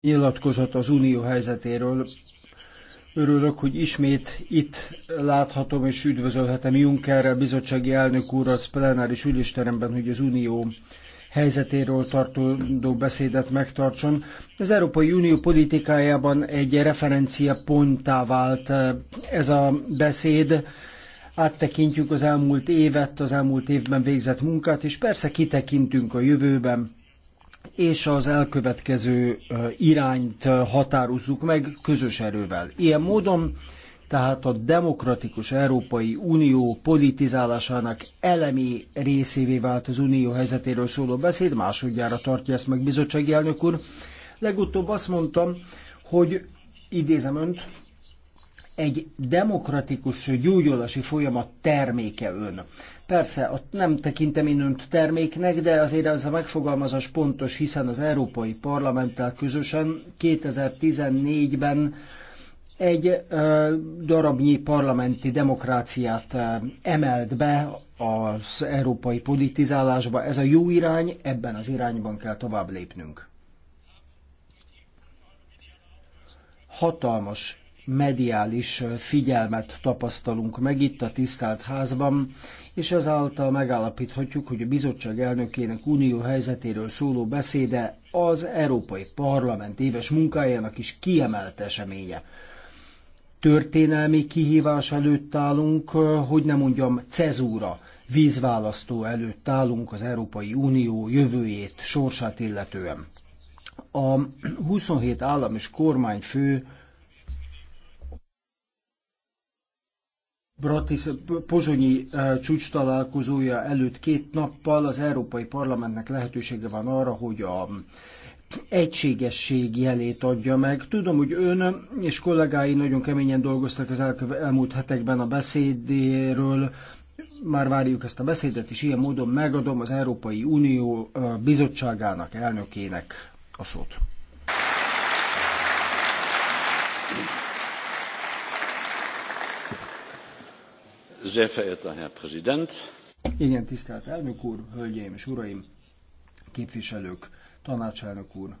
nyilatkozott az unió helyzetéről. Örülök, hogy ismét itt láthatom és üdvözölhetem Junckerrel, bizottsági elnök úr az plenáris ülésteremben, hogy az unió helyzetéről tartó beszédet megtartson. Az Európai Unió politikájában egy referencia ponttá vált eh, ez a beszéd. Áttekintjük az elmúlt évet, az elmúlt évben végzett munkát, és persze kitekintünk a jövőben és az elkövetkező irányt határozzuk meg közös erővel. Ilyen módon tehát a demokratikus Európai Unió politizálásának elemi részévé vált az unió helyzetéről szóló beszéd, másodjára tartja ezt meg bizottsági elnök úr. Legutóbb azt mondtam, hogy idézem önt, egy demokratikus gyógyulási folyamat terméke ön. Persze, nem tekintem én önt terméknek, de azért ez a megfogalmazás pontos, hiszen az Európai Parlamenttel közösen 2014-ben egy ö, darabnyi parlamenti demokráciát ö, emelt be az európai politizálásba. Ez a jó irány, ebben az irányban kell tovább lépnünk. Hatalmas mediális figyelmet tapasztalunk meg itt a tisztelt házban, és ezáltal megállapíthatjuk, hogy a bizottság elnökének unió helyzetéről szóló beszéde az Európai Parlament éves munkájának is kiemelt eseménye. Történelmi kihívás előtt állunk, hogy nem mondjam cezúra, vízválasztó előtt állunk az Európai Unió jövőjét, sorsát illetően. A 27 állam és kormányfő Bratisz pozsonyi eh, csúcs találkozója előtt két nappal az Európai Parlamentnek lehetősége van arra, hogy a mm, egységesség jelét adja meg. Tudom, hogy ön és kollégái nagyon keményen dolgoztak az elmúlt hetekben a beszédéről, már várjuk ezt a beszédet, és ilyen módon megadom az Európai Unió eh, bizottságának elnökének a szót. Sehr verehrter Herr Präsident! Igen, tisztelt elnök úr, hölgyeim és uraim, képviselők, tanácselnök úr,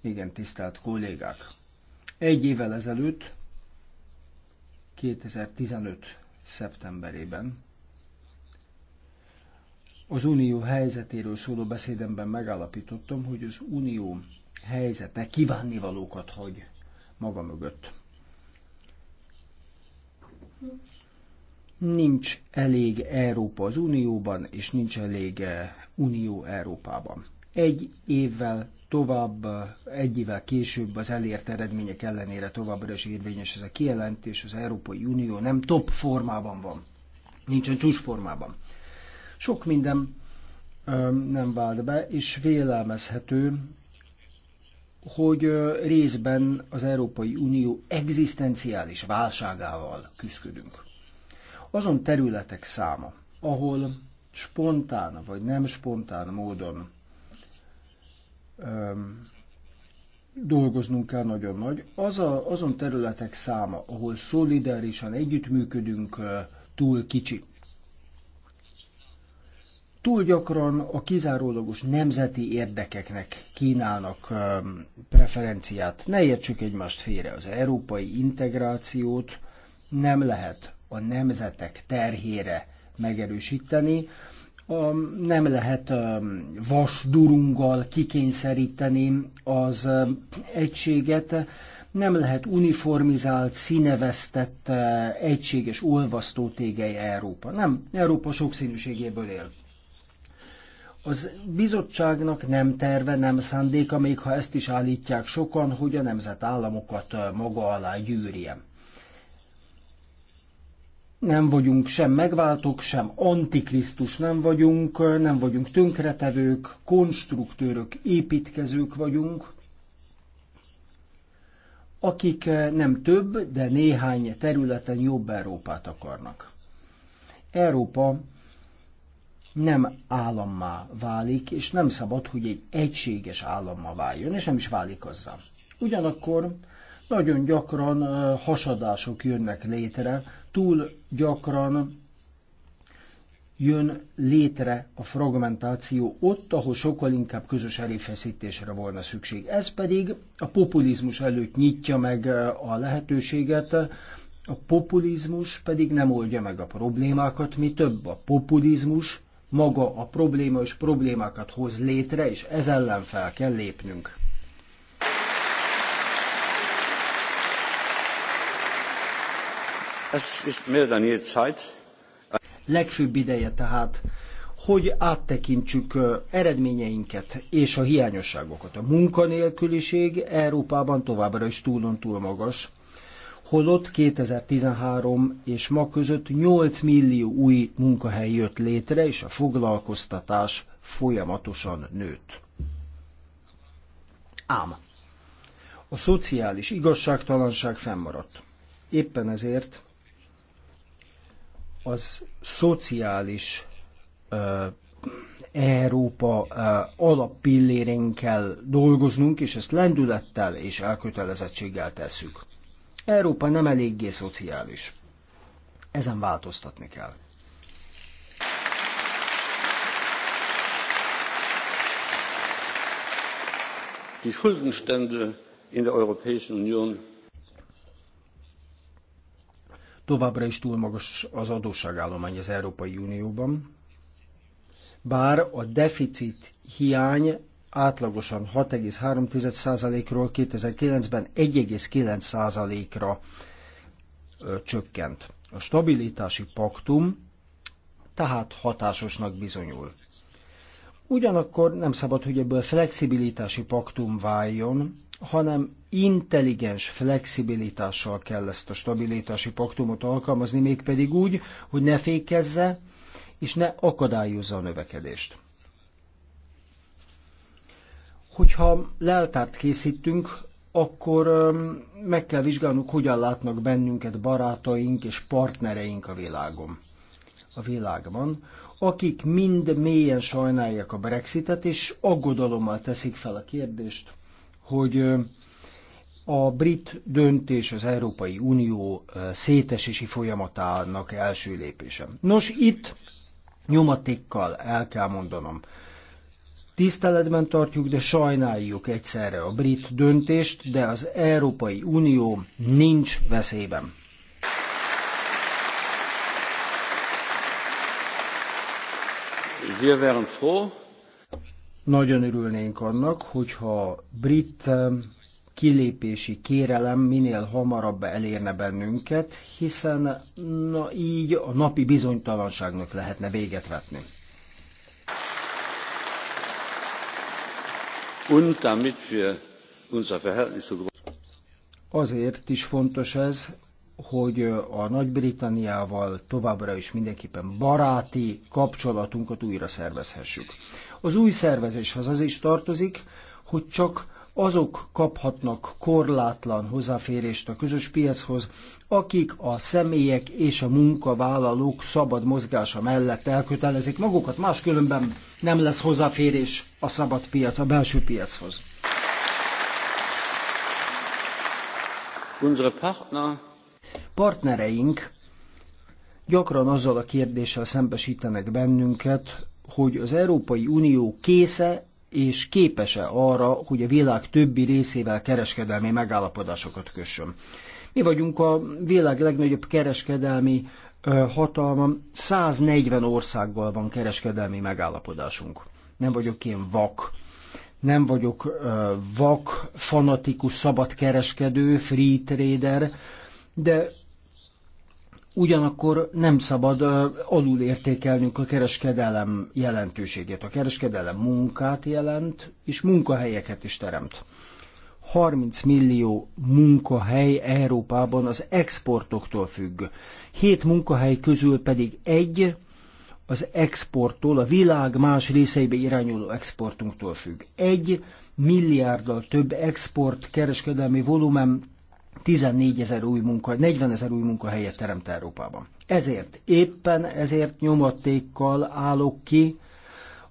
igen, tisztelt kollégák. Egy évvel ezelőtt, 2015. szeptemberében az unió helyzetéről szóló beszédemben megállapítottam, hogy az unió helyzete kívánnivalókat hagy maga mögött nincs elég Európa az Unióban, és nincs elég eh, Unió Európában. Egy évvel tovább, eh, egy évvel később az elért eredmények ellenére továbbra is érvényes ez a kijelentés, az Európai Unió nem top formában van, nincsen csúcs formában. Sok minden eh, nem vált be, és vélelmezhető, hogy részben az Európai Unió egzisztenciális válságával küzdünk. Azon területek száma, ahol spontán vagy nem spontán módon öm, dolgoznunk kell nagyon nagy, az a, azon területek száma, ahol szolidárisan együttműködünk, túl kicsi. Túl gyakran a kizárólagos nemzeti érdekeknek kínálnak preferenciát. Ne értsük egymást félre, az európai integrációt nem lehet a nemzetek terhére megerősíteni. Nem lehet vasdurunggal kikényszeríteni az egységet, nem lehet uniformizált, színevesztett, egységes olvasztó tégely Európa. Nem, Európa sokszínűségéből él. Az bizottságnak nem terve, nem szándéka, még ha ezt is állítják sokan, hogy a nemzetállamokat maga alá gyűrjem nem vagyunk sem megváltók, sem antikrisztus nem vagyunk, nem vagyunk tönkretevők, konstruktőrök, építkezők vagyunk, akik nem több, de néhány területen jobb Európát akarnak. Európa nem állammá válik, és nem szabad, hogy egy egységes állammá váljon, és nem is válik azzal. Ugyanakkor nagyon gyakran hasadások jönnek létre, túl gyakran jön létre a fragmentáció ott, ahol sokkal inkább közös erőfeszítésre volna szükség. Ez pedig a populizmus előtt nyitja meg a lehetőséget, a populizmus pedig nem oldja meg a problémákat, mi több a populizmus maga a probléma és problémákat hoz létre, és ez ellen fel kell lépnünk. Es ist mehr denn je Zeit. Legfőbb ideje tehát, hogy áttekintsük eredményeinket és a hiányosságokat. A munkanélküliség Európában továbbra is túlon túl magas, holott 2013 és ma között 8 millió új munkahely jött létre, és a foglalkoztatás folyamatosan nőtt. Ám a szociális igazságtalanság fennmaradt. Éppen ezért az szociális uh, Európa uh, alappillérén kell dolgoznunk, és ezt lendülettel és elkötelezettséggel tesszük. Európa nem eléggé szociális. Ezen változtatni kell. Die Schuldenstände in der Europäischen Union Továbbra is túl magas az adósságállomány az Európai Unióban, bár a deficit hiány átlagosan 6,3%-ról 2009-ben 1,9%-ra csökkent. A stabilitási paktum tehát hatásosnak bizonyul. Ugyanakkor nem szabad, hogy ebből flexibilitási paktum váljon, hanem intelligens flexibilitással kell ezt a stabilitási paktumot alkalmazni, mégpedig úgy, hogy ne fékezze és ne akadályozza a növekedést. Hogyha leltárt készítünk, akkor meg kell vizsgálnunk, hogyan látnak bennünket barátaink és partnereink a világon. A világban, akik mind mélyen sajnálják a Brexitet, és aggodalommal teszik fel a kérdést, hogy a brit döntés az Európai Unió szétesési folyamatának első lépése. Nos, itt nyomatékkal el kell mondanom. Tiszteletben tartjuk, de sajnáljuk egyszerre a brit döntést, de az Európai Unió nincs veszélyben. Nagyon örülnénk annak, hogyha brit kilépési kérelem minél hamarabb elérne bennünket, hiszen na így a napi bizonytalanságnak lehetne véget vetni. Azért is fontos ez, hogy a Nagy-Britanniával továbbra is mindenképpen baráti kapcsolatunkat újra szervezhessük. Az új szervezéshez az is tartozik, hogy csak azok kaphatnak korlátlan hozzáférést a közös piachoz, akik a személyek és a munkavállalók szabad mozgása mellett elkötelezik magukat, máskülönben nem lesz hozzáférés a szabad piac, a belső piachoz. Partnereink gyakran azzal a kérdéssel szembesítenek bennünket, hogy az Európai Unió késze és képes-e arra, hogy a világ többi részével kereskedelmi megállapodásokat kössön. Mi vagyunk a világ legnagyobb kereskedelmi hatalma, 140 országgal van kereskedelmi megállapodásunk. Nem vagyok én vak, nem vagyok vak, fanatikus, szabadkereskedő, free trader, de ugyanakkor nem szabad értékelnünk a kereskedelem jelentőségét. A kereskedelem munkát jelent, és munkahelyeket is teremt. 30 millió munkahely Európában az exportoktól függ. Hét munkahely közül pedig egy az exporttól, a világ más részeibe irányuló exportunktól függ. Egy milliárddal több export kereskedelmi volumen 14 ezer új munka, 40 ezer új munkahelyet teremt Európában. Ezért, éppen ezért nyomatékkal állok ki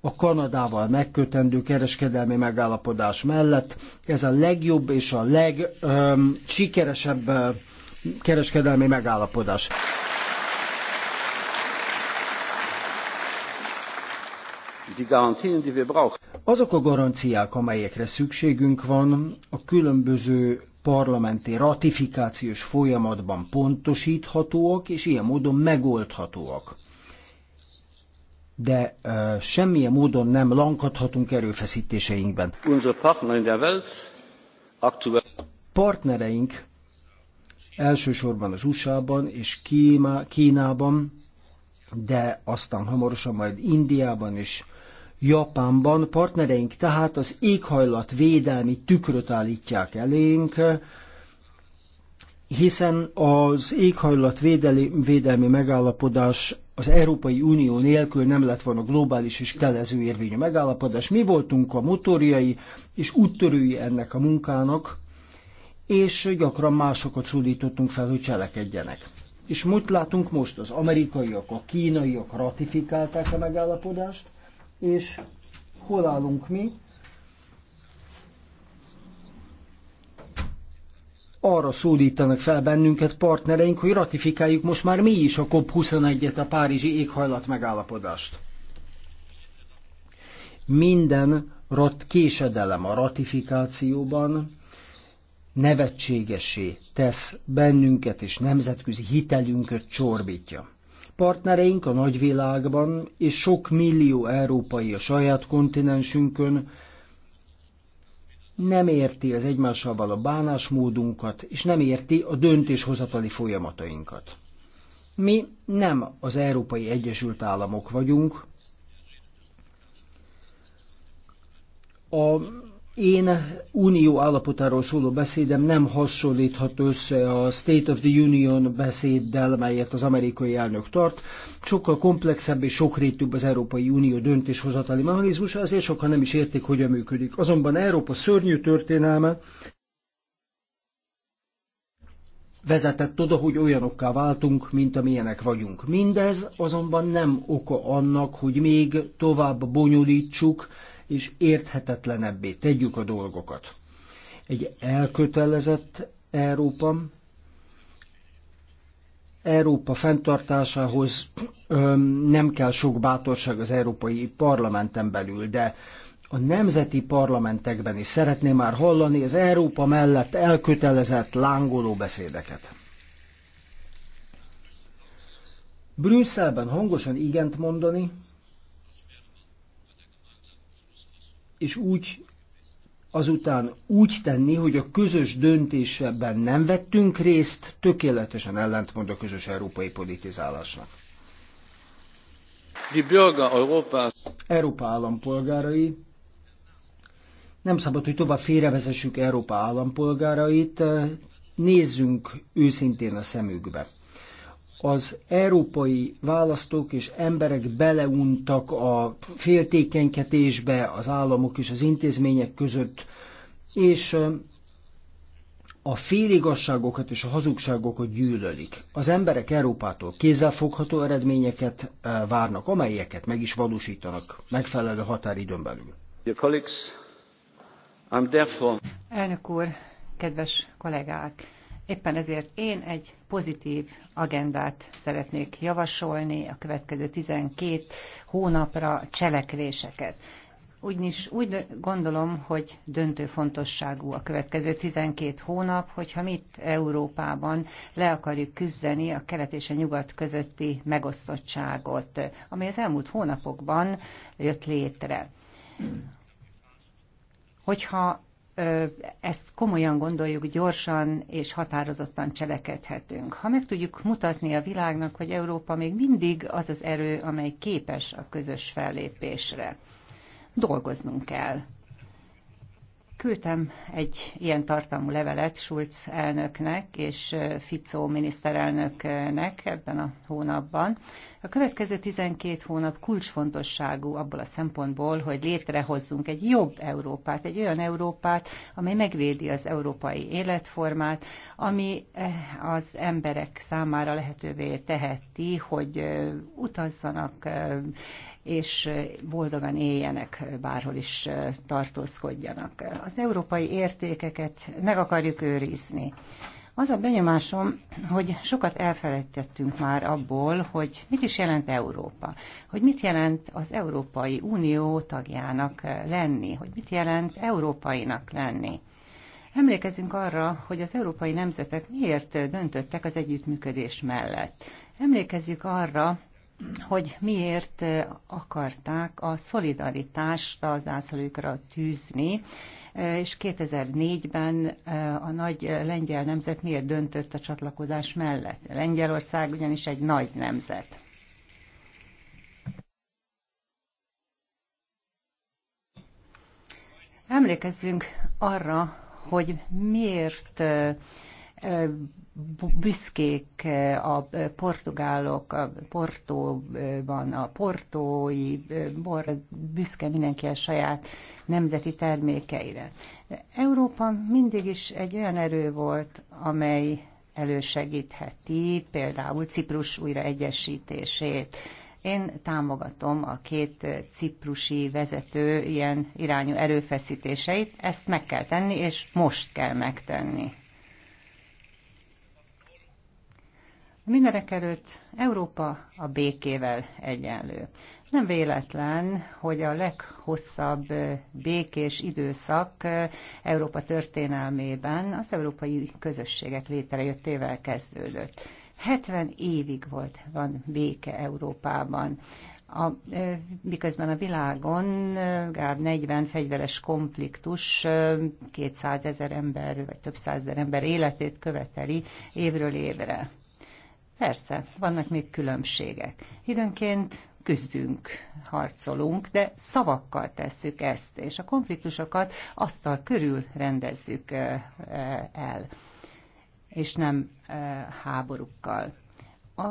a Kanadával megkötendő kereskedelmi megállapodás mellett. Ez a legjobb és a legsikeresebb kereskedelmi megállapodás. Azok a garanciák, amelyekre szükségünk van, a különböző parlamenti ratifikációs folyamatban pontosíthatóak, és ilyen módon megoldhatóak. De uh, semmilyen módon nem lankadhatunk erőfeszítéseinkben. Unser Partner in der Welt, aktuell... Partnereink elsősorban az USA-ban és Kína, Kínában, de aztán hamarosan majd Indiában is Japánban partnereink tehát az éghajlat védelmi tükröt állítják elénk, hiszen az éghajlat védelmi megállapodás az Európai Unió nélkül nem lett volna globális és telező érvényű megállapodás. Mi voltunk a motorjai és úttörői ennek a munkának, és gyakran másokat szólítottunk fel, hogy cselekedjenek. És mit látunk most? Az amerikaiak, a kínaiak ratifikálták a megállapodást, és hol állunk mi. Arra szólítanak fel bennünket partnereink, hogy ratifikáljuk most már mi is a COP21-et, a Párizsi éghajlat megállapodást. Minden rat késedelem a ratifikációban nevetségesé tesz bennünket, és nemzetközi hitelünket csorbítja partnereink a nagyvilágban, és sok millió európai a saját kontinensünkön nem érti az egymással való bánásmódunkat, és nem érti a döntéshozatali folyamatainkat. Mi nem az Európai Egyesült Államok vagyunk, a én unió állapotáról szóló beszédem nem hasonlítható össze a State of the Union beszéddel, melyet az amerikai elnök tart. Sokkal komplexebb és sokrétűbb az Európai Unió döntéshozatali mechanizmusa, ezért sokan nem is értik, hogyan működik. Azonban Európa szörnyű történelme vezetett oda, hogy olyanokká váltunk, mint amilyenek vagyunk. Mindez azonban nem oka annak, hogy még tovább bonyolítsuk, és érthetetlenebbé tegyük a dolgokat. Egy elkötelezett Európa, Európa fenntartásához nem kell sok bátorság az Európai Parlamenten belül, de a nemzeti parlamentekben is szeretném már hallani az Európa mellett elkötelezett lángoló beszédeket. Brüsszelben hangosan igent mondani, és úgy azután úgy tenni, hogy a közös döntésben nem vettünk részt, tökéletesen ellentmond a közös európai politizálásnak. Európa állampolgárai nem szabad, hogy tovább félrevezessük Európa állampolgárait, nézzünk őszintén a szemükbe az európai választók és emberek beleuntak a féltékenykedésbe az államok és az intézmények között, és a féligasságokat és a hazugságokat gyűlölik. Az emberek Európától kézzelfogható eredményeket várnak, amelyeket meg is valósítanak megfelelő határidőn belül. Elnök úr, kedves kollégák! Éppen ezért én egy pozitív agendát szeretnék javasolni a következő 12 hónapra cselekvéseket. úgyis úgy gondolom, hogy döntő fontosságú a következő 12 hónap, hogyha mi itt Európában le akarjuk küzdeni a kelet és a nyugat közötti megosztottságot, ami az elmúlt hónapokban jött létre. Hogyha ezt komolyan gondoljuk, gyorsan és határozottan cselekedhetünk. Ha meg tudjuk mutatni a világnak, hogy Európa még mindig az az erő, amely képes a közös fellépésre. Dolgoznunk kell Küldtem egy ilyen tartalmú levelet Schulz elnöknek és Ficó miniszterelnöknek ebben a hónapban. A következő 12 hónap kulcsfontosságú abból a szempontból, hogy létrehozzunk egy jobb Európát, egy olyan Európát, amely megvédi az európai életformát, ami az emberek számára lehetővé teheti, hogy utazzanak, és boldogan éljenek, bárhol is tartózkodjanak. Az európai értékeket meg akarjuk őrizni. Az a benyomásom, hogy sokat elfelejtettünk már abból, hogy mit is jelent Európa, hogy mit jelent az Európai Unió tagjának lenni, hogy mit jelent európainak lenni. Emlékezzünk arra, hogy az európai nemzetek miért döntöttek az együttműködés mellett. Emlékezzük arra, hogy miért akarták a szolidaritást az ászlőkra tűzni, és 2004-ben a nagy lengyel nemzet miért döntött a csatlakozás mellett. Lengyelország ugyanis egy nagy nemzet. Emlékezzünk arra, hogy miért büszkék a portugálok, a Portóban, a portói bor, büszke mindenki a saját nemzeti termékeire. De Európa mindig is egy olyan erő volt, amely elősegítheti például Ciprus újra egyesítését. Én támogatom a két ciprusi vezető ilyen irányú erőfeszítéseit, ezt meg kell tenni, és most kell megtenni. Mindenek előtt Európa a békével egyenlő. Nem véletlen, hogy a leghosszabb békés időszak Európa történelmében az európai közösségek létrejöttével kezdődött. 70 évig volt, van béke Európában. A, miközben a világon legalább 40 fegyveres konfliktus 200 ezer ember, vagy több százezer ember életét követeli évről évre. Persze, vannak még különbségek. Időnként küzdünk, harcolunk, de szavakkal tesszük ezt, és a konfliktusokat asztal körül rendezzük el, és nem háborúkkal. A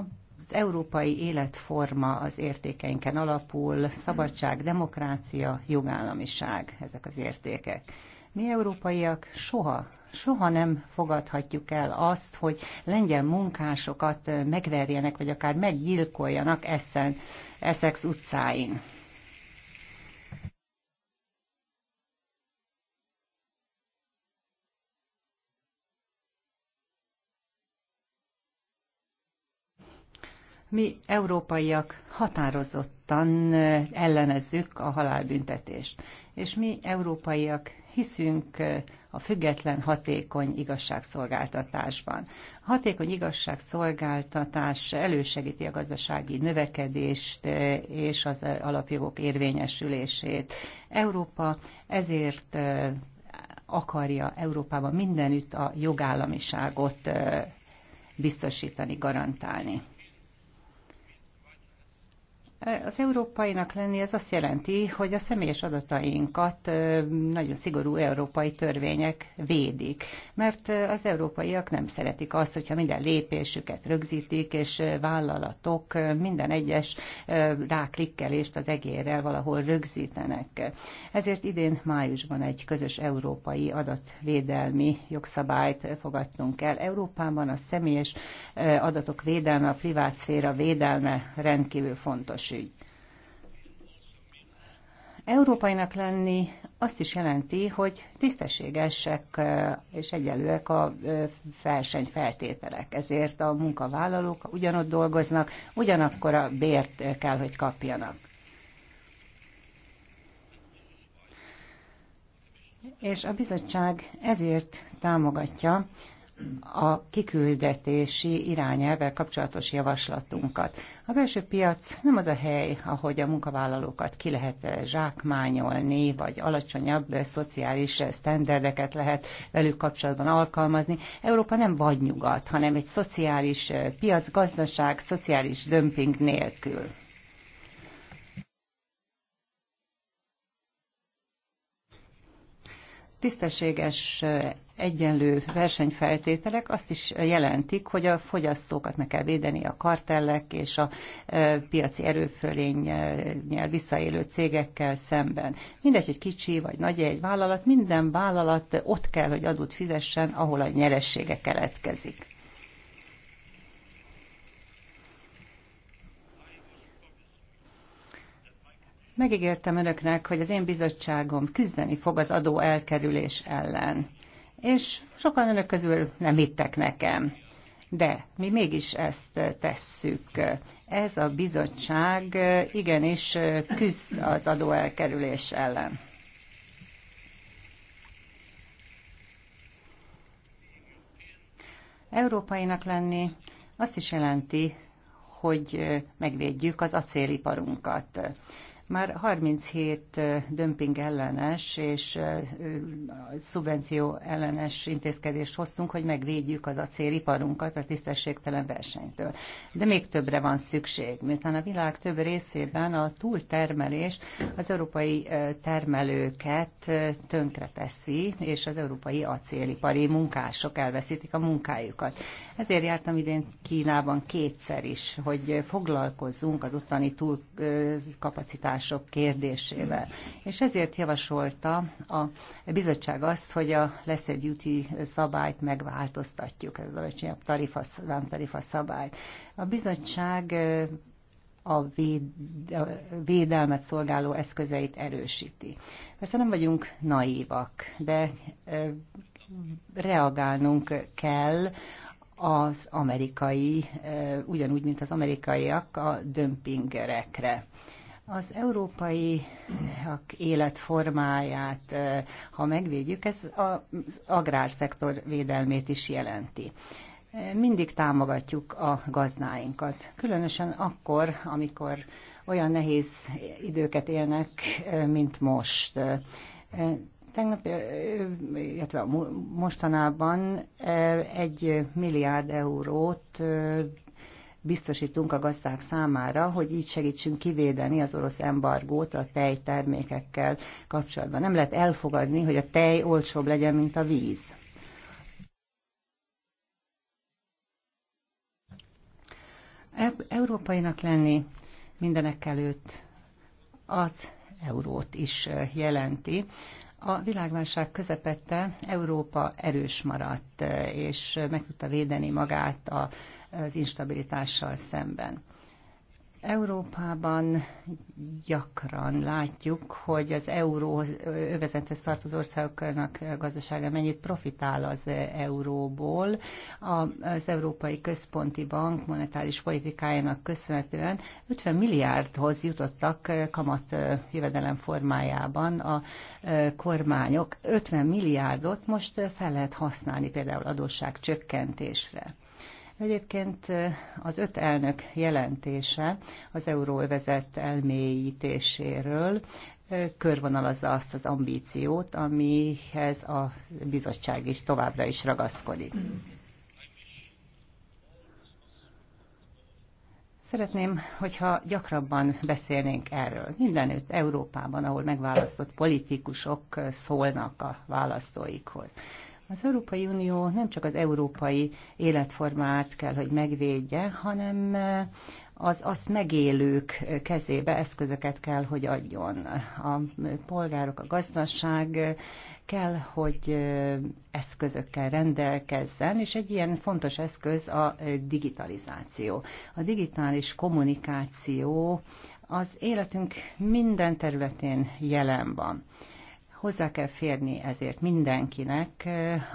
az európai életforma az értékeinken alapul, szabadság, demokrácia, jogállamiság, ezek az értékek. Mi európaiak soha soha nem fogadhatjuk el azt, hogy lengyel munkásokat megverjenek, vagy akár meggyilkoljanak Eszen, Essex utcáin. Mi európaiak határozottan ellenezzük a halálbüntetést, és mi európaiak hiszünk a független, hatékony igazságszolgáltatásban. Hatékony igazságszolgáltatás elősegíti a gazdasági növekedést eh, és az eh, alapjogok érvényesülését. Európa ezért eh, akarja Európában mindenütt a jogállamiságot biztosítani, garantálni. Az európainak lenni ez azt jelenti, hogy a személyes adatainkat nagyon szigorú európai törvények védik, mert az európaiak nem szeretik azt, hogyha minden lépésüket rögzítik, és vállalatok minden egyes ráklikkelést az egérrel valahol rögzítenek. Ezért idén májusban egy közös európai adatvédelmi jogszabályt fogadtunk el. Európában a személyes adatok védelme, a privátszféra védelme rendkívül fontos ügy. Európainak lenni azt is jelenti, hogy tisztességesek és egyenlőek a feltételek. Ezért a munkavállalók ugyanott dolgoznak, ugyanakkor a bért kell, hogy kapjanak. És a bizottság ezért támogatja a kiküldetési irányelvvel kapcsolatos javaslatunkat. A belső piac nem az a hely, ahogy a munkavállalókat ki lehet zsákmányolni, vagy alacsonyabb szociális sztenderdeket lehet velük kapcsolatban alkalmazni. Európa nem vagy nyugat, hanem egy szociális piac, gazdaság, szociális dömping nélkül. tisztességes, egyenlő versenyfeltételek azt is jelentik, hogy a fogyasztókat meg kell védeni a kartellek és a piaci erőfölénnyel visszaélő cégekkel szemben. Mindegy, hogy kicsi vagy nagy egy vállalat, minden vállalat ott kell, hogy adót fizessen, ahol a nyeressége keletkezik. Megígértem önöknek, hogy az én bizottságom küzdeni fog az adó elkerülés ellen. És sokan önök közül nem hittek nekem. De mi mégis ezt tesszük. Ez a bizottság igenis küzd az adó elkerülés ellen. Európainak lenni azt is jelenti, hogy megvédjük az acéliparunkat. Már 37 dömping ellenes és szubvenció ellenes intézkedést hoztunk, hogy megvédjük az acéliparunkat a tisztességtelen versenytől. De még többre van szükség, miután a világ több részében a túltermelés az európai termelőket teszi, és az európai acélipari munkások elveszítik a munkájukat. Ezért jártam idén Kínában kétszer is, hogy foglalkozzunk az ottani túlkapacitás források kérdésével. És ezért javasolta a bizottság azt, hogy a lesser duty szabályt megváltoztatjuk, ez a tarifa, tarifa szabályt. A bizottság a, a védelmet szolgáló eszközeit erősíti. Persze nem vagyunk naívak, de reagálnunk kell az amerikai, ugyanúgy, mint az amerikaiak a dömpingerekre. Az európai életformáját, eh, ha megvédjük, ez az agrárszektor védelmét is jelenti. Eh, mindig támogatjuk a gazdáinkat, különösen akkor, amikor olyan nehéz időket élnek, eh, mint most. Tegnap, illetve mostanában egy milliárd eurót biztosítunk a gazdák számára, hogy így segítsünk kivédeni az orosz embargót a tejtermékekkel kapcsolatban. Nem lehet elfogadni, hogy a tej olcsóbb legyen, mint a víz. Európainak lenni mindenek előtt az eurót is jelenti. A világválság közepette Európa erős maradt, és meg tudta védeni magát a az instabilitással szemben. Európában gyakran látjuk, hogy az euróhoz övezethez tartozó országoknak gazdasága mennyit profitál az euróból. Az Európai Központi Bank monetáris politikájának köszönhetően 50 milliárdhoz jutottak kamat jövedelem formájában a kormányok. 50 milliárdot most fel lehet használni például adósság csökkentésre. Egyébként az öt elnök jelentése az euróvezet elmélyítéséről körvonalazza azt az ambíciót, amihez a bizottság is továbbra is ragaszkodik. Szeretném, hogyha gyakrabban beszélnénk erről. Mindenütt Európában, ahol megválasztott politikusok szólnak a választóikhoz. Az Európai Unió nem csak az európai életformát kell, hogy megvédje, hanem eh, az azt megélők kezébe eszközöket kell, hogy adjon. A polgárok, a gazdaság eh, kell, hogy eh, eszközökkel rendelkezzen, és egy ilyen fontos eszköz a digitalizáció. A digitális kommunikáció az életünk minden területén jelen van hozzá kell férni ezért mindenkinek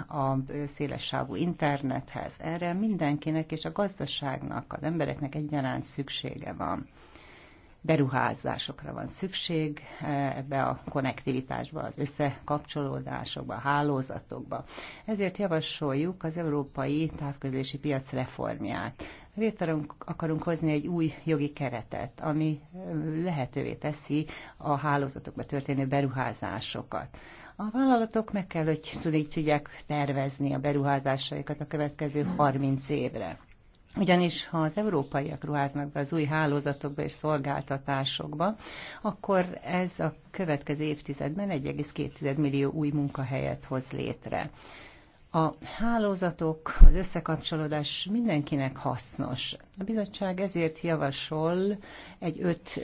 a szélessávú internethez. Erre mindenkinek és a gazdaságnak, az embereknek egyaránt szüksége van beruházásokra van szükség eh, ebbe a konnektivitásba, az összekapcsolódásokba, a hálózatokba. Ezért javasoljuk az európai távközlési piac reformját. Létre akarunk hozni egy új jogi keretet, ami eh, lehetővé teszi a hálózatokba történő beruházásokat. A vállalatok meg kell, hogy tudják tervezni a beruházásaikat a következő 30 évre ugyanis ha az európaiak ruháznak be az új hálózatokba és szolgáltatásokba, akkor ez a következő évtizedben 1,2 millió új munkahelyet hoz létre. A hálózatok, az összekapcsolódás mindenkinek hasznos. A bizottság ezért javasol egy 5,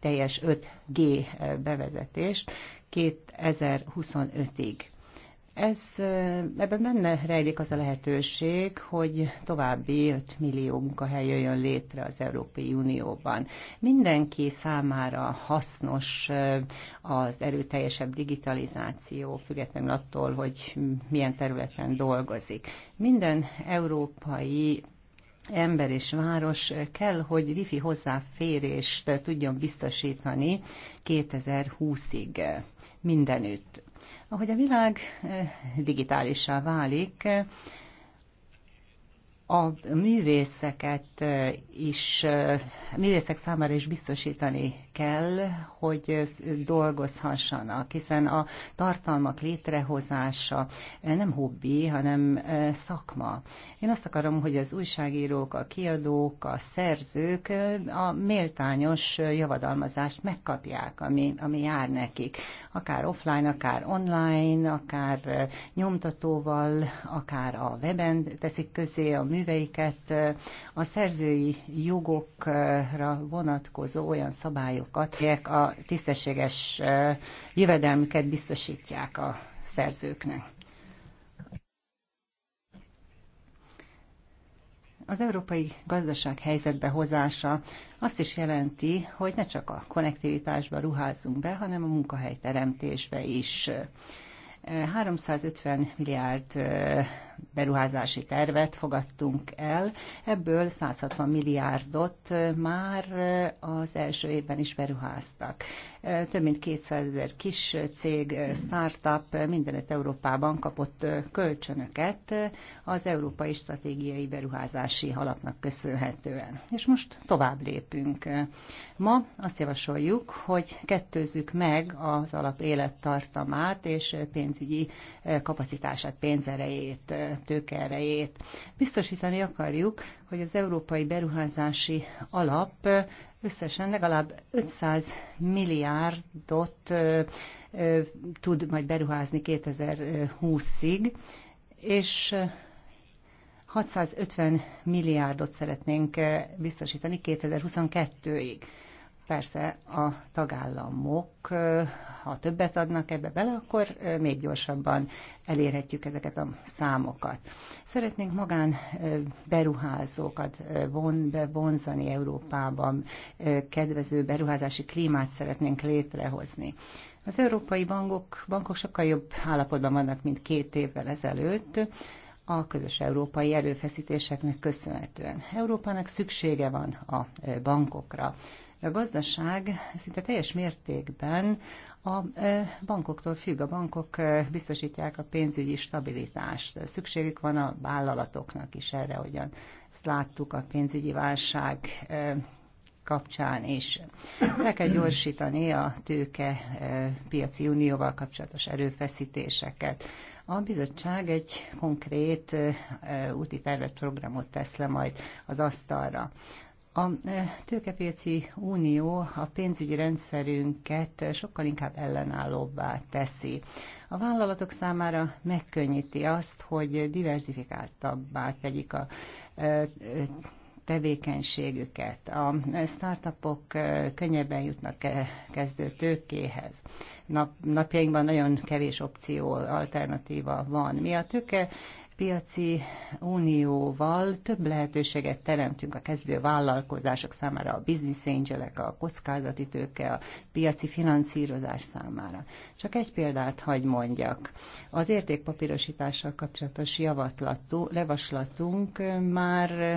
teljes 5G bevezetést 2025-ig. Ez, ebben benne rejlik az a lehetőség, hogy további 5 millió munkahely jöjjön létre az Európai Unióban. Mindenki számára hasznos az erőteljesebb digitalizáció, függetlenül attól, hogy milyen területen dolgozik. Minden európai ember és város kell, hogy wifi hozzáférést tudjon biztosítani 2020-ig mindenütt. Ahogy a világ eh, digitálissá válik, a művészeket eh, is, eh, művészek számára is biztosítani kell, hogy dolgozhassanak, hiszen a tartalmak létrehozása nem hobbi, hanem e, szakma. Én azt akarom, hogy az újságírók, a kiadók, a szerzők e, a méltányos javadalmazást megkapják, ami, ami jár nekik. Akár offline, akár online, akár e, nyomtatóval, akár a weben teszik közé a műveiket. A szerzői jogokra vonatkozó olyan szabályok, szabályokat, melyek a tisztességes jövedelmüket biztosítják a szerzőknek. Az európai gazdaság helyzetbe hozása azt is jelenti, hogy ne csak a konnektivitásba ruházunk be, hanem a munkahelyteremtésbe is. 350 milliárd beruházási tervet fogadtunk el. Ebből 160 milliárdot már az első évben is beruháztak. Több mint 200 ezer kis cég, startup mindenet Európában kapott kölcsönöket az Európai Stratégiai Beruházási Alapnak köszönhetően. És most tovább lépünk. Ma azt javasoljuk, hogy kettőzzük meg az alap élettartamát és pénzügyi kapacitását, pénzerejét tőkeerejét. Biztosítani akarjuk, hogy az Európai Beruházási Alap összesen legalább 500 milliárdot tud majd beruházni 2020-ig, és 650 milliárdot szeretnénk biztosítani 2022-ig. Persze a tagállamok, ha többet adnak ebbe bele, akkor még gyorsabban elérhetjük ezeket a számokat. Szeretnénk magán beruházókat von, bevonzani Európában, kedvező beruházási klímát szeretnénk létrehozni. Az európai bankok, bankok sokkal jobb állapotban vannak, mint két évvel ezelőtt a közös európai erőfeszítéseknek köszönhetően. Európának szüksége van a bankokra. A gazdaság szinte teljes mértékben a bankoktól függ. A bankok biztosítják a pénzügyi stabilitást. Szükségük van a vállalatoknak is erre, hogyan ezt láttuk a pénzügyi válság kapcsán is. Le kell gyorsítani a tőke piaci unióval kapcsolatos erőfeszítéseket. A bizottság egy konkrét úti tervet programot tesz le majd az asztalra. A e, tőkepiaci unió a pénzügyi rendszerünket sokkal inkább ellenállóbbá teszi. A vállalatok számára megkönnyíti azt, hogy diversifikáltabbá tegyik a e, tevékenységüket. A startupok e, könnyebben jutnak kezdő tőkéhez. Nap, napjainkban nagyon kevés opció, alternatíva van. Mi a tőke piaci unióval több lehetőséget teremtünk a kezdő vállalkozások számára, a business angelek, a kockázati tőke, a piaci finanszírozás számára. Csak egy példát hagy mondjak. Az értékpapírosítással kapcsolatos javatlatú, levaslatunk már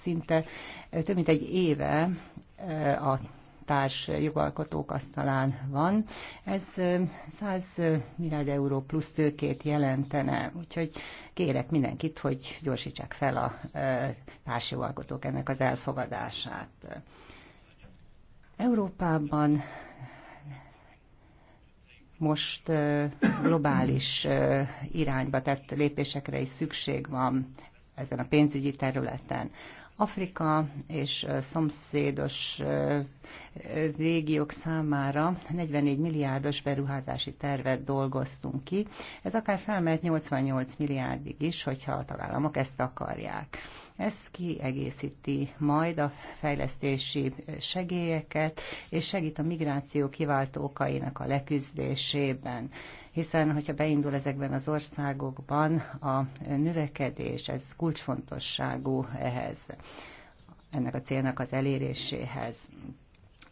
szinte több mint egy éve a társ jogalkotók asztalán van. Ez 100 milliárd euró plusz tőkét jelentene, úgyhogy kérek mindenkit, hogy gyorsítsák fel a társ jogalkotók ennek az elfogadását. Európában most globális irányba tett lépésekre is szükség van ezen a pénzügyi területen. Afrika és szomszédos régiók számára 44 milliárdos beruházási tervet dolgoztunk ki. Ez akár felmehet 88 milliárdig is, hogyha a tagállamok ezt akarják. Ez kiegészíti majd a fejlesztési segélyeket, és segít a migráció kiváltó okainak a leküzdésében hiszen hogyha beindul ezekben az országokban a növekedés, ez kulcsfontosságú ehhez, ennek a célnak az eléréséhez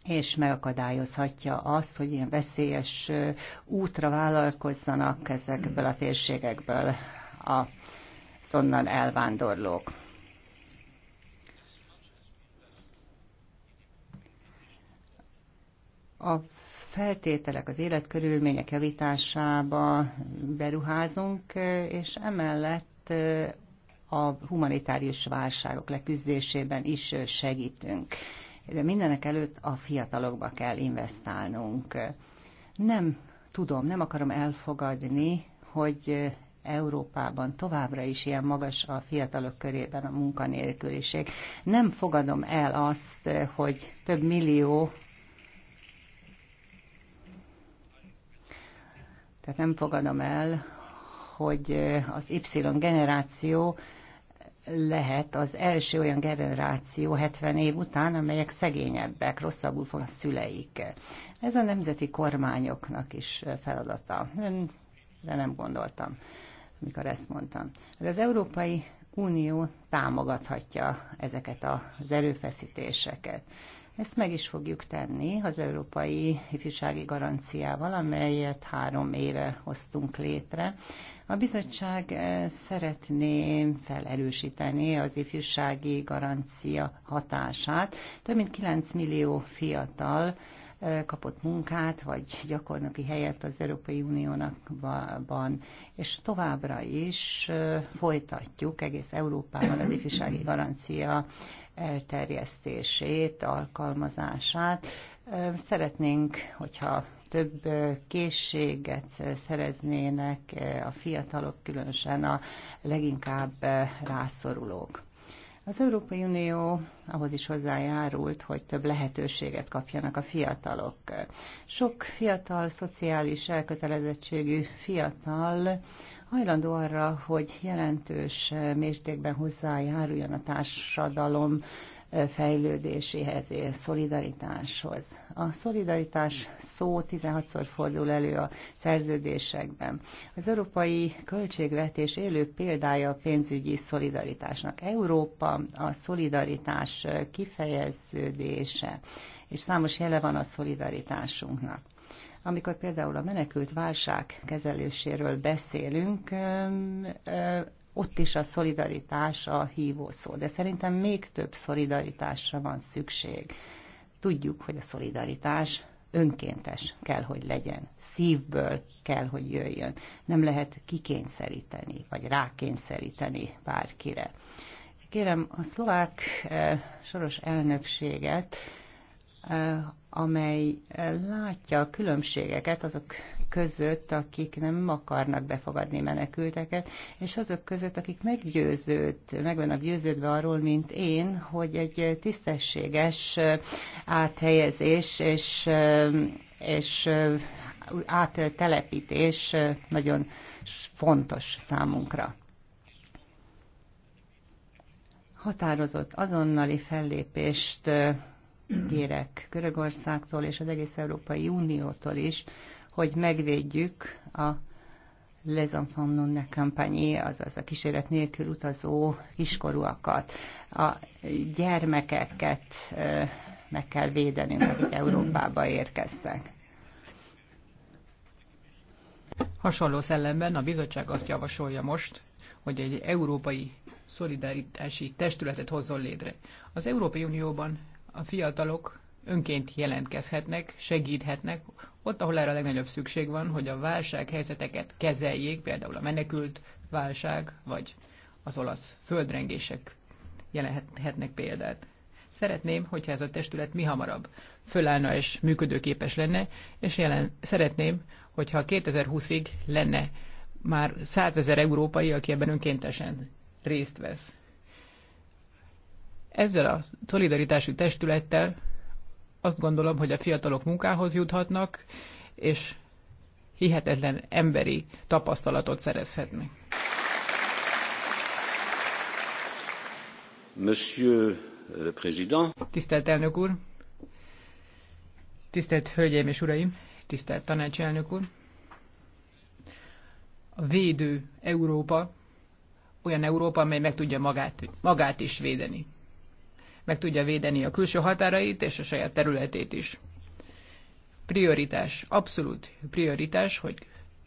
és megakadályozhatja azt, hogy ilyen veszélyes útra vállalkozzanak ezekből a térségekből a onnan elvándorlók. A feltételek, az életkörülmények javításába beruházunk, és emellett eh, a humanitárius válságok leküzdésében is segítünk. De mindenek előtt a fiatalokba kell investálnunk. Nem tudom, nem akarom elfogadni, hogy eh, Európában továbbra is ilyen magas a fiatalok körében a munkanélküliség. Nem fogadom el azt, eh, hogy több millió Tehát nem fogadom el, hogy az Y generáció lehet az első olyan generáció 70 év után, amelyek szegényebbek, rosszabbul fognak a szüleik. Ez a nemzeti kormányoknak is feladata. Ön, de nem gondoltam, mikor ezt mondtam. De az Európai Unió támogathatja ezeket az erőfeszítéseket. Ezt meg is fogjuk tenni az Európai Ifjúsági Garanciával, amelyet három éve hoztunk létre. A bizottság eh, szeretné felerősíteni az ifjúsági garancia hatását. Több mint 9 millió fiatal eh, kapott munkát, vagy gyakornoki helyet az Európai Uniónakban, és továbbra is eh, folytatjuk egész Európában az ifjúsági garancia elterjesztését, alkalmazását. Szeretnénk, hogyha több készséget szereznének a fiatalok, különösen a leginkább rászorulók. Az Európai Unió ahhoz is hozzájárult, hogy több lehetőséget kapjanak a fiatalok. Sok fiatal, szociális elkötelezettségű fiatal hajlandó arra, hogy jelentős mértékben hozzájáruljon a társadalom fejlődéséhez és szolidaritáshoz. A szolidaritás szó 16-szor fordul elő a szerződésekben. Az európai költségvetés élő példája a pénzügyi szolidaritásnak. Európa a szolidaritás kifejeződése, és számos jele van a szolidaritásunknak. Amikor például a menekült válság kezeléséről beszélünk, ott is a szolidaritás a hívó szó, de szerintem még több szolidaritásra van szükség. Tudjuk, hogy a szolidaritás önkéntes kell, hogy legyen, szívből kell, hogy jöjjön. Nem lehet kikényszeríteni, vagy rákényszeríteni bárkire. Kérem a szlovák soros elnökséget, amely látja a különbségeket azok között, akik nem akarnak befogadni menekülteket, és azok között, akik meggyőződ, meg vannak győződve arról, mint én, hogy egy tisztességes áthelyezés és, és áttelepítés nagyon fontos számunkra. Határozott azonnali fellépést kérek Görögországtól és az egész Európai Uniótól is, hogy megvédjük a Les Enfants non azaz a kísérlet nélkül utazó kiskorúakat, a gyermekeket meg kell védenünk, akik Európába érkeztek. Hasonló szellemben a bizottság azt javasolja most, hogy egy európai szolidaritási testületet hozzon létre. Az Európai Unióban a fiatalok önként jelentkezhetnek, segíthetnek, ott, ahol erre a legnagyobb szükség van, hogy a válsághelyzeteket kezeljék, például a menekült válság, vagy az olasz földrengések jelenhetnek példát. Szeretném, hogyha ez a testület mi hamarabb fölállna és működőképes lenne, és jelen, szeretném, hogyha 2020-ig lenne már 100 ezer európai, aki ebben önkéntesen részt vesz. Ezzel a szolidaritási testülettel azt gondolom, hogy a fiatalok munkához juthatnak, és hihetetlen emberi tapasztalatot szerezhetnek. Monsieur le Président. Tisztelt elnök úr, tisztelt hölgyeim és uraim, tisztelt tanácselnök úr. A védő Európa olyan Európa, amely meg tudja magát, magát is védeni meg tudja védeni a külső határait és a saját területét is. Prioritás, abszolút prioritás, hogy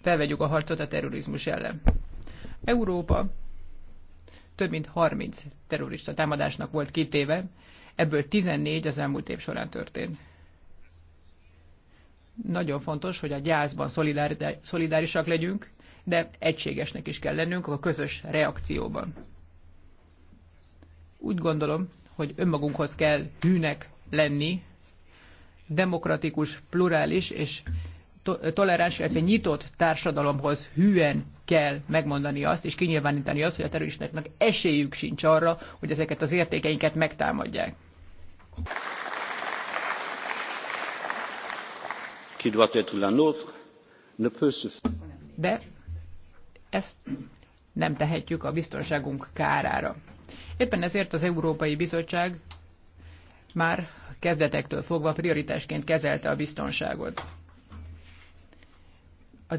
felvegyük a harcot a terrorizmus ellen. Európa több mint 30 terrorista támadásnak volt kitéve, ebből 14 az elmúlt év során történt. Nagyon fontos, hogy a gyászban szolidárisak legyünk, de egységesnek is kell lennünk a közös reakcióban. Úgy gondolom, hogy önmagunkhoz kell hűnek lenni, demokratikus, plurális és to- toleráns, illetve nyitott társadalomhoz hűen kell megmondani azt, és kinyilvánítani azt, hogy a terroristáknak esélyük sincs arra, hogy ezeket az értékeinket megtámadják. De ezt nem tehetjük a biztonságunk kárára. Éppen ezért az Európai Bizottság már kezdetektől fogva prioritásként kezelte a biztonságot. A,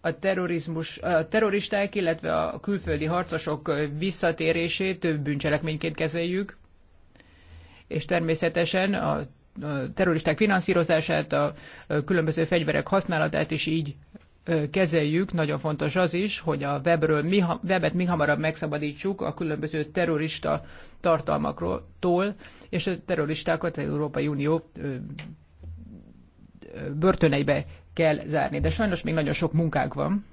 a, terrorizmus, a terroristák, illetve a külföldi harcosok visszatérését több bűncselekményként kezeljük, és természetesen a terroristák finanszírozását, a különböző fegyverek használatát is így kezeljük, nagyon fontos az is, hogy a webről mi, webet mi hamarabb megszabadítsuk a különböző terrorista tartalmakról, és a terroristákat az Európai Unió börtöneibe kell zárni. De sajnos még nagyon sok munkánk van.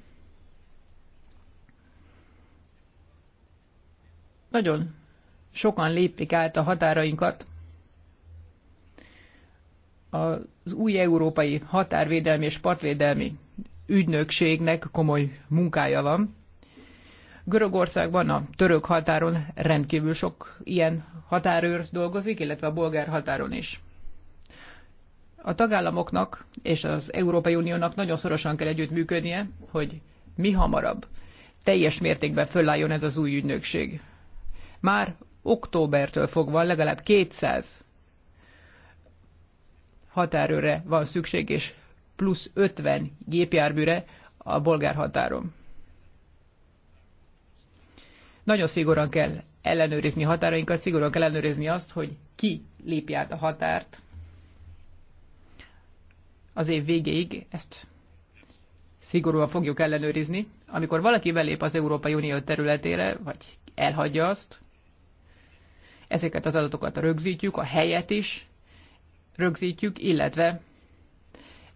Nagyon sokan lépik át a határainkat, az új európai határvédelmi és partvédelmi ügynökségnek komoly munkája van. Görögországban a török határon rendkívül sok ilyen határőr dolgozik, illetve a bolgár határon is. A tagállamoknak és az Európai Uniónak nagyon szorosan kell együttműködnie, hogy mi hamarabb teljes mértékben fölálljon ez az új ügynökség. Már októbertől fogva legalább 200 határőre van szükség, és plusz 50 gépjárműre a bolgár határon. Nagyon szigorúan kell ellenőrizni határainkat, szigorúan kell ellenőrizni azt, hogy ki lépj át a határt az év végéig, ezt szigorúan fogjuk ellenőrizni. Amikor valaki belép az Európai Unió területére, vagy elhagyja azt, ezeket az adatokat rögzítjük, a helyet is rögzítjük, illetve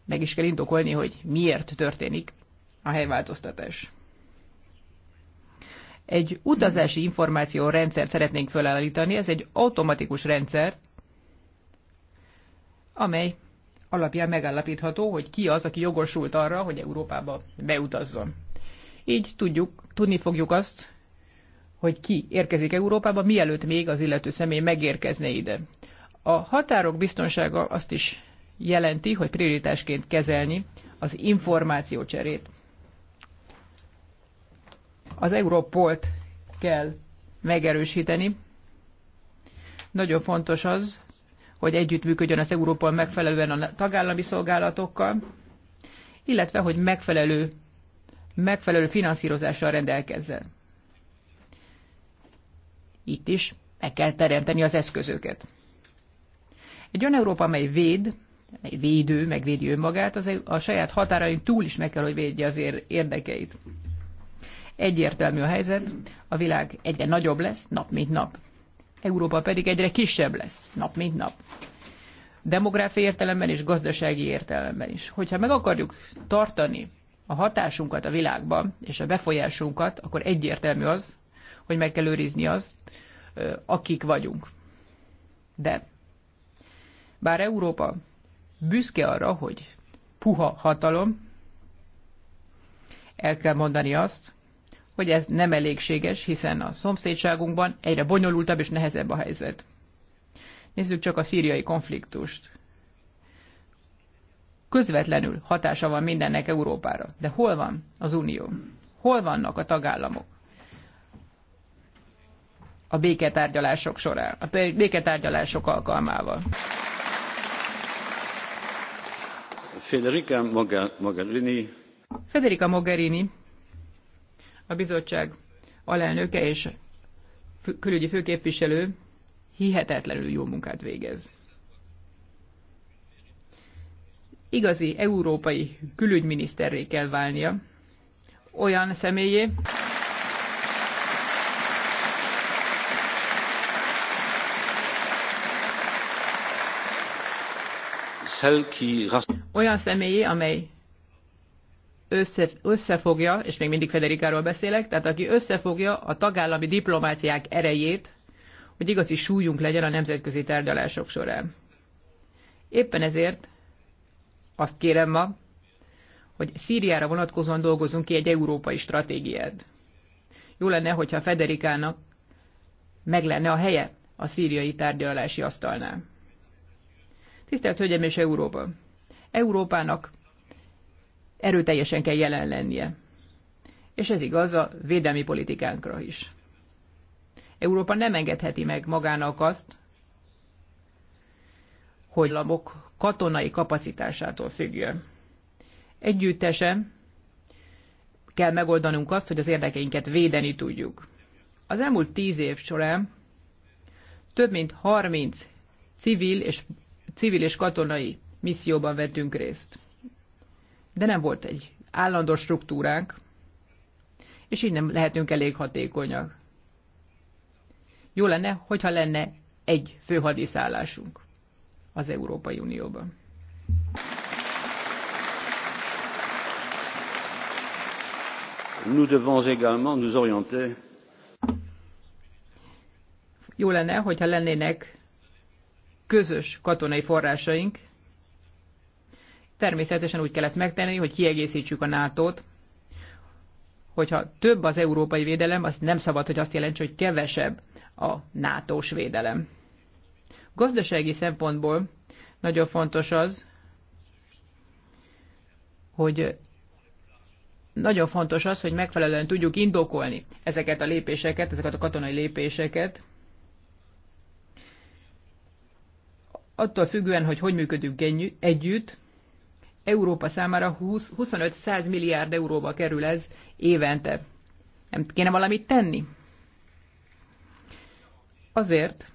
meg is kell indokolni, hogy miért történik a helyváltoztatás. Egy utazási információ rendszert szeretnénk felállítani, ez egy automatikus rendszer, amely alapján megállapítható, hogy ki az, aki jogosult arra, hogy Európába beutazzon. Így tudjuk, tudni fogjuk azt, hogy ki érkezik Európába, mielőtt még az illető személy megérkezne ide. A határok biztonsága azt is jelenti, hogy prioritásként kezelni az információcserét. Az Európolt kell megerősíteni. Nagyon fontos az, hogy együttműködjön az Európol megfelelően a tagállami szolgálatokkal, illetve hogy megfelelő, megfelelő finanszírozással rendelkezzen. Itt is meg kell teremteni az eszközöket. Egy olyan Európa, amely véd, védő, megvédi önmagát, az a saját határain túl is meg kell, hogy védje az érdekeit. Egyértelmű a helyzet, a világ egyre nagyobb lesz, nap mint nap. Európa pedig egyre kisebb lesz, nap mint nap. Demográfiai értelemben és gazdasági értelemben is. Hogyha meg akarjuk tartani a hatásunkat a világban, és a befolyásunkat, akkor egyértelmű az, hogy meg kell őrizni azt, akik vagyunk. De bár Európa büszke arra, hogy puha hatalom, el kell mondani azt, hogy ez nem elégséges, hiszen a szomszédságunkban egyre bonyolultabb és nehezebb a helyzet. Nézzük csak a szíriai konfliktust. Közvetlenül hatása van mindennek Európára. De hol van az Unió? Hol vannak a tagállamok? A béketárgyalások során, a béketárgyalások alkalmával. Federica Mogherini. a bizottság alelnöke és külügyi főképviselő hihetetlenül jó munkát végez. Igazi európai külügyminiszterré kell válnia, olyan személyé, Olyan személyé, amely össze, összefogja, és még mindig Federikáról beszélek, tehát aki összefogja a tagállami diplomáciák erejét, hogy igazi súlyunk legyen a nemzetközi tárgyalások során. Éppen ezért azt kérem ma, hogy Szíriára vonatkozóan dolgozunk ki egy európai stratégiát. Jó lenne, hogyha Federikának meg lenne a helye a szíriai tárgyalási asztalnál. Tisztelt Hölgyeim és Európa! Európának erőteljesen kell jelen lennie. És ez igaz a védelmi politikánkra is. Európa nem engedheti meg magának azt, hogy lamok katonai kapacitásától függjön. Együttesen kell megoldanunk azt, hogy az érdekeinket védeni tudjuk. Az elmúlt tíz év során több mint 30 civil és civil és katonai misszióban vettünk részt. De nem volt egy állandó struktúránk, és így nem lehetünk elég hatékonyak. Jó lenne, hogyha lenne egy főhadiszállásunk az Európai Unióban. Nous devons également nous orienter. Jó lenne, hogyha lennének közös katonai forrásaink. Természetesen úgy kell ezt megtenni, hogy kiegészítsük a NATO-t, hogyha több az európai védelem, az nem szabad, hogy azt jelentse, hogy kevesebb a NATO-s védelem. Gazdasági szempontból nagyon fontos az, hogy nagyon fontos az, hogy megfelelően tudjuk indokolni ezeket a lépéseket, ezeket a katonai lépéseket, attól függően, hogy hogy működünk együtt, Európa számára 25-100 milliárd euróba kerül ez évente. Nem kéne valamit tenni? Azért,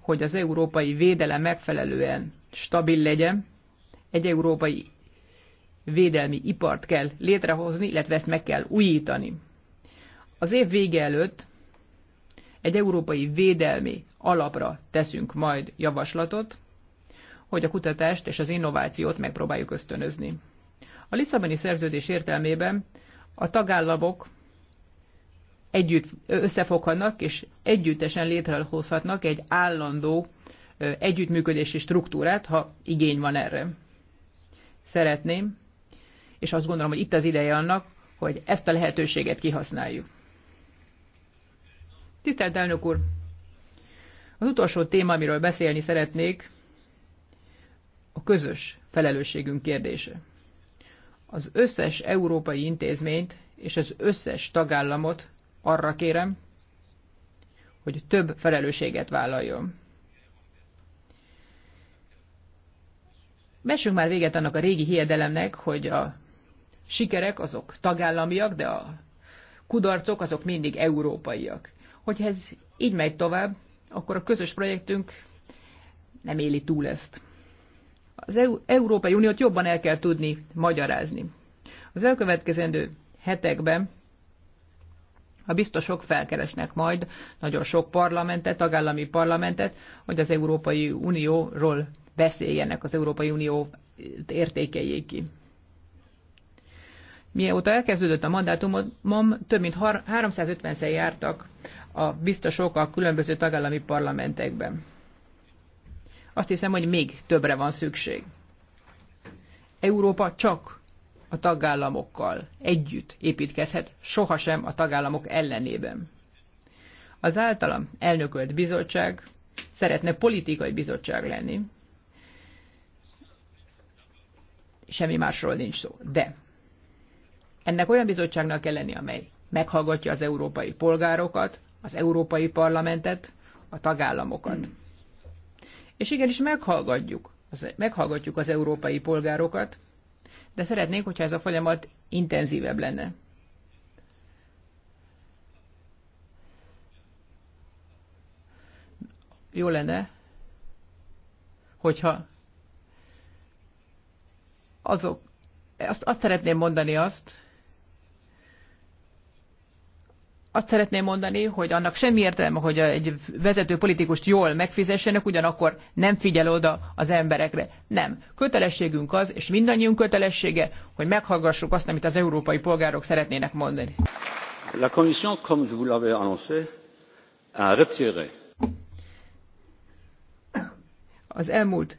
hogy az európai védelem megfelelően stabil legyen, egy európai védelmi ipart kell létrehozni, illetve ezt meg kell újítani. Az év vége előtt egy európai védelmi alapra teszünk majd javaslatot, hogy a kutatást és az innovációt megpróbáljuk ösztönözni. A Lisszaboni szerződés értelmében a tagállamok együtt összefoghatnak és együttesen létrehozhatnak egy állandó együttműködési struktúrát, ha igény van erre. Szeretném, és azt gondolom, hogy itt az ideje annak, hogy ezt a lehetőséget kihasználjuk. Tisztelt elnök úr! Az utolsó téma, amiről beszélni szeretnék, a közös felelősségünk kérdése. Az összes európai intézményt és az összes tagállamot arra kérem, hogy több felelősséget vállaljon. Vessünk már véget annak a régi hiedelemnek, hogy a sikerek azok tagállamiak, de a kudarcok azok mindig európaiak. Hogyha ez így megy tovább, akkor a közös projektünk nem éli túl ezt. Az EU, Európai Uniót jobban el kell tudni magyarázni. Az elkövetkezendő hetekben a biztosok felkeresnek majd nagyon sok parlamentet, tagállami parlamentet, hogy az Európai Unióról beszéljenek, az Európai Unió értékeljék ki. Mióta elkezdődött a mandátumom, több mint 350-szer jártak a biztosok a különböző tagállami parlamentekben. Azt hiszem, hogy még többre van szükség. Európa csak a tagállamokkal együtt építkezhet, sohasem a tagállamok ellenében. Az általam elnökölt bizottság szeretne politikai bizottság lenni. Semmi másról nincs szó. De ennek olyan bizottságnak kell lenni, amely meghallgatja az európai polgárokat, az Európai Parlamentet, a tagállamokat. Hmm. És igenis meghallgatjuk, az, meghallgatjuk az európai polgárokat, de szeretnénk, hogyha ez a folyamat intenzívebb lenne. Jó lenne, hogyha azok, azt, azt szeretném mondani azt, azt szeretném mondani, hogy annak semmi értelme, hogy egy vezető politikust jól megfizessenek, ugyanakkor nem figyel oda az emberekre. Nem. Kötelességünk az, és mindannyiunk kötelessége, hogy meghallgassuk azt, amit az európai polgárok szeretnének mondani. La commission, comme je vous l'avais annoncé, a retiré. Az elmúlt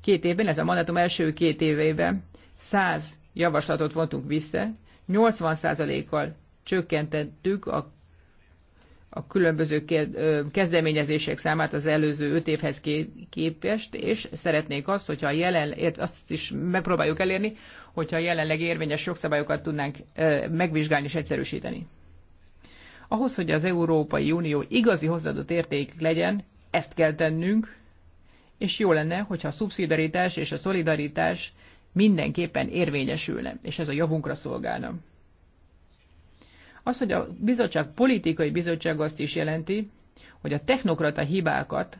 két évben, illetve a mandátum első két évében 100 javaslatot vontunk vissza, 80%-kal csökkentettük a, a különböző kezdeményezések számát az előző öt évhez képest, és szeretnék azt, hogyha jelen, azt is megpróbáljuk elérni, hogyha a jelenleg érvényes jogszabályokat tudnánk megvizsgálni és egyszerűsíteni. Ahhoz, hogy az Európai Unió igazi hozzáadott érték legyen, ezt kell tennünk, és jó lenne, hogyha a szubszidaritás és a szolidaritás mindenképpen érvényesülne, és ez a javunkra szolgálna. Az, hogy a bizottság politikai bizottság azt is jelenti, hogy a technokrata hibákat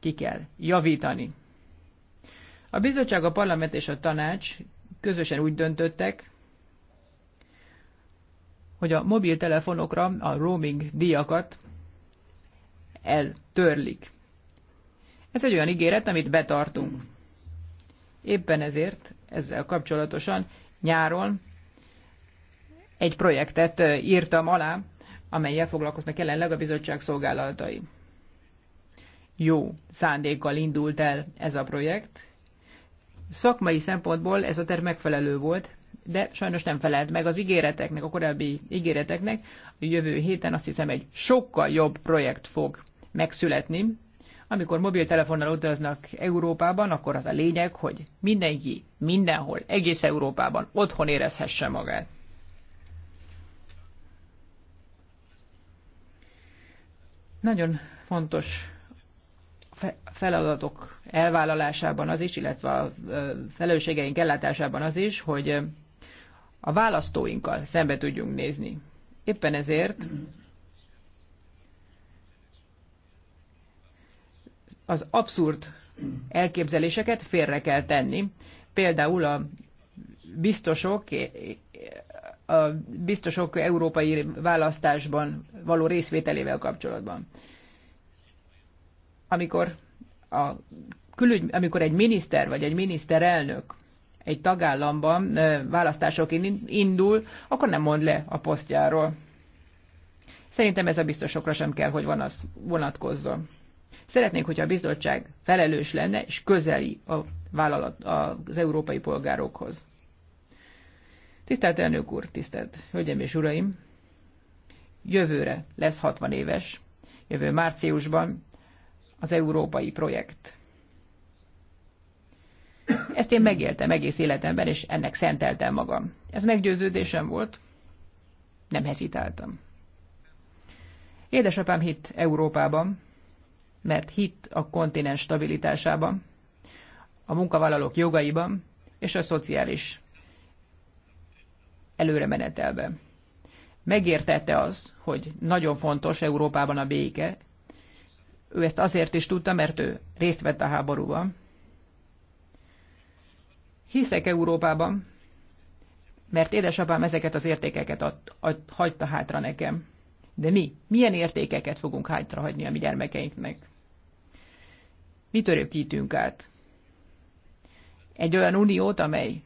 ki kell javítani. A bizottság, a parlament és a tanács közösen úgy döntöttek, hogy a mobiltelefonokra a roaming díjakat eltörlik. Ez egy olyan ígéret, amit betartunk. Éppen ezért ezzel kapcsolatosan nyáron egy projektet írtam alá, amelyel foglalkoznak jelenleg a bizottság szolgálatai. Jó szándékkal indult el ez a projekt. Szakmai szempontból ez a terv megfelelő volt, de sajnos nem felelt meg az ígéreteknek, a korábbi ígéreteknek. A jövő héten azt hiszem egy sokkal jobb projekt fog megszületni. Amikor mobiltelefonnal utaznak Európában, akkor az a lényeg, hogy mindenki mindenhol, egész Európában otthon érezhesse magát. Nagyon fontos feladatok elvállalásában az is, illetve a felelősségeink ellátásában az is, hogy a választóinkkal szembe tudjunk nézni. Éppen ezért az abszurd elképzeléseket félre kell tenni. Például a biztosok a biztosok európai választásban való részvételével kapcsolatban. Amikor, a külügy, amikor egy miniszter vagy egy miniszterelnök egy tagállamban választások indul, akkor nem mond le a posztjáról. Szerintem ez a biztosokra sem kell, hogy van az vonatkozzon. Szeretnénk, hogyha a bizottság felelős lenne és közeli a vállalat az európai polgárokhoz. Tisztelt elnök úr, tisztelt hölgyeim és uraim! Jövőre lesz 60 éves, jövő márciusban az európai projekt. Ezt én megéltem egész életemben, és ennek szenteltem magam. Ez meggyőződésem volt, nem hezitáltam. Édesapám hitt Európában, mert hitt a kontinens stabilitásában, a munkavállalók jogaiban és a szociális előre menetelve. Megértette az, hogy nagyon fontos Európában a béke. Ő ezt azért is tudta, mert ő részt vett a háborúban. Hiszek Európában, mert édesapám ezeket az értékeket ad, ad, hagyta hátra nekem. De mi? Milyen értékeket fogunk hagyni a mi gyermekeinknek? Mit örökítünk át? Egy olyan uniót, amely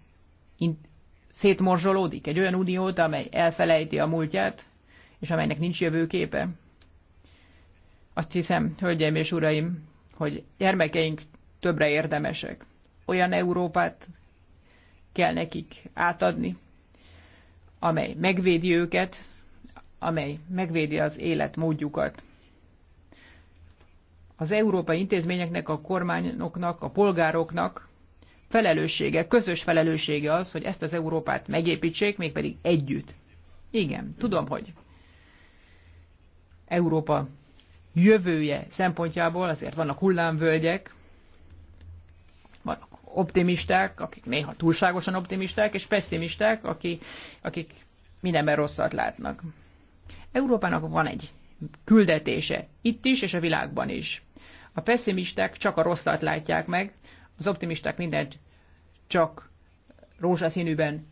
szétmorzsolódik, egy olyan uniót, amely elfelejti a múltját, és amelynek nincs jövőképe. Azt hiszem, hölgyeim és uraim, hogy gyermekeink többre érdemesek. Olyan Európát kell nekik átadni, amely megvédi őket, amely megvédi az életmódjukat. Az európai intézményeknek, a kormányoknak, a polgároknak felelőssége, közös felelőssége az, hogy ezt az Európát megépítsék, mégpedig együtt. Igen, tudom, hogy Európa jövője szempontjából azért vannak hullámvölgyek, vannak optimisták, akik néha túlságosan optimisták, és pessimisták, akik, akik mindenben rosszat látnak. Európának van egy küldetése, itt is és a világban is. A pessimisták csak a rosszat látják meg, az optimisták mindent csak rózsaszínűben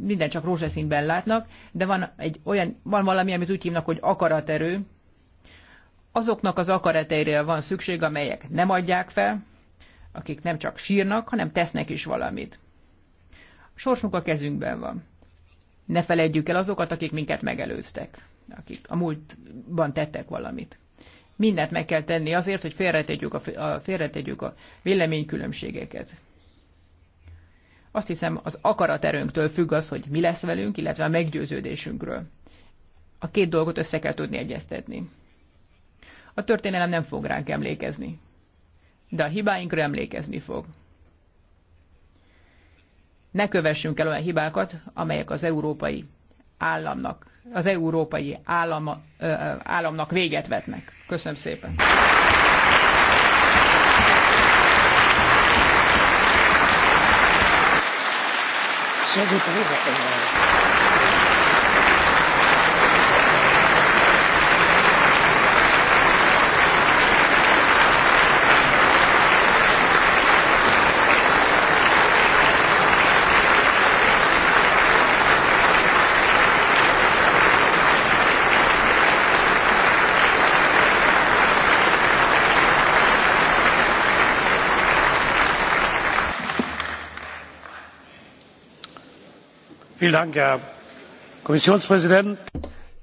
minden csak rózsaszínben látnak, de van, egy olyan, van valami, amit úgy hívnak, hogy akaraterő. Azoknak az akaraterőre van szükség, amelyek nem adják fel, akik nem csak sírnak, hanem tesznek is valamit. A sorsunk a kezünkben van. Ne felejtjük el azokat, akik minket megelőztek, akik a múltban tettek valamit mindent meg kell tenni azért, hogy félretegyük a, a, félretegyük a véleménykülönbségeket. Azt hiszem, az akaraterőnktől függ az, hogy mi lesz velünk, illetve a meggyőződésünkről. A két dolgot össze kell tudni egyeztetni. A történelem nem fog ránk emlékezni, de a hibáinkra emlékezni fog. Ne kövessünk el olyan hibákat, amelyek az európai államnak az európai állam, államnak véget vetnek. Köszönöm szépen. Hát,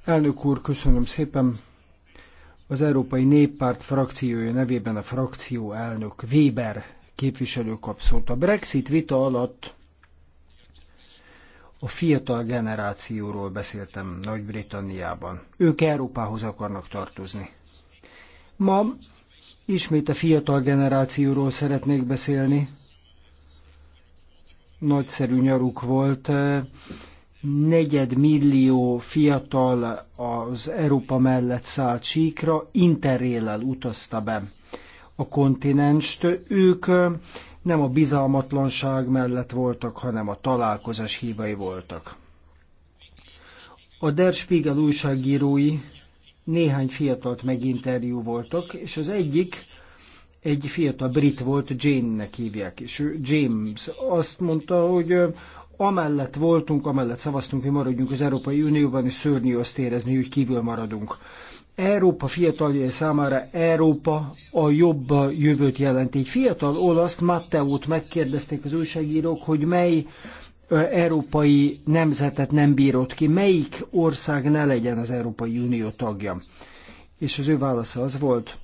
Elnök úr, köszönöm szépen. Az Európai Néppárt frakciója nevében a frakció elnök Weber képviselő kap szót. A Brexit vita alatt a fiatal generációról beszéltem Nagy-Britanniában. Ők Európához akarnak tartozni. Ma ismét a fiatal generációról szeretnék beszélni, nagyszerű nyaruk volt. Negyed millió fiatal az Európa mellett szállt síkra, interrélel utazta be a kontinenst. Ők nem a bizalmatlanság mellett voltak, hanem a találkozás hívei voltak. A Der Spiegel újságírói néhány fiatalt meginterjú voltak, és az egyik egy fiatal brit volt, Jane-nek hívják, és ő James azt mondta, hogy amellett voltunk, amellett szavaztunk, hogy maradjunk az Európai Unióban, és szörnyű azt érezni, hogy kívül maradunk. Európa fiataljai számára Európa a jobb jövőt jelenti. Egy fiatal olaszt, Matteót megkérdezték az újságírók, hogy mely európai nemzetet nem bírod ki, melyik ország ne legyen az Európai Unió tagja. És az ő válasza az volt,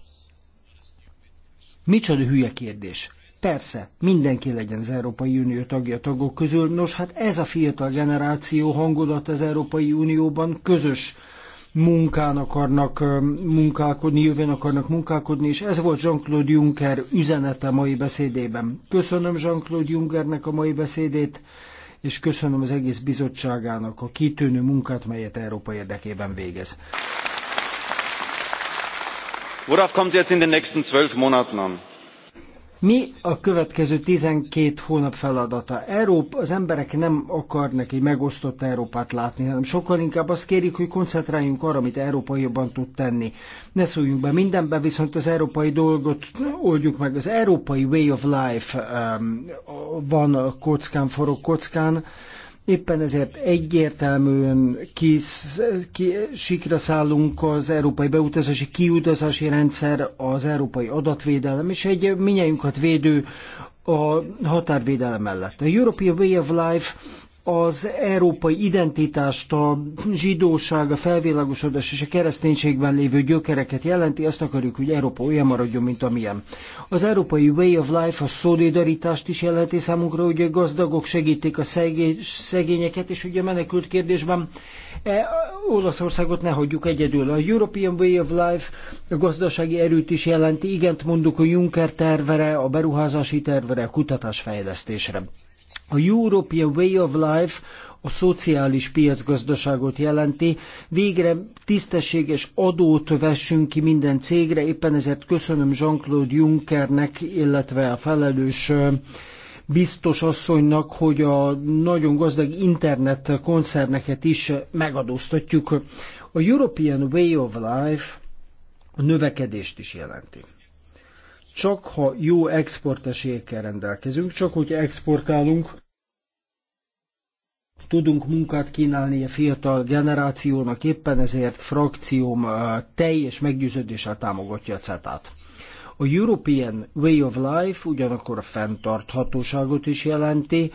Micsoda hülye kérdés. Persze, mindenki legyen az Európai Unió tagja tagok közül. Nos, hát ez a fiatal generáció hangulat az Európai Unióban közös munkán akarnak munkálkodni, jövőn akarnak munkálkodni, és ez volt Jean-Claude Juncker üzenete mai beszédében. Köszönöm Jean-Claude Junckernek a mai beszédét, és köszönöm az egész bizottságának a kitűnő munkát, melyet Európa érdekében végez. Worauf kommt es jetzt in den nächsten zwölf Monaten an? Mi a következő 12 hónap feladata? Európa, az emberek nem akarnak egy megosztott Európát látni, hanem sokkal inkább azt kérik, hogy koncentráljunk arra, amit Európa jobban tud tenni. Ne szóljunk be mindenbe, viszont az európai dolgot oldjuk meg. Az európai way of life um, van kockán, forog kockán. Uh, Éppen ezért egyértelműen ki, sikra szállunk az európai beutazási kiutazási rendszer, az európai adatvédelem és egy minnyájunkat védő a határvédelem mellett. A European Way of Life az európai identitást, a zsidóság, a felvilágosodás és a kereszténységben lévő gyökereket jelenti, azt akarjuk, hogy Európa olyan maradjon, mint amilyen. Az európai way of life a szolidaritást is jelenti számunkra, hogy a gazdagok segítik a szegényeket, és ugye a menekült kérdésben e, Olaszországot ne hagyjuk egyedül. A European way of life a gazdasági erőt is jelenti, igent mondunk a Juncker tervere, a beruházási tervere, a kutatásfejlesztésre. A European Way of Life a szociális piacgazdaságot jelenti. Végre tisztességes adót vessünk ki minden cégre, éppen ezért köszönöm Jean-Claude Junckernek, illetve a felelős biztos asszonynak, hogy a nagyon gazdag internet koncerneket is megadóztatjuk. A European Way of Life a növekedést is jelenti. Csak ha jó exportesélyekkel rendelkezünk, csak hogy exportálunk, tudunk munkát kínálni a fiatal generációnak, éppen ezért frakcióm teljes meggyőződéssel támogatja a CETA-t. A European Way of Life ugyanakkor a fenntarthatóságot is jelenti,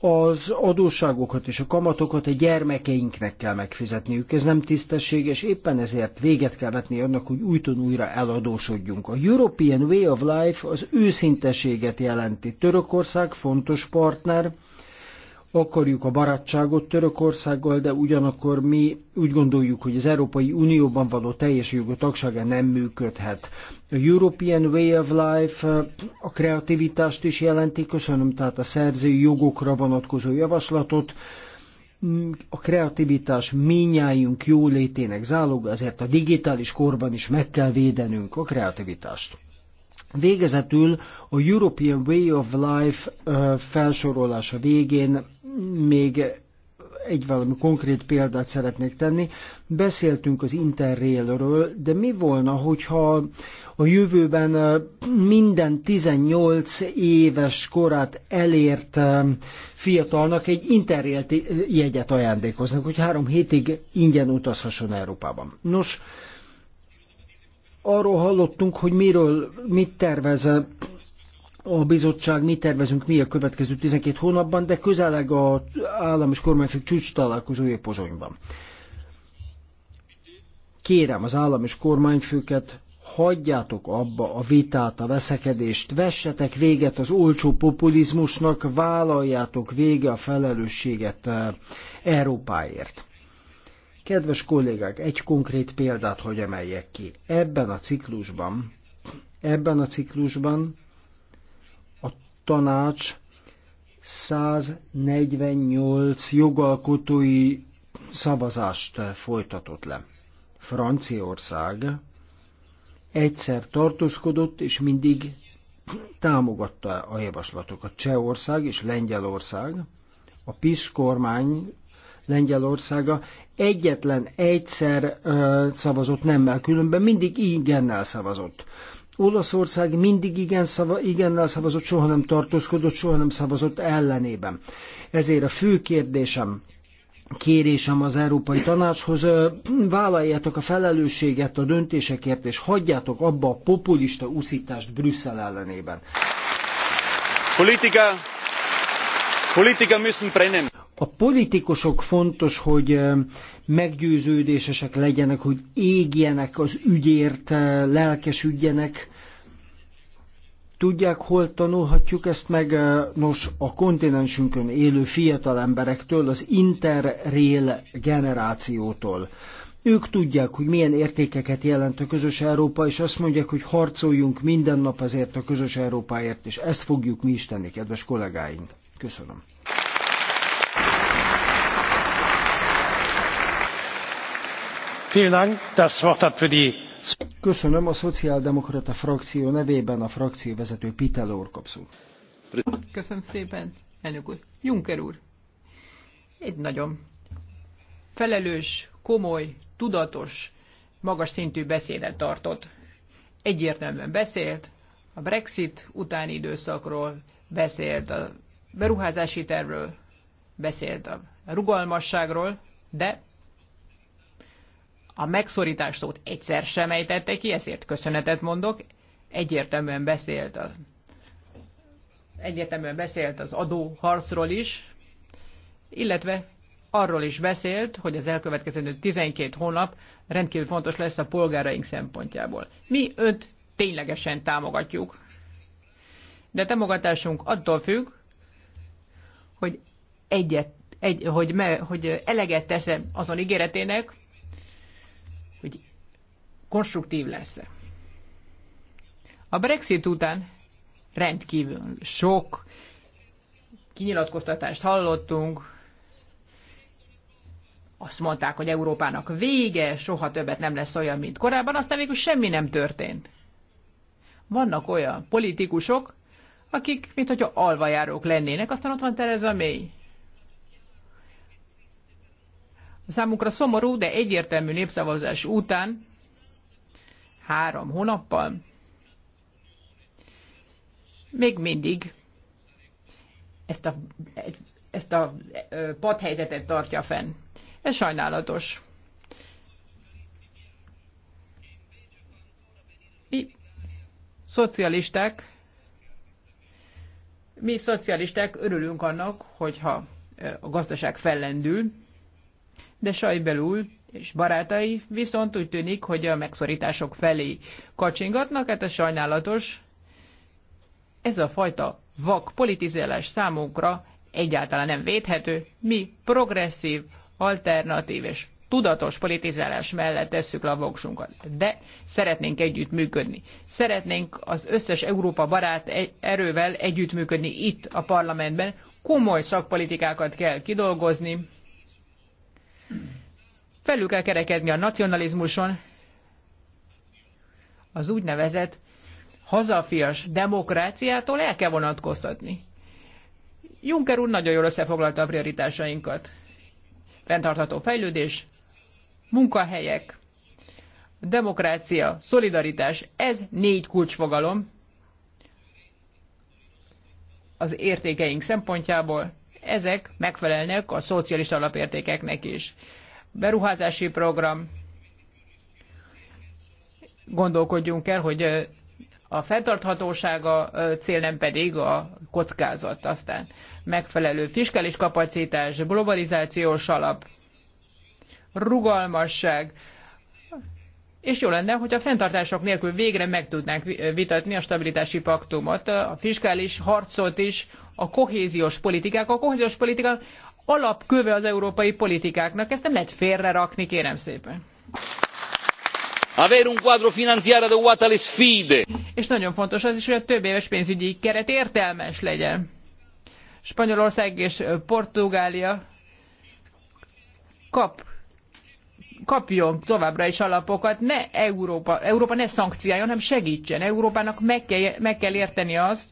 az adósságokat és a kamatokat a gyermekeinknek kell megfizetniük. Ez nem tisztességes, éppen ezért véget kell vetni annak, hogy újton újra eladósodjunk. A European Way of Life az őszinteséget jelenti. Törökország fontos partner, akarjuk a barátságot Törökországgal, de ugyanakkor mi úgy gondoljuk, hogy az Európai Unióban való teljes jogú tagsága nem működhet. A European Way of Life eh, a kreativitást is jelenti, köszönöm tehát a szerző jogokra vonatkozó javaslatot, mm, a kreativitás minnyájunk jólétének záloga, ezért a digitális korban is meg kell védenünk a kreativitást. Végezetül a European Way of Life eh, felsorolása végén még egy valami konkrét példát szeretnék tenni. Beszéltünk az Interrailről, de mi volna, hogyha a jövőben minden 18 éves korát elért fiatalnak egy Interrail jegyet ajándékoznak, hogy három hétig ingyen utazhasson Európában. Nos, arról hallottunk, hogy miről, mit tervez a bizottság, mi tervezünk, mi a következő 12 hónapban, de közeleg a állam és kormányfők csúcs találkozója Pozsonyban. Kérem az állam és kormányfőket, hagyjátok abba a vitát, a veszekedést, vessetek véget az olcsó populizmusnak, vállaljátok vége a felelősséget eh, Európáért. Kedves kollégák, egy konkrét példát hogy emeljek ki. Ebben a ciklusban, ebben a ciklusban tanács 148 jogalkotói szavazást folytatott le. Franciaország egyszer tartózkodott, és mindig támogatta a javaslatokat. Csehország és Lengyelország, a PIS kormány Lengyelországa egyetlen egyszer ö, szavazott nemmel, különben mindig igennel szavazott. Olaszország mindig igen szava, igennel szavazott, soha nem tartózkodott, soha nem szavazott ellenében. Ezért a fő kérdésem, kérésem az Európai Tanácshoz, vállaljátok a felelősséget a döntésekért, és hagyjátok abba a populista úszítást Brüsszel ellenében. Politika, politika müssen brennen. A politikusok fontos, hogy meggyőződésesek legyenek, hogy égjenek az ügyért, eh, lelkesüdjenek. Tudják, hol tanulhatjuk ezt meg? Eh, Nos, a kontinensünkön élő fiatal emberektől, az interrail generációtól. Ők tudják, hogy milyen értékeket jelent a közös Európa, és azt mondják, hogy harcoljunk minden nap azért a közös Európáért, és ezt fogjuk mi is tenni, kedves kollégáink. Köszönöm. Köszönöm a Szociáldemokrata frakció nevében a frakcióvezető Pitele úr kapszul. Köszönöm szépen, elnök úr. Juncker úr, egy nagyon felelős, komoly, tudatos, magas szintű beszédet tartott. Egyértelműen beszélt, a Brexit utáni időszakról beszélt, a beruházási tervről beszélt, a rugalmasságról, de a megszorítás szót egyszer sem ejtette ki, ezért köszönetet mondok. Egyértelműen beszélt a egyértelműen beszélt az adóharcról is, illetve arról is beszélt, hogy az elkövetkező 12 hónap rendkívül fontos lesz a polgáraink szempontjából. Mi önt ténylegesen támogatjuk, de támogatásunk attól függ, hogy egyet, egy, hogy, me, hogy eleget teszem azon ígéretének, konstruktív lesz. A Brexit után rendkívül sok kinyilatkoztatást hallottunk, azt mondták, hogy Európának vége, soha többet nem lesz olyan, mint korábban, aztán végül semmi nem történt. Vannak olyan politikusok, akik, mint hogyha alvajárók lennének, aztán ott van Tereza May. Számukra szomorú, de egyértelmű népszavazás után három hónappal, még mindig ezt a, ezt a padhelyzetet tartja fenn. Ez sajnálatos. Mi szocialisták, mi szocialisták örülünk annak, hogyha a gazdaság fellendül, de sajbelül és barátai viszont úgy tűnik, hogy a megszorítások felé kacsingatnak, hát ez sajnálatos. Ez a fajta vak politizálás számunkra egyáltalán nem védhető. Mi progresszív, alternatív és tudatos politizálás mellett tesszük le a voksunkat. De szeretnénk együttműködni. Szeretnénk az összes Európa barát e- erővel együttműködni itt a parlamentben. Komoly szakpolitikákat kell kidolgozni, Felül kell kerekedni a nacionalizmuson, az úgynevezett hazafias demokráciától el kell vonatkoztatni. Juncker úr nagyon jól összefoglalta a prioritásainkat. Fentartható fejlődés, munkahelyek, demokrácia, szolidaritás, ez négy kulcsfogalom az értékeink szempontjából, ezek megfelelnek a szocialista alapértékeknek is beruházási program. Gondolkodjunk el, hogy a fenntarthatósága cél nem pedig a kockázat. Aztán megfelelő fiskális kapacitás, globalizációs alap, rugalmasság, és jó lenne, hogy a fenntartások nélkül végre meg tudnánk vitatni a stabilitási paktumot, a fiskális harcot is, a kohéziós politikák. A kohéziós politika alapköve az európai politikáknak. Ezt nem lehet félrerakni, kérem szépen. Avere un quadro finanziario adeguato alle sfide. És nagyon fontos az is, hogy a több éves pénzügyi keret értelmes legyen. Spanyolország és Portugália kap kapjon továbbra is alapokat, ne Európa, Európa ne szankciáljon, hanem segítsen. Európának meg kell, meg kell érteni azt,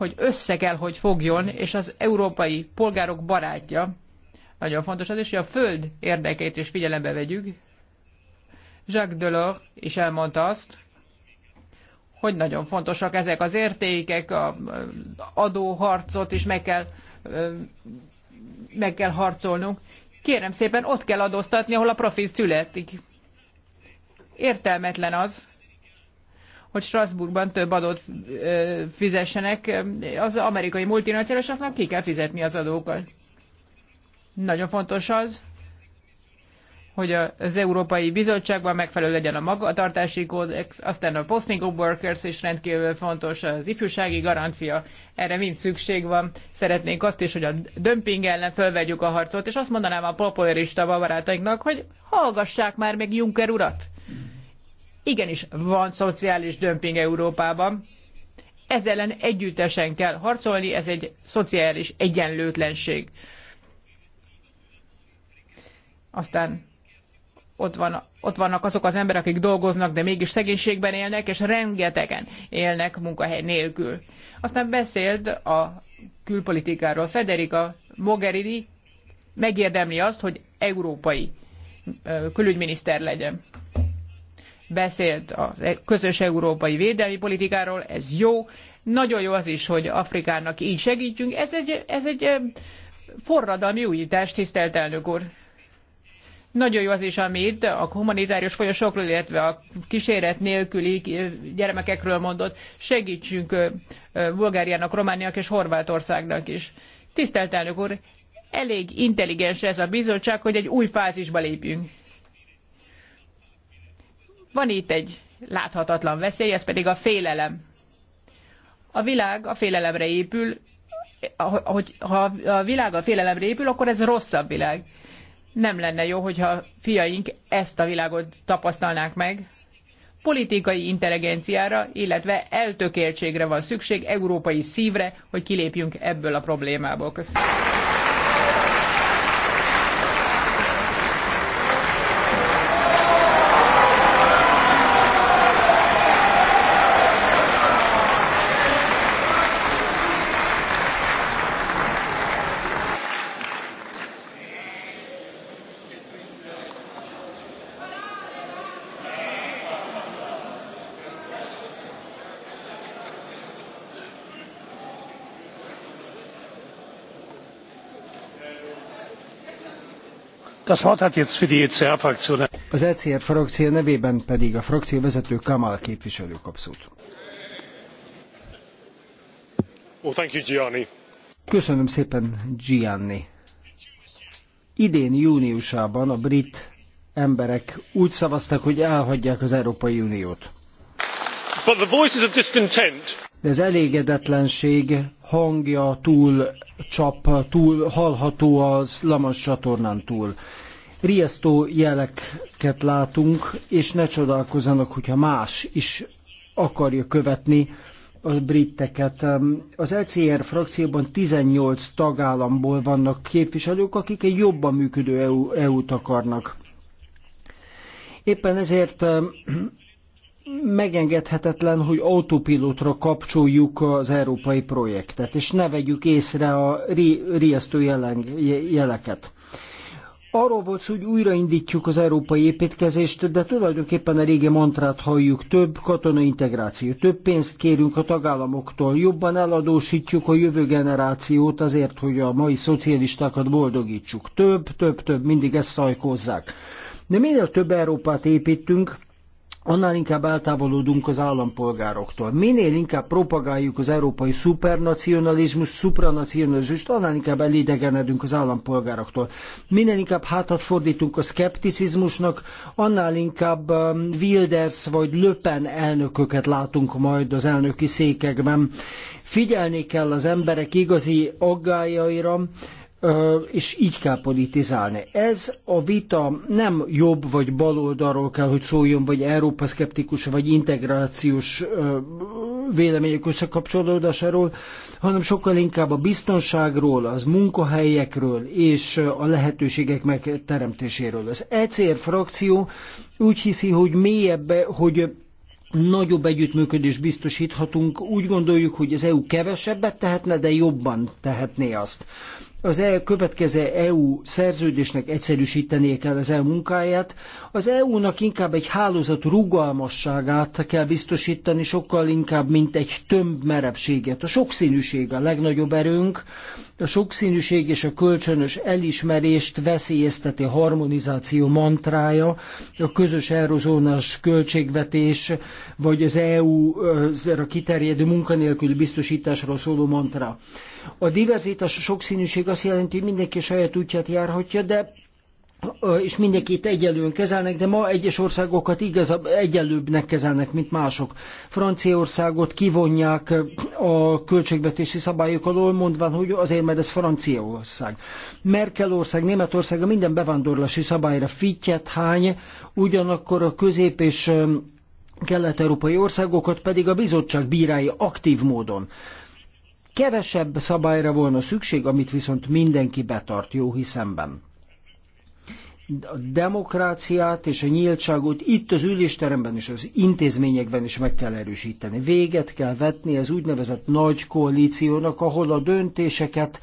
hogy össze kell, hogy fogjon, és az európai polgárok barátja. Nagyon fontos az is, hogy a föld érdekeit is figyelembe vegyük. Jacques Delors is elmondta azt, hogy nagyon fontosak ezek az értékek, a adóharcot is meg kell, meg kell harcolnunk. Kérem szépen, ott kell adóztatni, ahol a profit születik. Értelmetlen az, hogy Strasbourgban több adót fizessenek, az amerikai multinacionalisoknak ki kell fizetni az adókat. Nagyon fontos az, hogy az Európai Bizottságban megfelelő legyen a magatartási kódex, aztán a posting of workers is rendkívül fontos, az ifjúsági garancia, erre mind szükség van. Szeretnénk azt is, hogy a dömping ellen fölvegyük a harcot, és azt mondanám a populista barátainknak, hogy hallgassák már meg Juncker urat. Igenis, van szociális dömping Európában. Ez ellen együttesen kell harcolni, ez egy szociális egyenlőtlenség. Aztán ott, van, ott vannak azok az emberek, akik dolgoznak, de mégis szegénységben élnek, és rengetegen élnek munkahely nélkül. Aztán beszélt a külpolitikáról. Federica Mogherini megérdemli azt, hogy európai külügyminiszter legyen beszélt a e- közös európai védelmi politikáról, ez jó. Nagyon jó az is, hogy Afrikának így segítjünk. Ez egy, ez egy forradalmi újítás, tisztelt elnök úr. Nagyon jó az is, amit a humanitárius folyosókról, illetve a kíséret nélküli gyermekekről mondott. Segítsünk Bulgáriának, Romániának és Horvátországnak is. Tisztelt elnök úr, elég intelligens ez a bizottság, hogy egy új fázisba lépjünk. Van itt egy láthatatlan veszély, ez pedig a félelem. A világ a félelemre épül, ahogy, ha a világ a félelemre épül, akkor ez rosszabb világ. Nem lenne jó, hogyha fiaink ezt a világot tapasztalnák meg. Politikai intelligenciára, illetve eltökéltségre van szükség, európai szívre, hogy kilépjünk ebből a problémából. Köszönöm. E az ECR frakció nevében pedig a frakcióvezető Kamal képviselő kap szót. Well, Köszönöm szépen, Gianni. Idén júniusában a brit emberek úgy szavaztak, hogy elhagyják az Európai Uniót. But the voices of discontent de az elégedetlenség hangja túl csap, túl hallható az Lamas csatornán túl. Riasztó jeleket látunk, és ne csodálkozzanak, hogyha más is akarja követni a britteket. Az ECR frakcióban 18 tagállamból vannak képviselők, akik egy jobban működő EU-t akarnak. Éppen ezért megengedhetetlen, hogy autopilotra kapcsoljuk az európai projektet, és ne vegyük észre a ri riasztó jeleket. Arról volt szó, hogy újraindítjuk az európai építkezést, de tulajdonképpen a régi mantrát halljuk több katonai integráció, több pénzt kérünk a tagállamoktól, jobban eladósítjuk a jövő generációt azért, hogy a mai szocialistákat boldogítsuk. Több, több, több, mindig ezt szajkozzák. De minél több Európát építünk, annál inkább eltávolodunk az állampolgároktól. Minél inkább propagáljuk az európai szupernacionalizmus, szupranacionalizmust, annál inkább elidegenedünk az állampolgároktól. Minél inkább hátat fordítunk a szkepticizmusnak, annál inkább um, Wilders vagy Löpen elnököket látunk majd az elnöki székekben. Figyelni kell az emberek igazi aggályaira, és így kell politizálni. Ez a vita nem jobb vagy oldalról kell, hogy szóljon, vagy Európa szkeptikus, vagy integrációs vélemények összekapcsolódásáról, hanem sokkal inkább a biztonságról, az munkahelyekről és a lehetőségek megteremtéséről. Az ECR frakció úgy hiszi, hogy mélyebb, hogy nagyobb együttműködést biztosíthatunk. Úgy gondoljuk, hogy az EU kevesebbet tehetne, de jobban tehetné azt az e következő EU szerződésnek egyszerűsítenie kell az EU munkáját. Az EU-nak inkább egy hálózat rugalmasságát kell biztosítani, sokkal inkább, mint egy tömb merevséget. A sokszínűség a legnagyobb erőnk, a sokszínűség és a kölcsönös elismerést veszélyezteti harmonizáció mantrája, a közös eurozónás költségvetés, vagy az EU-ra kiterjedő munkanélküli biztosításról szóló mantra. A diverzitás, a sokszínűség azt jelenti, hogy mindenki saját útját járhatja, de és mindenkit egyenlően kezelnek, de ma egyes országokat igazabb, egyenlőbbnek kezelnek, mint mások. Franciaországot kivonják a költségvetési szabályok alól, mondván, hogy azért, mert ez Franciaország. Merkelország, Németország a minden bevándorlási szabályra fittyet hány, ugyanakkor a közép és kelet-európai országokat pedig a bizottság bírálja aktív módon. Kevesebb szabályra volna szükség, amit viszont mindenki betart jó hiszemben a demokráciát és a nyíltságot itt az ülésteremben és az intézményekben is meg kell erősíteni. Véget kell vetni az úgynevezett nagy koalíciónak, ahol a döntéseket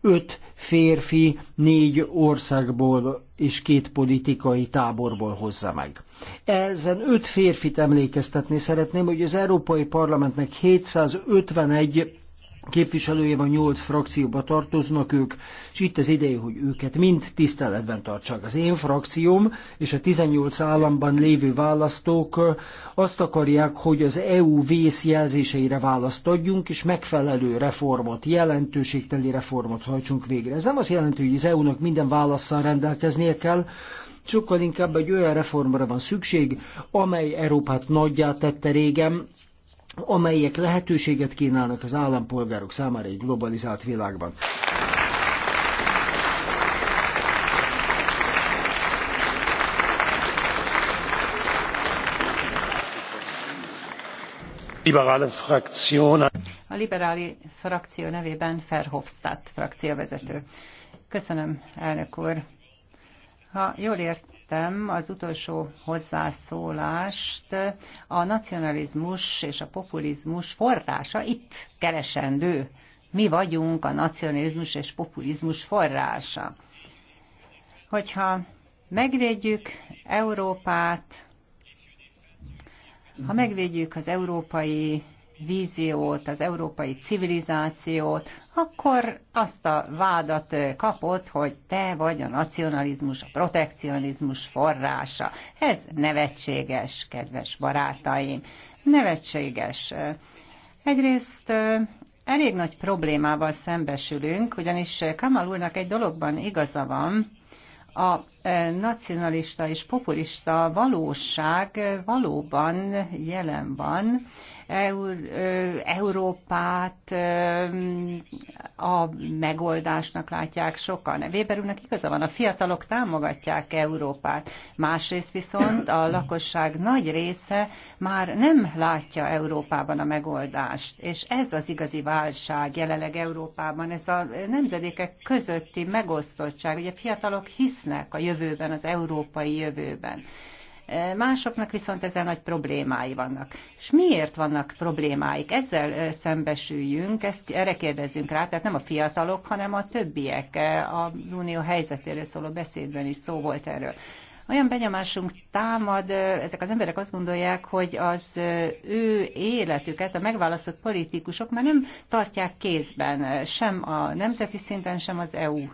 öt férfi négy országból és két politikai táborból hozza meg. Ezen öt férfit emlékeztetni szeretném, hogy az Európai Parlamentnek 751 képviselője van, nyolc frakcióba tartoznak ők, és itt az ideje, hogy őket mind tiszteletben tartsák. Az én frakcióm és a 18 államban lévő választók azt akarják, hogy az EU vészjelzéseire választ adjunk, és megfelelő reformot, jelentőségteli reformot hajtsunk végre. Ez nem azt jelenti, hogy az EU-nak minden válaszsal rendelkeznie kell, sokkal inkább egy olyan reformra van szükség, amely Európát nagyjá tette régen, amelyek lehetőséget kínálnak az állampolgárok számára egy globalizált világban. A liberáli frakció nevében Verhofstadt frakcióvezető. Köszönöm, elnök úr. Ha jól ért, értettem az utolsó hozzászólást, a nacionalizmus és a populizmus forrása itt keresendő. Mi vagyunk a nacionalizmus és populizmus forrása. Hogyha megvédjük Európát, ha megvédjük az európai víziót, az európai civilizációt, akkor azt a vádat kapott, hogy te vagy a nacionalizmus, a protekcionizmus forrása. Ez nevetséges, kedves barátaim. Nevetséges. Egyrészt elég nagy problémával szembesülünk, ugyanis Kamal úrnak egy dologban igaza van, a nacionalista és populista valóság valóban jelen van, Európát a megoldásnak látják sokan. Weber úrnak igaza van, a fiatalok támogatják Európát. Másrészt viszont a lakosság nagy része már nem látja Európában a megoldást, és ez az igazi válság jelenleg Európában, ez a nemzedékek közötti megosztottság. Ugye fiatalok hisznek a jövőben, az európai jövőben másoknak viszont ezzel nagy problémái vannak. És miért vannak problémáik? Ezzel szembesüljünk, ezt, erre kérdezzünk rá, tehát nem a fiatalok, hanem a többiek. a unió helyzetéről szóló beszédben is szó volt erről. Olyan benyomásunk támad, ezek az emberek azt gondolják, hogy az ő életüket a megválasztott politikusok már nem tartják kézben, sem a nemzeti szinten, sem az EU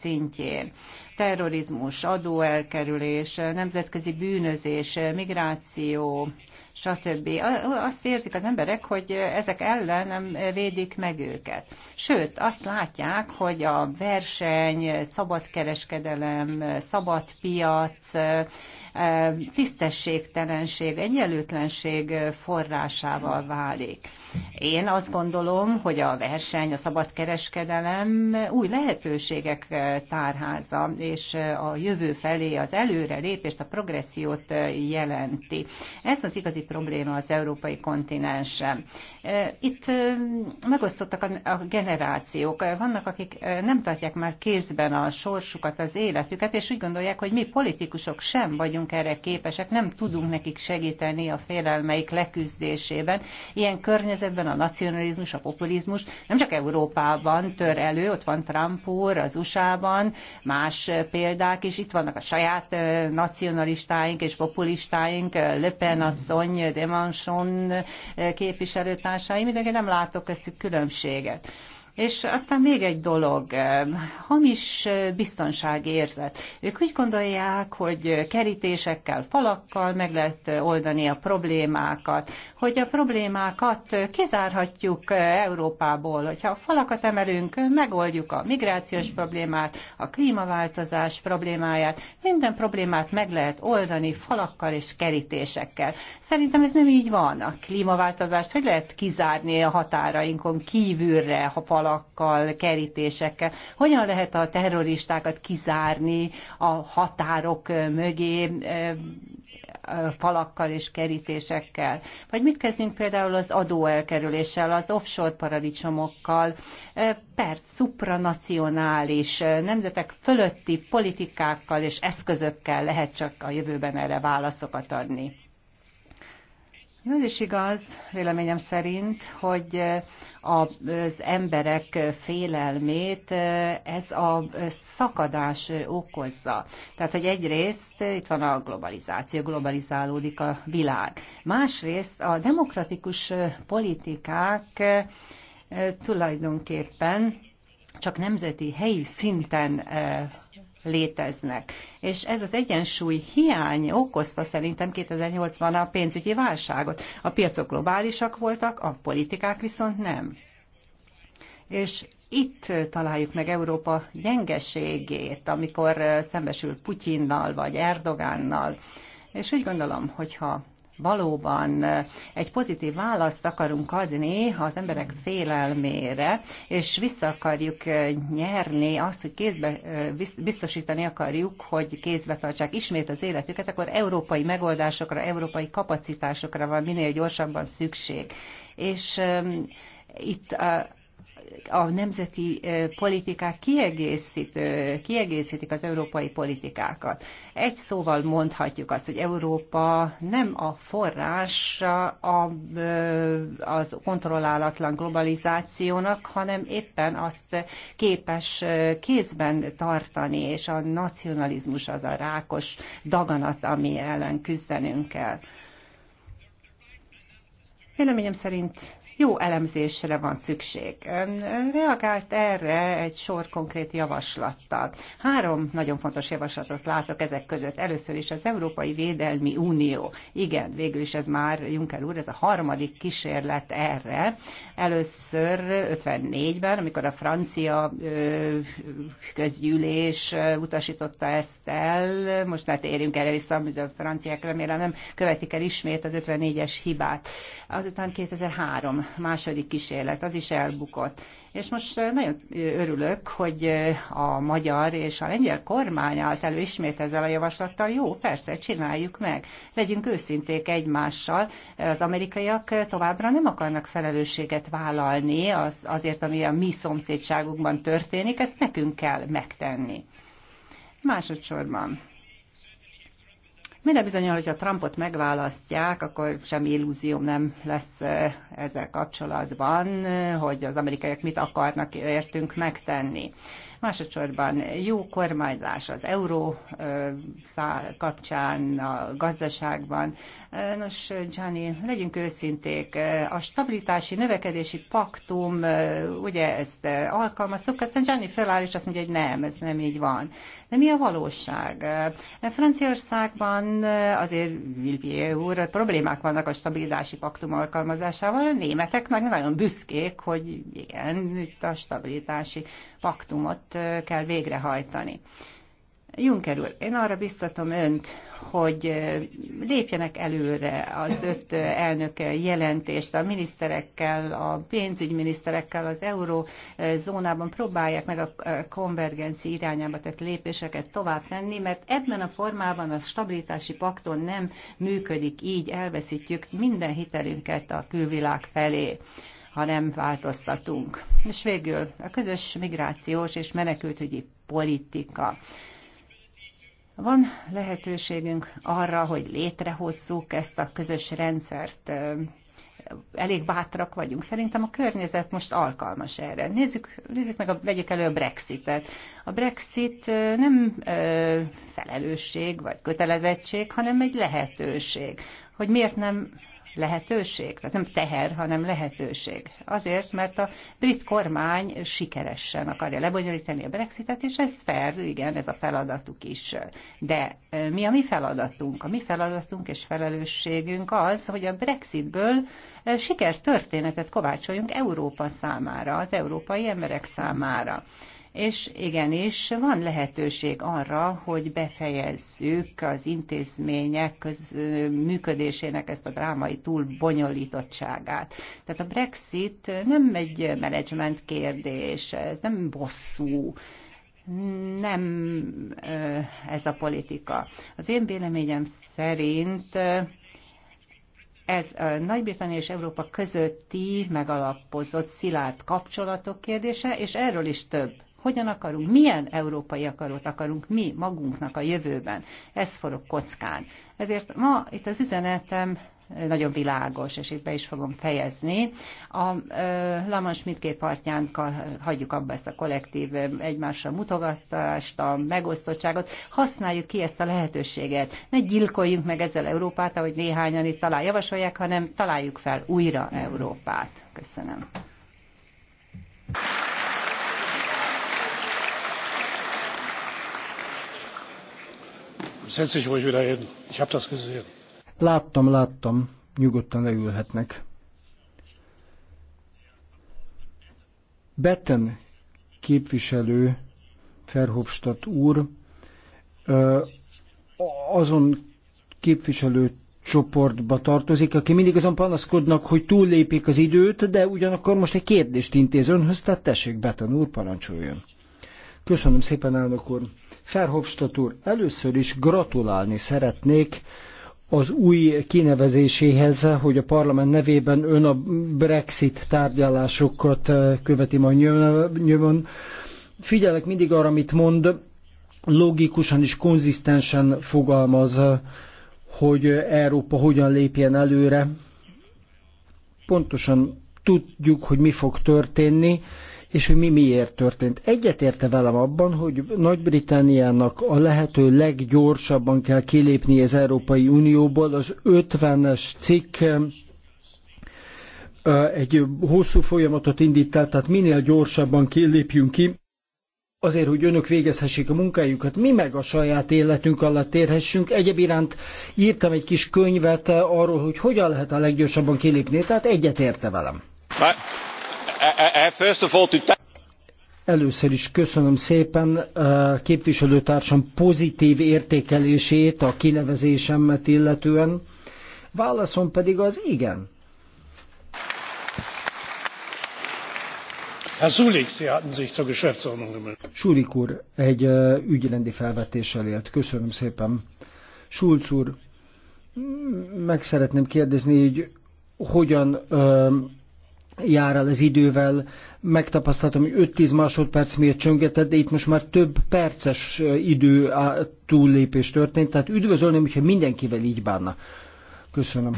szintjén terrorizmus, adóelkerülés, nemzetközi bűnözés, migráció, stb. Azt érzik az emberek, hogy ezek ellen nem védik meg őket. Sőt, azt látják, hogy a verseny, szabad kereskedelem, szabad piac, tisztességtelenség, egyenlőtlenség forrásával válik. Én azt gondolom, hogy a verseny, a szabadkereskedelem új lehetőségek tárháza, és a jövő felé az előre lépést, a progressziót jelenti. Ez az igazi probléma az európai kontinensen. Itt megosztottak a generációk. Vannak, akik nem tartják már kézben a sorsukat, az életüket, és úgy gondolják, hogy mi politikusok sem vagyunk vagyunk erre képesek, nem tudunk nekik segíteni a félelmeik leküzdésében. Ilyen környezetben a nacionalizmus, a populizmus nem csak Európában tör elő, ott van Trump úr, az USA-ban, más példák is, itt vannak a saját nacionalistáink és populistáink, Le Pen asszony, Demanson képviselőtársai, mindenki nem látok köztük különbséget. És aztán még egy dolog, hamis érzet. Ők úgy gondolják, hogy kerítésekkel, falakkal meg lehet oldani a problémákat, hogy a problémákat kizárhatjuk Európából, hogyha a falakat emelünk, megoldjuk a migrációs problémát, a klímaváltozás problémáját, minden problémát meg lehet oldani falakkal és kerítésekkel. Szerintem ez nem így van. A klímaváltozást hogy lehet kizárni a határainkon kívülre, ha fal falakkal, kerítésekkel. Hogyan lehet a terroristákat kizárni a határok mögé falakkal és kerítésekkel? Vagy mit kezdünk például az adóelkerüléssel, az offshore paradicsomokkal? Perc, supranacionális, nemzetek fölötti politikákkal és eszközökkel lehet csak a jövőben erre válaszokat adni. Ez is igaz, véleményem szerint, hogy az emberek félelmét ez a szakadás okozza. Tehát, hogy egyrészt itt van a globalizáció, globalizálódik a világ. Másrészt a demokratikus politikák eh, tulajdonképpen csak nemzeti, helyi szinten eh, léteznek. És ez az egyensúly hiány okozta szerintem 2008-ban a pénzügyi válságot. A piacok globálisak voltak, a politikák viszont nem. És itt találjuk meg Európa gyengeségét, amikor szembesül Putyinnal vagy Erdogánnal. És úgy gondolom, hogyha valóban eh, egy pozitív választ akarunk adni az emberek félelmére, és vissza akarjuk eh, nyerni azt, hogy kézbe, eh, biztosítani akarjuk, hogy kézbe tartsák ismét az életüket, akkor európai megoldásokra, európai kapacitásokra van minél gyorsabban szükség. És itt a nemzeti politikák kiegészít, kiegészítik az európai politikákat. Egy szóval mondhatjuk azt, hogy Európa nem a forrás a, az kontrollálatlan globalizációnak, hanem éppen azt képes kézben tartani, és a nacionalizmus az a rákos daganat, ami ellen küzdenünk kell. Véleményem szerint jó elemzésre van szükség. Reagált erre egy sor konkrét javaslattal. Három nagyon fontos javaslatot látok ezek között. Először is az Európai Védelmi Unió. Igen, végül is ez már, Juncker úr, ez a harmadik kísérlet erre. Először 54-ben, amikor a francia közgyűlés utasította ezt el, most már térjünk erre vissza, a franciák remélem nem követik el ismét az 54-es hibát. Azután 2003 második kísérlet, az is elbukott. És most eh, nagyon örülök, hogy eh, a magyar és a lengyel kormány állt elő ismét ezzel a javaslattal. Jó, persze, csináljuk meg. Legyünk őszinték egymással. Az amerikaiak továbbra nem akarnak felelősséget vállalni az, azért, ami a mi szomszédságunkban történik. Ezt nekünk kell megtenni. Másodszorban minden bizonyal, hogyha Trumpot megválasztják, akkor semmi illúzióm nem lesz ezzel kapcsolatban, hogy az amerikaiak mit akarnak értünk megtenni. Másodszorban jó kormányzás az euró kapcsán, a gazdaságban. Nos, Gianni, legyünk őszinték, a stabilitási növekedési paktum, ugye ezt alkalmaztuk, aztán Gianni feláll és azt mondja, hogy nem, ez nem így van. De mi a valóság? Franciaországban azért Vilpier úr, problémák vannak a stabilitási paktum alkalmazásával, a németek nagyon büszkék, hogy igen, itt a stabilitási paktumot kell végrehajtani. Juncker úr, én arra biztatom önt, hogy lépjenek előre az öt elnök jelentést a miniszterekkel, a pénzügyminiszterekkel, az eurózónában próbálják meg a konvergenci irányába tett lépéseket tovább tenni, mert ebben a formában a stabilitási pakton nem működik, így elveszítjük minden hitelünket a külvilág felé ha nem változtatunk. És végül a közös migrációs és menekültügyi politika. Van lehetőségünk arra, hogy létrehozzuk ezt a közös rendszert. Elég bátrak vagyunk. Szerintem a környezet most alkalmas erre. Nézzük, nézzük meg, a, vegyük elő a Brexitet. A Brexit nem ö, felelősség vagy kötelezettség, hanem egy lehetőség, hogy miért nem lehetőség, tehát nem teher, hanem lehetőség. Azért, mert a brit kormány sikeresen akarja lebonyolítani a Brexitet, és ez fair, igen, ez a feladatuk is. De mi a mi feladatunk? A mi feladatunk és felelősségünk az, hogy a Brexitből sikertörténetet kovácsoljunk Európa számára, az európai emberek számára és igenis van lehetőség arra, hogy befejezzük az intézmények köz, működésének ezt a drámai bonyolítottságát. Tehát a Brexit nem egy menedzsment kérdés, ez nem bosszú, nem ez a politika. Az én véleményem szerint ez a Nagy-Britannia és Európa közötti megalapozott szilárd kapcsolatok kérdése, és erről is több hogyan akarunk, milyen európai akarót akarunk mi magunknak a jövőben? Ez forog kockán. Ezért ma itt az üzenetem nagyon világos, és itt be is fogom fejezni. A Lamans mindkét partjánkkal hagyjuk abba ezt a kollektív egymásra mutogatást, a megosztottságot, használjuk ki ezt a lehetőséget. Ne gyilkoljunk meg ezzel Európát, ahogy néhányan itt talán javasolják, hanem találjuk fel újra Európát. Köszönöm. Setz dich ruhig wieder hin. Ich habe das gesehen. Láttam, láttam. Nyugodtan leülhetnek. Betten képviselő, Ferhofstadt úr, azon képviselő csoportba tartozik, aki mindig azon panaszkodnak, hogy túllépik az időt, de ugyanakkor most egy kérdést intéz önhöz, tehát tessék, Betten úr, parancsoljon. Köszönöm szépen, elnök úr. Ferhofstadt úr, először is gratulálni szeretnék az új kinevezéséhez, hogy a parlament nevében ön a Brexit tárgyalásokat eh, követi majd nyomon. Figyelek mindig arra, amit mond, logikusan és konzisztensen fogalmaz, hogy Európa hogyan lépjen előre. Pontosan tudjuk, hogy mi fog történni, és hogy mi miért történt. Egyetérte velem abban, hogy Nagy-Britanniának a lehető leggyorsabban kell kilépni az Európai Unióból az 50-es cikk egy hosszú folyamatot indít el, tehát minél gyorsabban kilépjünk ki, azért, hogy önök végezhessék a munkájukat, mi meg a saját életünk alatt érhessünk. Egyéb iránt írtam egy kis könyvet arról, hogy hogyan lehet a leggyorsabban kilépni, tehát egyetérte velem. Bye. Először is köszönöm szépen eh, képviselőtársam pozitív értékelését a kinevezésemet illetően. Válaszom pedig az igen. Herr úr egy eh, ügyrendi felvetéssel élt. Köszönöm szépen. Schulz úr, meg szeretném kérdezni, hogy hogyan eh, jár el az idővel, megtapasztaltam, hogy 5-10 másodperc miért csöngetett, de itt most már több perces idő túllépés történt, tehát üdvözölném, hogyha mindenkivel így bánna. Köszönöm.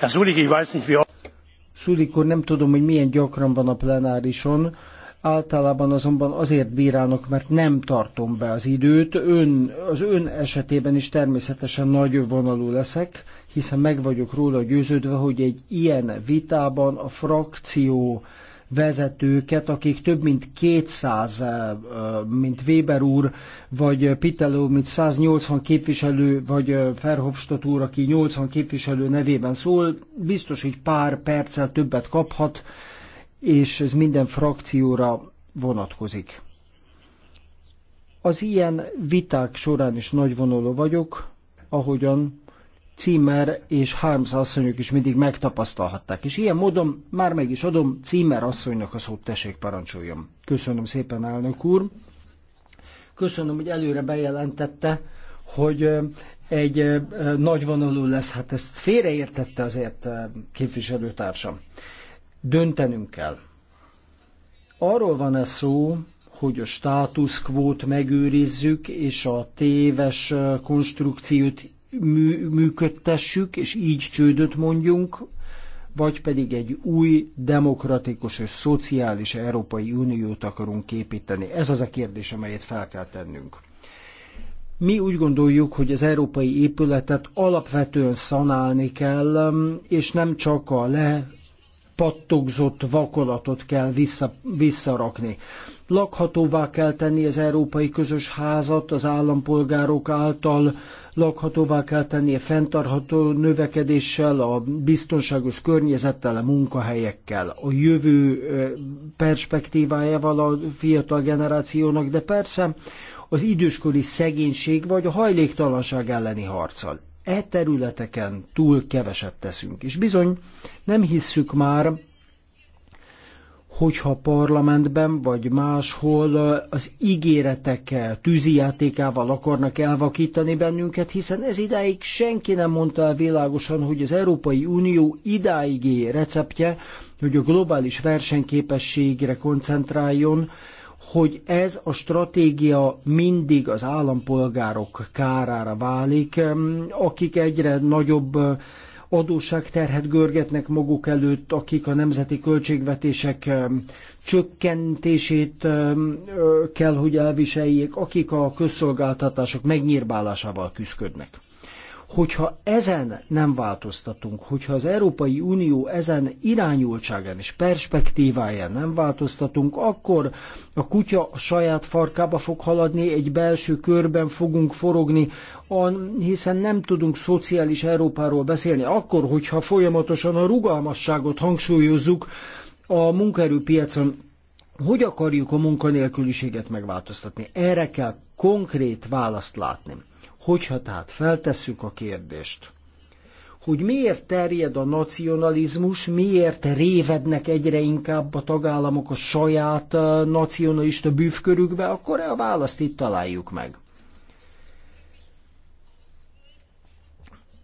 Herr Sulik, nem tudom, hogy milyen gyakran van a plenárison, Általában azonban azért bírálnak, mert nem tartom be az időt. Ön, az ön esetében is természetesen nagy vonalú leszek, hiszen meg vagyok róla győződve, hogy egy ilyen vitában a frakció vezetőket, akik több mint 200, mint Weber úr, vagy Piteló, mint 180 képviselő, vagy Ferhofstadt úr, aki 80 képviselő nevében szól, biztos, hogy pár perccel többet kaphat, és ez minden frakcióra vonatkozik. Az ilyen viták során is vonuló vagyok, ahogyan Címer és Harms asszonyok is mindig megtapasztalhatták. És ilyen módon már meg is adom Címer asszonynak a szót, tessék parancsoljam. Köszönöm szépen, elnök úr. Köszönöm, hogy előre bejelentette, hogy egy nagyvonalú lesz. Hát ezt félreértette azért képviselőtársam. Döntenünk kell. Arról van-e szó, hogy a státuszkvót megőrizzük, és a téves konstrukciót mű, működtessük, és így csődöt mondjunk, vagy pedig egy új, demokratikus és szociális Európai Uniót akarunk építeni? Ez az a kérdés, amelyet fel kell tennünk. Mi úgy gondoljuk, hogy az európai épületet alapvetően szanálni kell, és nem csak a le pattogzott vakolatot kell vissza, visszarakni. Lakhatóvá kell tenni az európai közös házat az állampolgárok által, lakhatóvá kell tenni a fenntartható növekedéssel, a biztonságos környezettel, a munkahelyekkel, a jövő perspektívájával a fiatal generációnak, de persze az időskori szegénység vagy a hajléktalanság elleni harccal e területeken túl keveset teszünk. És bizony nem hisszük már, hogyha parlamentben vagy máshol az ígéretek tűzijátékával akarnak elvakítani bennünket, hiszen ez idáig senki nem mondta el világosan, hogy az Európai Unió idáigé receptje, hogy a globális versenyképességre koncentráljon, hogy ez a stratégia mindig az állampolgárok kárára válik, akik egyre nagyobb adósságterhet görgetnek maguk előtt, akik a nemzeti költségvetések csökkentését kell, hogy elviseljék, akik a közszolgáltatások megnyírbálásával küzdködnek. Hogyha ezen nem változtatunk, hogyha az Európai Unió ezen irányultságán és perspektíváján nem változtatunk, akkor a kutya a saját farkába fog haladni, egy belső körben fogunk forogni, hiszen nem tudunk szociális Európáról beszélni. Akkor, hogyha folyamatosan a rugalmasságot hangsúlyozzuk a munkaerőpiacon, hogy akarjuk a munkanélküliséget megváltoztatni? Erre kell konkrét választ látni. Hogyha tehát feltesszük a kérdést, hogy miért terjed a nacionalizmus, miért révednek egyre inkább a tagállamok a saját nacionalista bűvkörükbe, akkor a választ itt találjuk meg.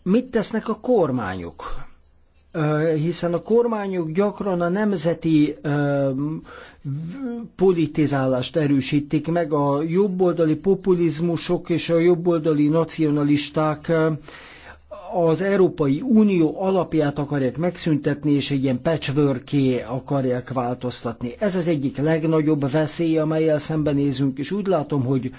Mit tesznek a kormányok? hiszen a kormányok gyakran a nemzeti politizálást erősítik meg, a jobboldali populizmusok és a jobboldali nacionalisták az Európai Unió alapját akarják megszüntetni, és egy ilyen patchworké akarják változtatni. Ez az egyik legnagyobb veszély, amelyel szembenézünk, és úgy látom, hogy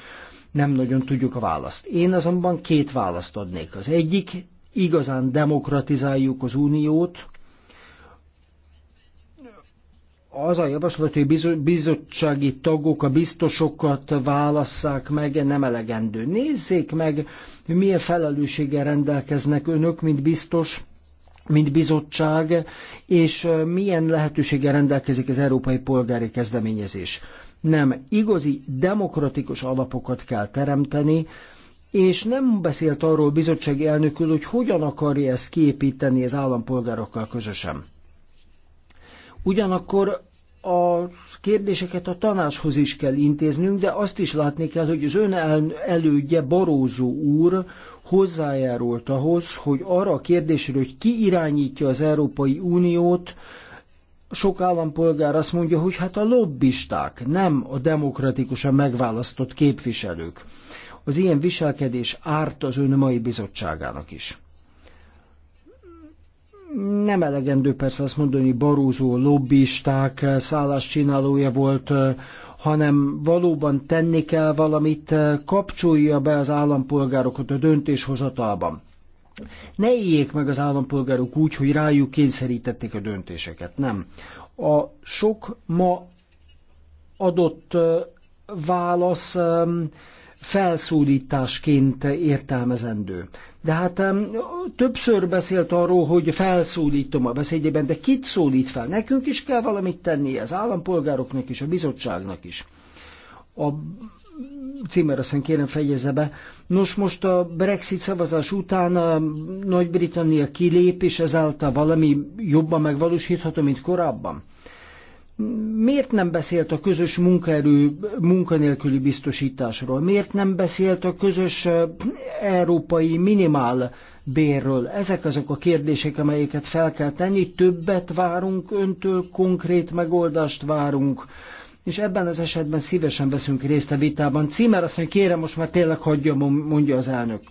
nem nagyon tudjuk a választ. Én azonban két választ adnék. Az egyik igazán demokratizáljuk az uniót, az a javaslat, hogy bizottsági tagok a biztosokat válasszák meg, nem elegendő. Nézzék meg, hogy milyen felelősséggel rendelkeznek önök, mint biztos, mint bizottság, és milyen lehetőséggel rendelkezik az európai polgári kezdeményezés. Nem, igazi demokratikus alapokat kell teremteni, és nem beszélt arról bizottsági elnökül, hogy hogyan akarja ezt kiépíteni az állampolgárokkal közösen. Ugyanakkor a kérdéseket a tanácshoz is kell intéznünk, de azt is látni kell, hogy az ön elődje Barózó úr hozzájárult ahhoz, hogy arra a kérdésről, hogy ki irányítja az Európai Uniót, sok állampolgár azt mondja, hogy hát a lobbisták, nem a demokratikusan megválasztott képviselők. Az ilyen viselkedés árt az ön mai bizottságának is. Nem elegendő persze azt mondani, hogy Barózó lobbisták eh, szálláscsinálója volt, eh, hanem valóban tenni kell valamit, eh, kapcsolja be az állampolgárokat a döntéshozatalban. Ne éljék meg az állampolgárok úgy, hogy rájuk kényszerítették a döntéseket, nem. A sok ma adott válasz ehm, felszólításként értelmezendő. De hát többször beszélt arról, hogy felszólítom a beszédében, de kit szólít fel? Nekünk is kell valamit tenni, az állampolgároknak is, a bizottságnak is. A címerasszony kérem fejezze be. Nos, most a Brexit szavazás után Nagy-Britannia kilép, és ezáltal valami jobban megvalósítható, mint korábban miért nem beszélt a közös munkaerő munkanélküli biztosításról? Miért nem beszélt a közös európai minimál bérről? Ezek azok a kérdések, amelyeket fel kell tenni. Többet várunk öntől, konkrét megoldást várunk és ebben az esetben szívesen veszünk részt a vitában. Címer azt mondja, kérem, most már tényleg hagyja, mondja az elnök.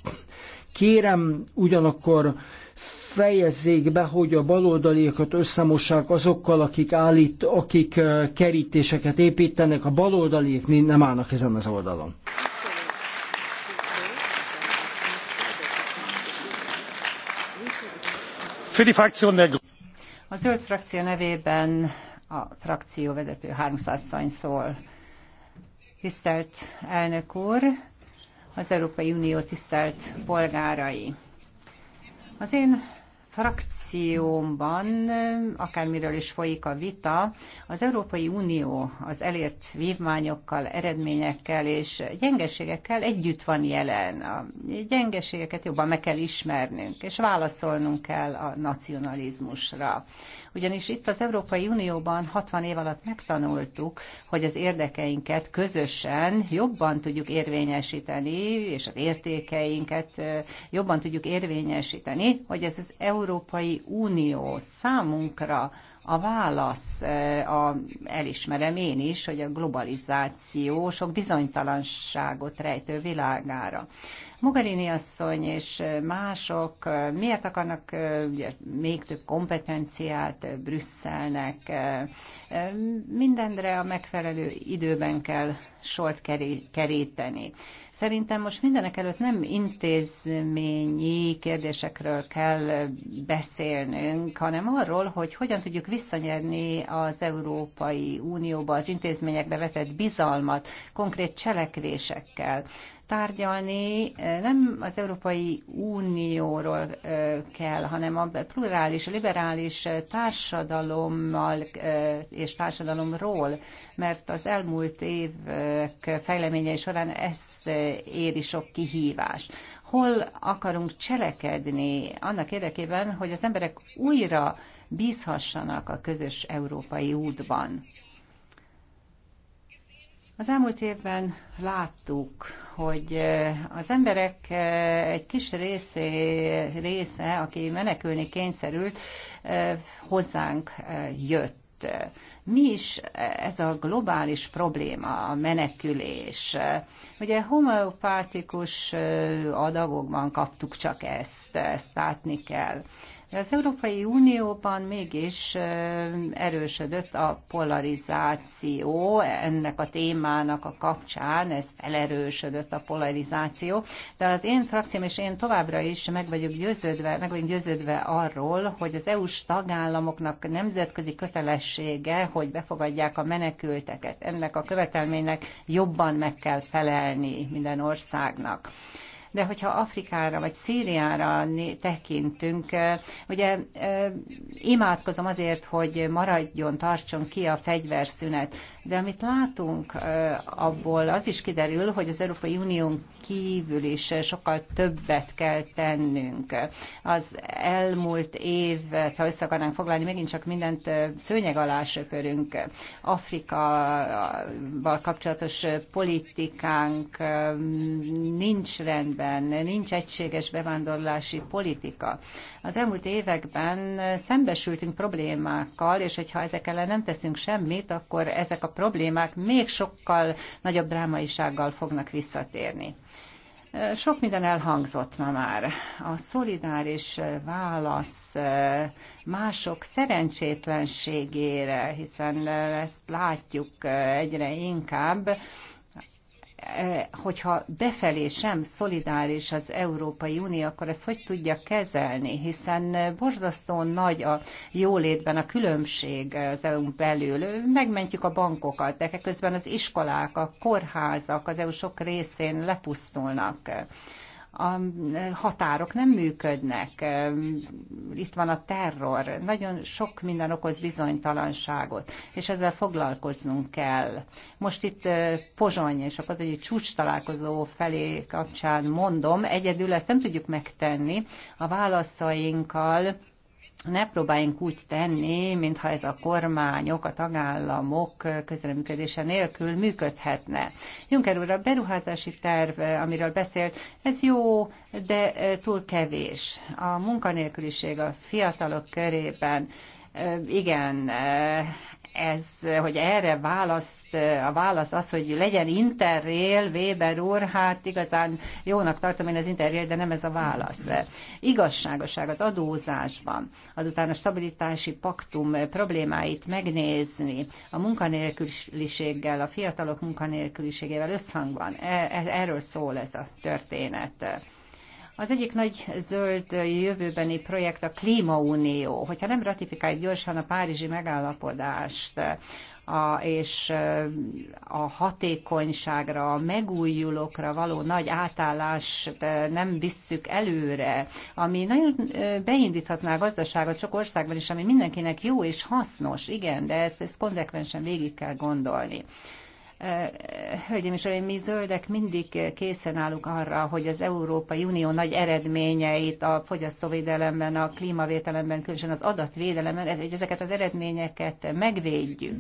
Kérem ugyanakkor fejezzék be, hogy a baloldaliakat összemossák azokkal, akik, állít, akik kerítéseket építenek, a baloldaliak nem állnak ezen az oldalon. A zöld frakció nevében a frakcióvezető háromszázszony szól. Tisztelt elnök úr, az Európai Unió tisztelt polgárai! Az én frakciómban, akármiről is folyik a vita, az Európai Unió az elért vívmányokkal, eredményekkel és gyengeségekkel együtt van jelen. A gyengeségeket jobban meg kell ismernünk, és válaszolnunk kell a nacionalizmusra ugyanis itt az Európai Unióban 60 év alatt megtanultuk, hogy az érdekeinket közösen jobban tudjuk érvényesíteni, és az értékeinket jobban tudjuk érvényesíteni, hogy ez az Európai Unió számunkra a válasz, a, elismerem én is, hogy a globalizáció sok bizonytalanságot rejtő világára. Mogherini asszony és mások miért akarnak ugye, még több kompetenciát Brüsszelnek? Mindenre a megfelelő időben kell sort keríteni. Szerintem most mindenek előtt nem intézményi kérdésekről kell beszélnünk, hanem arról, hogy hogyan tudjuk visszanyerni az Európai Unióba, az intézményekbe vetett bizalmat konkrét cselekvésekkel tárgyalni eh, nem az Európai Unióról eh, kell, hanem a plurális, liberális eh, társadalommal és társadalomról, mert az elmúlt évek fejleményei során ez éri sok kihívást hol akarunk cselekedni annak érdekében, hogy az emberek újra bízhassanak a közös európai útban. Az elmúlt évben láttuk, hogy az emberek egy kis része, része, aki menekülni kényszerült, hozzánk jött mi is ez a globális probléma, a menekülés? Ugye homeopátikus adagokban kaptuk csak ezt, ezt látni kell. Az Európai Unióban mégis erősödött a polarizáció, ennek a témának a kapcsán ez felerősödött a polarizáció, de az én frakcióm és én továbbra is meg vagyok győződve, meg vagyok győződve arról, hogy az EU-s tagállamoknak nemzetközi kötelessége, hogy befogadják a menekülteket. Ennek a követelménynek jobban meg kell felelni minden országnak de hogyha Afrikára vagy Szíriára tekintünk, ugye imádkozom azért, hogy maradjon, tartson ki a fegyverszünet, de amit látunk, abból az is kiderül, hogy az Európai Unión kívül is sokkal többet kell tennünk. Az elmúlt év, ha össze akarnánk foglalni, megint csak mindent szőnyeg alá söpörünk. Afrikával kapcsolatos politikánk nincs rendben, nincs egységes bevándorlási politika. Az elmúlt években szembesültünk problémákkal, és hogyha ezek ellen nem teszünk semmit, akkor ezek a problémák még sokkal nagyobb drámaisággal fognak visszatérni. Sok minden elhangzott ma már. A szolidáris válasz mások szerencsétlenségére, hiszen ezt látjuk egyre inkább, E, hogyha befelé sem szolidáris az Európai Unió, akkor ezt hogy tudja kezelni, hiszen e, borzasztó nagy a jólétben a különbség az eu belül. Megmentjük a bankokat, de közben az iskolák, a kórházak az EU sok részén lepusztulnak a határok nem működnek, itt van a terror, nagyon sok minden okoz bizonytalanságot, és ezzel foglalkoznunk kell. Most itt Pozsony és a pozsonyi csúcs találkozó felé kapcsán mondom, egyedül ezt nem tudjuk megtenni, a válaszainkkal ne próbáljunk úgy tenni, mintha ez a kormányok, a tagállamok közreműködése nélkül működhetne. Juncker úr, a beruházási terv, amiről beszélt, ez jó, de e, túl kevés. A munkanélküliség a fiatalok körében e, igen, e, ez, hogy erre választ, a válasz az, hogy legyen interrail, Weber úr, hát igazán jónak tartom én az interrail, de nem ez a válasz. Igazságosság az adózásban, azután a stabilitási paktum problémáit megnézni, a munkanélküliséggel, a fiatalok munkanélküliségével összhangban, e, e, erről szól ez a történet az egyik nagy zöld jövőbeni projekt a Klímaunió. Hogyha nem ratifikáljuk gyorsan a Párizsi megállapodást, a, és a hatékonyságra, a megújulókra való nagy átállást nem visszük előre, ami nagyon beindíthatná a gazdaságot sok országban is, ami mindenkinek jó és hasznos, igen, de ezt, ezt konzekvensen végig kell gondolni. Eh, hölgyeim és mi zöldek mindig készen állunk arra, hogy az Európai Unió nagy eredményeit a fogyasztóvédelemben, a klímavédelemben, különösen az adatvédelemben, ezeket az eredményeket megvédjük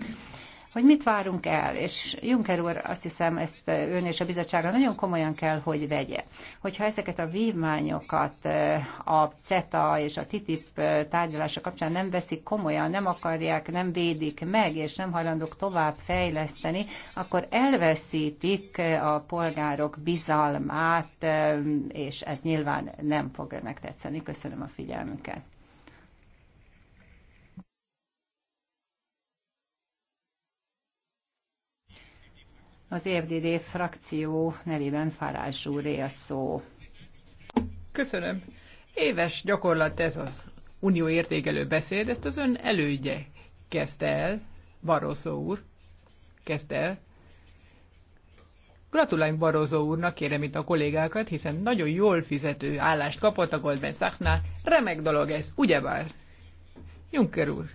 hogy mit várunk el, és Juncker úr azt hiszem ezt ön és a bizottsága nagyon komolyan kell, hogy vegye. Hogyha ezeket a vívmányokat eh, a CETA és a TTIP eh, tárgyalása kapcsán nem veszik komolyan, nem akarják, nem védik meg, és nem hajlandók tovább fejleszteni, akkor elveszítik eh, a polgárok bizalmát, és ez nyilván nem fog önnek tetszeni. Köszönöm a figyelmüket. Az FDD frakció nevében Farázs úr a szó. Köszönöm. Éves gyakorlat ez az unió értékelő beszéd, ezt az ön elődje kezdte el, Barroso úr kezdte el. Gratuláljunk Barroso úrnak, kérem itt a kollégákat, hiszen nagyon jól fizető állást kapott a Goldman Sachsnál. Remek dolog ez, ugyebár? Juncker úr,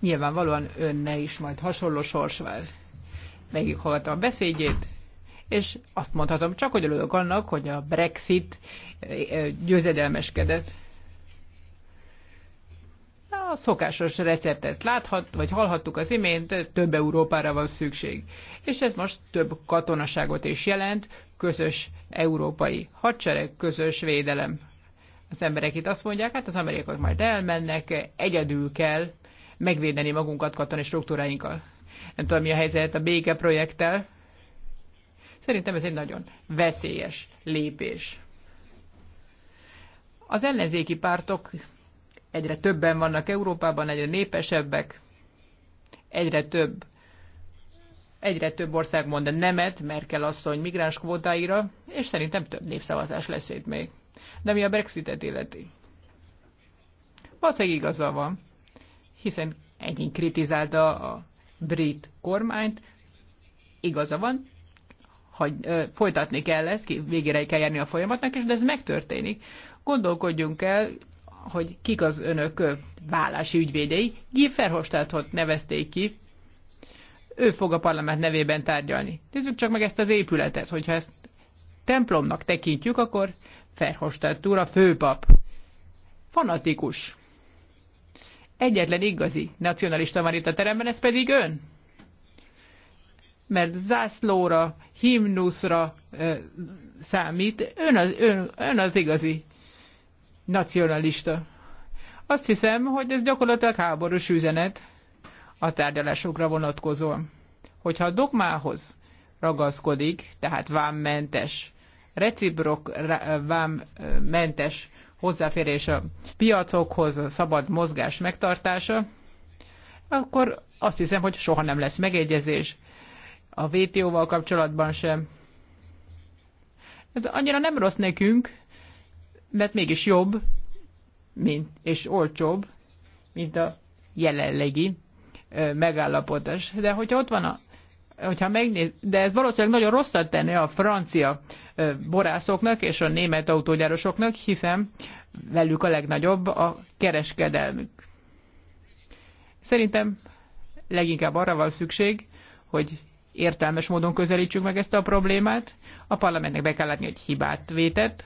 nyilvánvalóan önne is majd hasonló sors vár végighallgattam a beszédjét, és azt mondhatom csak, hogy örülök annak, hogy a Brexit eh, eh, győzedelmeskedett. A szokásos receptet láthat, vagy hallhattuk az imént, több Európára van szükség. És ez most több katonaságot is jelent, közös európai hadsereg, közös védelem. Az emberek itt azt mondják, hát az amerikaiak majd elmennek, egyedül kell megvédeni magunkat katonai struktúráinkkal nem tudom mi a helyzet a béke projekttel. Szerintem ez egy nagyon veszélyes lépés. Az ellenzéki pártok egyre többen vannak Európában, egyre népesebbek, egyre több egyre több ország mond a nemet Merkel asszony migráns kvótáira, és szerintem több népszavazás lesz itt még. De mi a Brexitet illeti? Valószínűleg igaza van, hiszen egyén kritizálta a brit kormányt. Igaza van, hogy ö, folytatni kell ezt, ki, végére kell járni a folyamatnak, és de ez megtörténik. Gondolkodjunk el, hogy kik az önök vállási ügyvédei. Guy Verhofstadtot nevezték ki, ő fog a parlament nevében tárgyalni. Nézzük csak meg ezt az épületet, hogyha ezt templomnak tekintjük, akkor Verhofstadt úr a főpap. Fanatikus Egyetlen igazi nacionalista van itt a teremben, ez pedig ön. Mert zászlóra, himnuszra ö, számít, ön az, ön, ön az igazi nacionalista. Azt hiszem, hogy ez gyakorlatilag háborús üzenet a tárgyalásokra vonatkozóan. Hogyha a dogmához ragaszkodik, tehát vámmentes, reciprok vámmentes hozzáférés a piacokhoz, a szabad mozgás megtartása, akkor azt hiszem, hogy soha nem lesz megegyezés. A WTO-val kapcsolatban sem. Ez annyira nem rossz nekünk, mert mégis jobb, mint, és olcsóbb, mint a jelenlegi megállapodás. De hogyha ott van a hogyha megnéz, de ez valószínűleg nagyon rosszat tenni a francia borászoknak és a német autógyárosoknak, hiszen velük a legnagyobb a kereskedelmük. Szerintem leginkább arra van szükség, hogy értelmes módon közelítsük meg ezt a problémát. A parlamentnek be kell látni, hogy hibát vétett,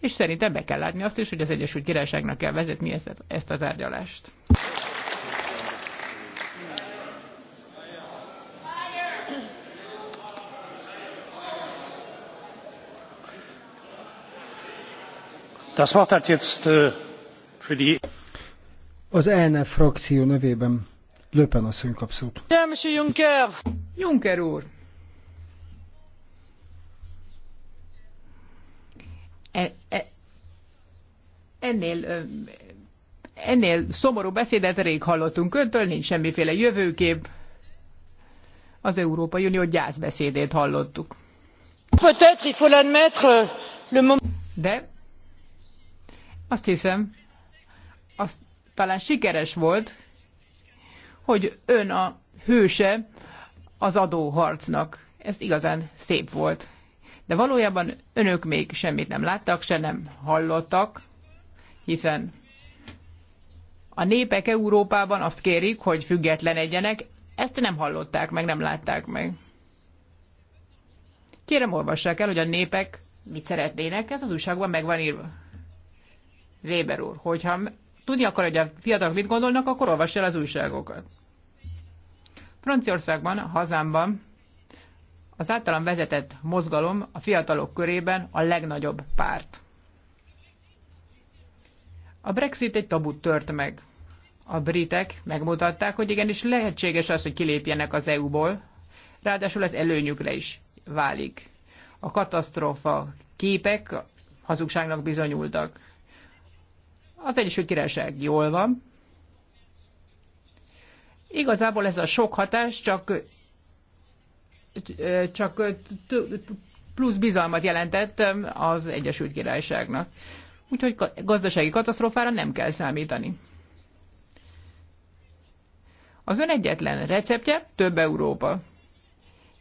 és szerintem be kell látni azt is, hogy az Egyesült Királyságnak kell vezetni ezt, ezt a tárgyalást. Äh, Az ELNE frakció nevében Löpen asszony kap szót. Juncker. Juncker úr! E, e, ennél, ennél szomorú beszédet rég hallottunk öntől, nincs semmiféle jövőkép. Az Európai Unió gyászbeszédét hallottuk. Euh, De azt hiszem, az talán sikeres volt, hogy ön a hőse az adóharcnak. Ez igazán szép volt. De valójában önök még semmit nem láttak, se nem hallottak, hiszen a népek Európában azt kérik, hogy függetlenedjenek, ezt nem hallották meg, nem látták meg. Kérem, olvassák el, hogy a népek mit szeretnének, ez az újságban meg van írva. Weber úr, hogyha tudni akar, hogy a fiatalok mit gondolnak, akkor olvass el az újságokat. Franciaországban, hazámban az általam vezetett mozgalom a fiatalok körében a legnagyobb párt. A Brexit egy tabut tört meg. A britek megmutatták, hogy igenis lehetséges az, hogy kilépjenek az EU-ból, ráadásul ez előnyükre is válik. A katasztrófa képek hazugságnak bizonyultak. Az Egyesült Királyság jól van. Igazából ez a sok hatás csak, csak plusz bizalmat jelentett az Egyesült Királyságnak. Úgyhogy gazdasági katasztrófára nem kell számítani. Az ön egyetlen receptje több Európa.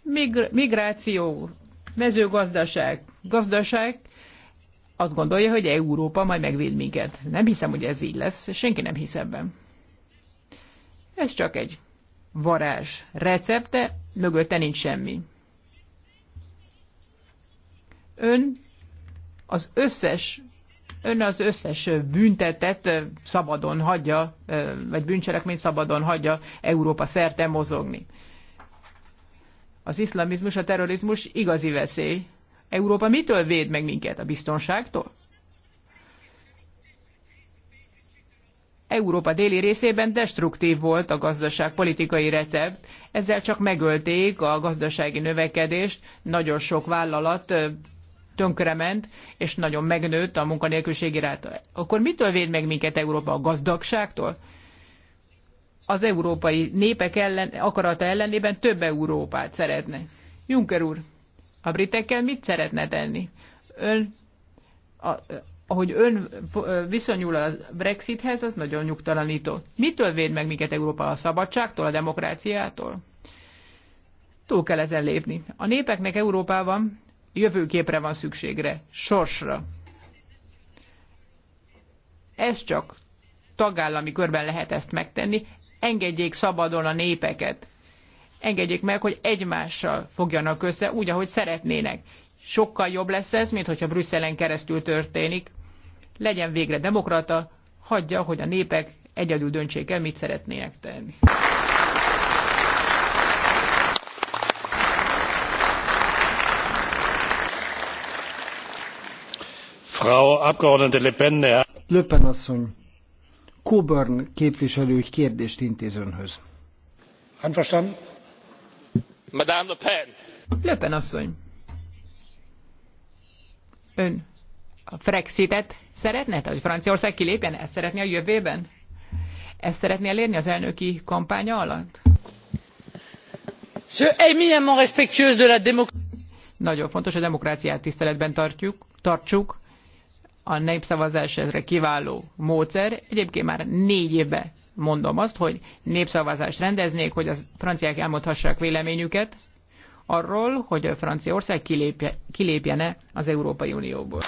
Migr- migráció, mezőgazdaság, gazdaság, azt gondolja, hogy Európa majd megvéd minket. Nem hiszem, hogy ez így lesz, senki nem hisz ebben. Ez csak egy varázs recepte, mögötte nincs semmi. Ön az összes ön az összes büntetet szabadon hagyja, vagy bűncselekményt szabadon hagyja Európa szerte mozogni. Az iszlamizmus, a terrorizmus igazi veszély. Európa mitől véd meg minket? A biztonságtól? Európa déli részében destruktív volt a gazdaságpolitikai recept, ezzel csak megölték a gazdasági növekedést, nagyon sok vállalat tönkrement, és nagyon megnőtt a munkanélküliségi ráta. Akkor mitől véd meg minket Európa? A gazdagságtól? Az európai népek ellen, akarata ellenében több Európát szeretne. Juncker úr, a britekkel mit szeretne tenni? Ön, a, ahogy ön viszonyul a Brexithez, az nagyon nyugtalanító. Mitől véd meg minket Európa a szabadságtól, a demokráciától? Túl kell ezen lépni. A népeknek Európában jövőképre van szükségre, sorsra. Ez csak tagállami körben lehet ezt megtenni. Engedjék szabadon a népeket engedjék meg, hogy egymással fogjanak össze, úgy, ahogy szeretnének. Sokkal jobb lesz ez, mint hogyha Brüsszelen keresztül történik. Legyen végre demokrata, hagyja, hogy a népek egyedül döntsék el, mit szeretnének tenni. Frau Abgeordnete Le Pen, Le Pen asszony, Coburn képviselő egy kérdést intéz önhöz. Einverstanden? Madame Le Pen. Le Pen asszony. Ön a Frexitet szeretne? Tehát, hogy Franciaország kilépjen? Ezt szeretné a jövőben? Ezt szeretné elérni az elnöki kampánya alatt? Nagyon fontos, a demokráciát tiszteletben tartjuk, tartsuk. A népszavazás ezre kiváló módszer. Egyébként már négy éve mondom azt, hogy népszavazást rendeznék, hogy a franciák elmondhassák véleményüket arról, hogy a Franciaország kilépje, kilépjene az Európai Unióból.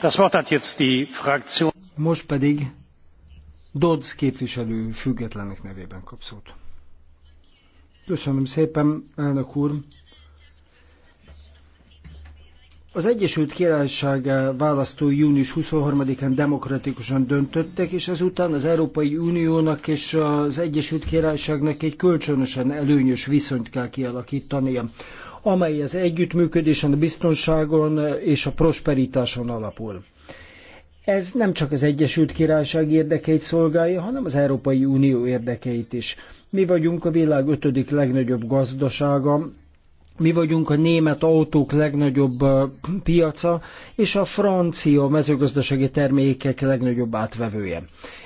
Das Wort hat jetzt die Fraktion. Most pedig Dodds képviselő függetlenek nevében kap szót. Köszönöm szépen, elnök úr. Az Egyesült Királyság választói június 23-án demokratikusan döntöttek, és ezután az Európai Uniónak és az Egyesült Királyságnak egy kölcsönösen előnyös viszonyt kell kialakítania, amely az együttműködésen, a biztonságon és a prosperitáson alapul. Ez nem csak az Egyesült Királyság érdekeit szolgálja, hanem az Európai Unió érdekeit is. Mi vagyunk a világ ötödik legnagyobb gazdasága, mi vagyunk a német autók legnagyobb piaca, és a francia mezőgazdasági termékek legnagyobb átvevője.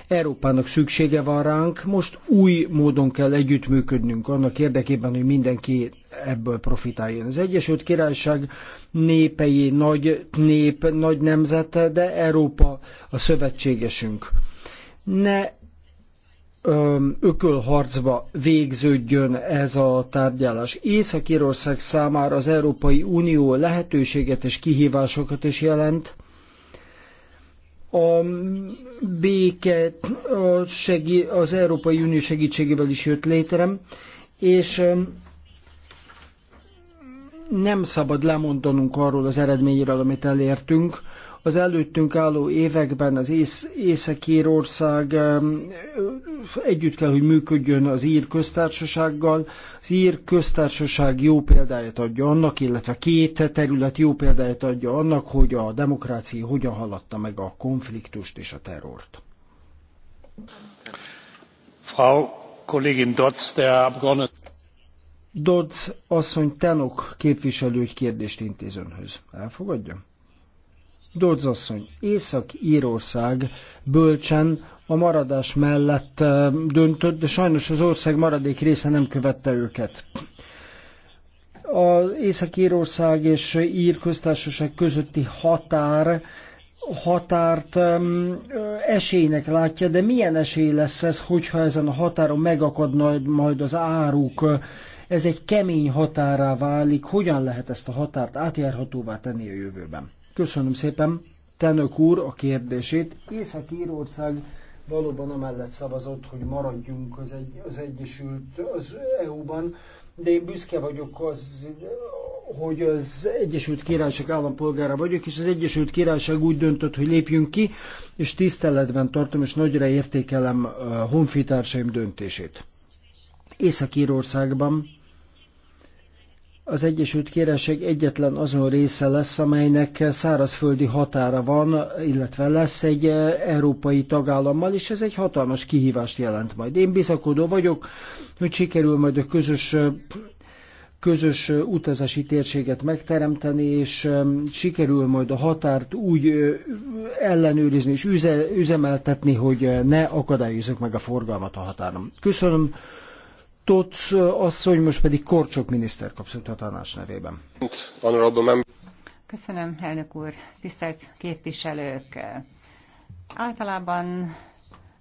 Európának szüksége van ránk, most új módon kell együttműködnünk annak érdekében, hogy mindenki ebből profitáljon. Az Egyesült Királyság népei nagy nép, nagy nemzete, de Európa a szövetségesünk. Ne ökölharcba végződjön ez a tárgyalás. Észak-Írország számára az Európai Unió lehetőséget és kihívásokat is jelent. A béke az Európai Unió segítségével is jött létre, és nem szabad lemondanunk arról az eredményről, amit elértünk, az előttünk álló években az ész, ország együtt kell, hogy működjön az ír köztársasággal. Az ír köztársaság jó példáját adja annak, illetve két terület jó példáját adja annak, hogy a demokrácia hogyan haladta meg a konfliktust és a terrort. Frau Kollegin Dotz, der Abgeordnete. Dodds asszony Tenok képviselő egy kérdést intéz önhöz. Elfogadja? Dodds Észak-Írország bölcsen a maradás mellett döntött, de sajnos az ország maradék része nem követte őket. Az Észak-Írország és Ír köztársaság közötti határ határt um, esélynek látja, de milyen esély lesz ez, hogyha ezen a határon megakad majd az áruk? Ez egy kemény határá válik. Hogyan lehet ezt a határt átjárhatóvá tenni a jövőben? Köszönöm szépen, Tenök úr, a kérdését. Észak-Írország valóban amellett szavazott, hogy maradjunk az, egy, az Egyesült, az EU-ban, de én büszke vagyok az, hogy az Egyesült Királyság állampolgára vagyok, és az Egyesült Királyság úgy döntött, hogy lépjünk ki, és tiszteletben tartom, és nagyra értékelem eh, honfitársaim döntését. Észak-Írországban az Egyesült Királyság egyetlen azon része lesz, amelynek szárazföldi határa van, illetve lesz egy eh, európai tagállammal, és ez egy hatalmas kihívást jelent majd. Én bizakodó vagyok, hogy sikerül majd a közös eh, közös eh, utazási térséget megteremteni, és sikerül majd a határt úgy ellenőrizni és üzemeltetni, hogy ne akadályozzuk meg a forgalmat a határon. Köszönöm. Tots asszony, most pedig Korcsok miniszter kapszott tanács nevében. Köszönöm, elnök úr, tisztelt képviselők. Általában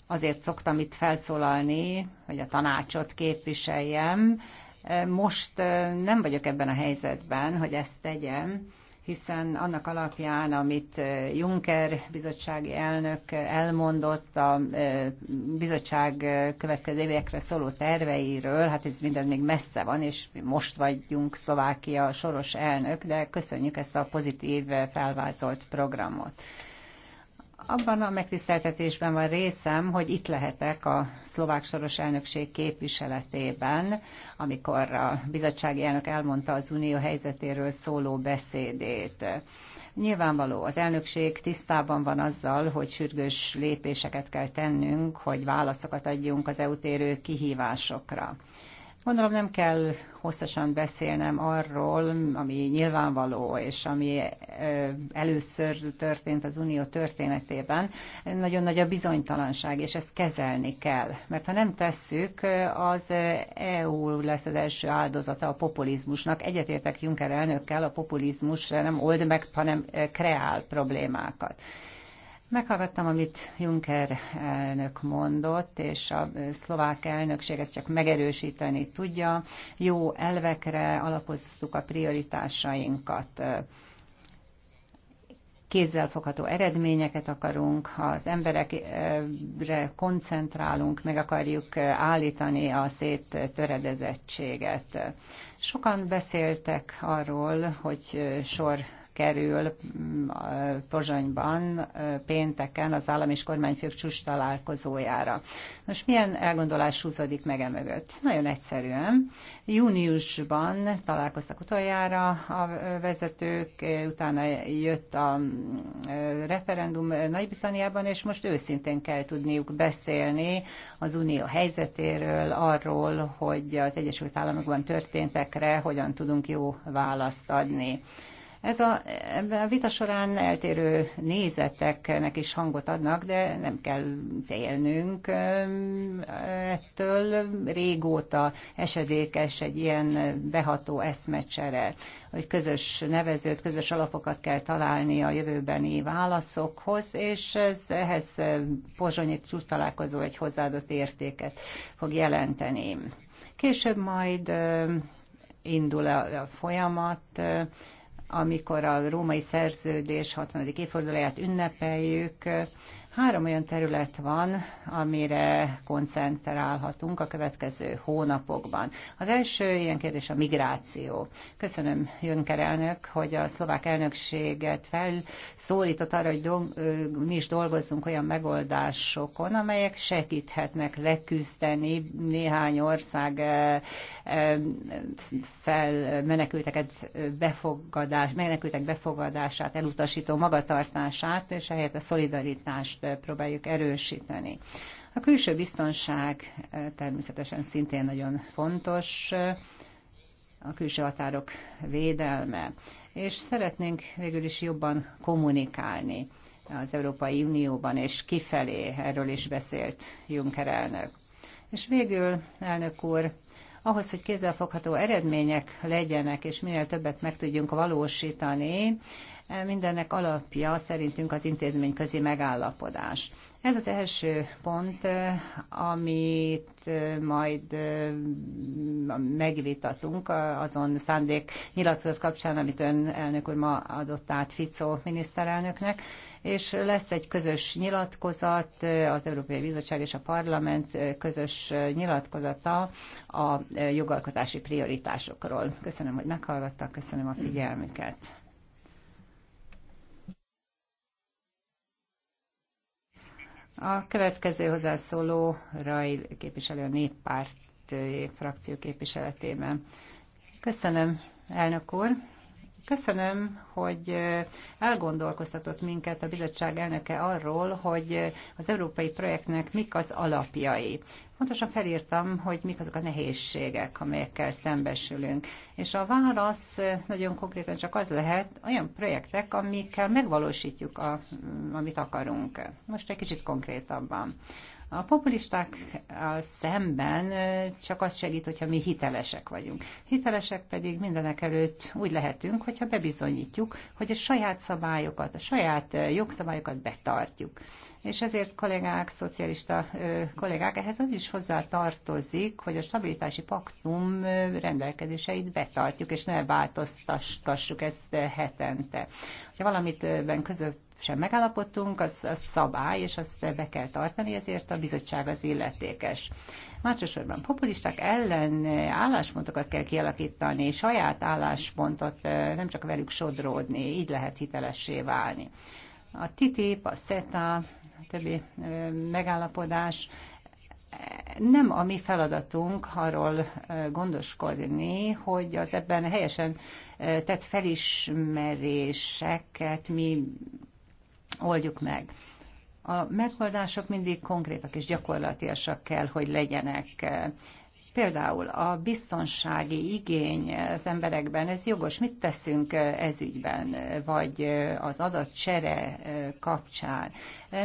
azért szoktam itt felszólalni, hogy a tanácsot képviseljem. Most nem vagyok ebben a helyzetben, hogy ezt tegyem, hiszen annak alapján, amit eh, Juncker bizottsági elnök eh, elmondott a eh, bizottság következő évekre szóló terveiről, hát ez minden még messze van, és most vagyunk Szlovákia soros elnök, de köszönjük ezt a pozitív felvázolt programot abban a megtiszteltetésben van részem, hogy itt lehetek a szlovák soros elnökség képviseletében, amikor a bizottsági elnök elmondta az unió helyzetéről szóló beszédét. Nyilvánvaló, az elnökség tisztában van azzal, hogy sürgős lépéseket kell tennünk, hogy válaszokat adjunk az EU térő kihívásokra. Gondolom nem kell hosszasan beszélnem arról, ami nyilvánvaló, és ami először történt az Unió történetében. Nagyon nagy a bizonytalanság, és ezt kezelni kell. Mert ha nem tesszük, az EU lesz az első áldozata a populizmusnak. Egyetértek Juncker elnökkel, a populizmus nem old meg, hanem kreál problémákat. Meghallgattam, amit Juncker elnök mondott, és a szlovák elnökség ezt csak megerősíteni tudja. Jó elvekre alapoztuk a prioritásainkat kézzelfogható eredményeket akarunk, ha az emberekre koncentrálunk, meg akarjuk állítani a széttöredezettséget. Sokan beszéltek arról, hogy sor kerül mm, Pozsonyban pénteken az állam és kormányfők csúcs találkozójára. Most milyen elgondolás húzódik meg emögött? Nagyon egyszerűen. Júniusban találkoztak utoljára a vezetők, utána jött a mm, referendum Nagy-Britanniában, és most őszintén kell tudniuk beszélni az unió helyzetéről, arról, hogy az Egyesült Államokban történtekre hogyan tudunk jó választ adni. Ez a, a vita során eltérő nézeteknek is hangot adnak, de nem kell félnünk ettől. Régóta esedékes egy ilyen beható eszmecsere, hogy közös nevezőt, közös alapokat kell találni a jövőbeni válaszokhoz, és ez, ehhez pozsonyi találkozó egy hozzáadott értéket fog jelenteni. Később majd indul a folyamat, amikor a római szerződés 60. évfordulóját ünnepeljük, Három olyan terület van, amire koncentrálhatunk a következő hónapokban. Az első ilyen kérdés a migráció. Köszönöm Jönker elnök, hogy a szlovák elnökséget felszólított arra, hogy mi is dolgozzunk olyan megoldásokon, amelyek segíthetnek leküzdeni néhány ország fel menekülteket befogadás, menekültek befogadását, elutasító magatartását, és ehelyett a szolidaritást próbáljuk erősíteni. A külső biztonság eh, természetesen szintén nagyon fontos, eh, a külső határok védelme, és szeretnénk végül is jobban kommunikálni az Európai Unióban és kifelé, erről is beszélt Juncker elnök. És végül, elnök úr, ahhoz, hogy kézzelfogható eredmények legyenek, és minél többet meg tudjunk valósítani, Mindennek alapja szerintünk az intézményközi megállapodás. Ez az első pont, amit majd megvitatunk azon szándék nyilatkozat kapcsán, amit ön elnök úr ma adott át Ficó miniszterelnöknek, és lesz egy közös nyilatkozat, az Európai Bizottság és a Parlament közös nyilatkozata a jogalkotási prioritásokról. Köszönöm, hogy meghallgattak, köszönöm a figyelmüket. A következő hozzászóló Rajl képviselő a néppárt eh, frakció képviseletében. Köszönöm, elnök úr. Köszönöm, hogy elgondolkoztatott minket a bizottság elnöke arról, hogy az európai projektnek mik az alapjai. Pontosan felírtam, hogy mik azok a nehézségek, amelyekkel szembesülünk. És a válasz nagyon konkrétan csak az lehet, olyan projektek, amikkel megvalósítjuk, a, amit akarunk. Most egy kicsit konkrétabban. A populisták szemben csak az segít, hogyha mi hitelesek vagyunk. Hitelesek pedig mindenek előtt úgy lehetünk, hogyha bebizonyítjuk, hogy a saját szabályokat, a saját jogszabályokat betartjuk. És ezért kollégák, szocialista kollégák, ehhez az is hozzá tartozik, hogy a stabilitási paktum rendelkezéseit betartjuk, és ne változtassuk ezt hetente. Ha valamit közöp sem megállapodtunk, az, az szabály, és azt be kell tartani, ezért a bizottság az illetékes. Másosorban populisták ellen álláspontokat kell kialakítani, saját álláspontot, nem csak velük sodródni, így lehet hitelessé válni. A TTIP, a SETA, a többi megállapodás, nem a mi feladatunk arról gondoskodni, hogy az ebben helyesen tett felismeréseket mi oldjuk meg. A megoldások mindig konkrétak és gyakorlatiasak kell, hogy legyenek. Például a biztonsági igény az emberekben, ez jogos, mit teszünk ez ügyben, vagy az adatcsere kapcsán,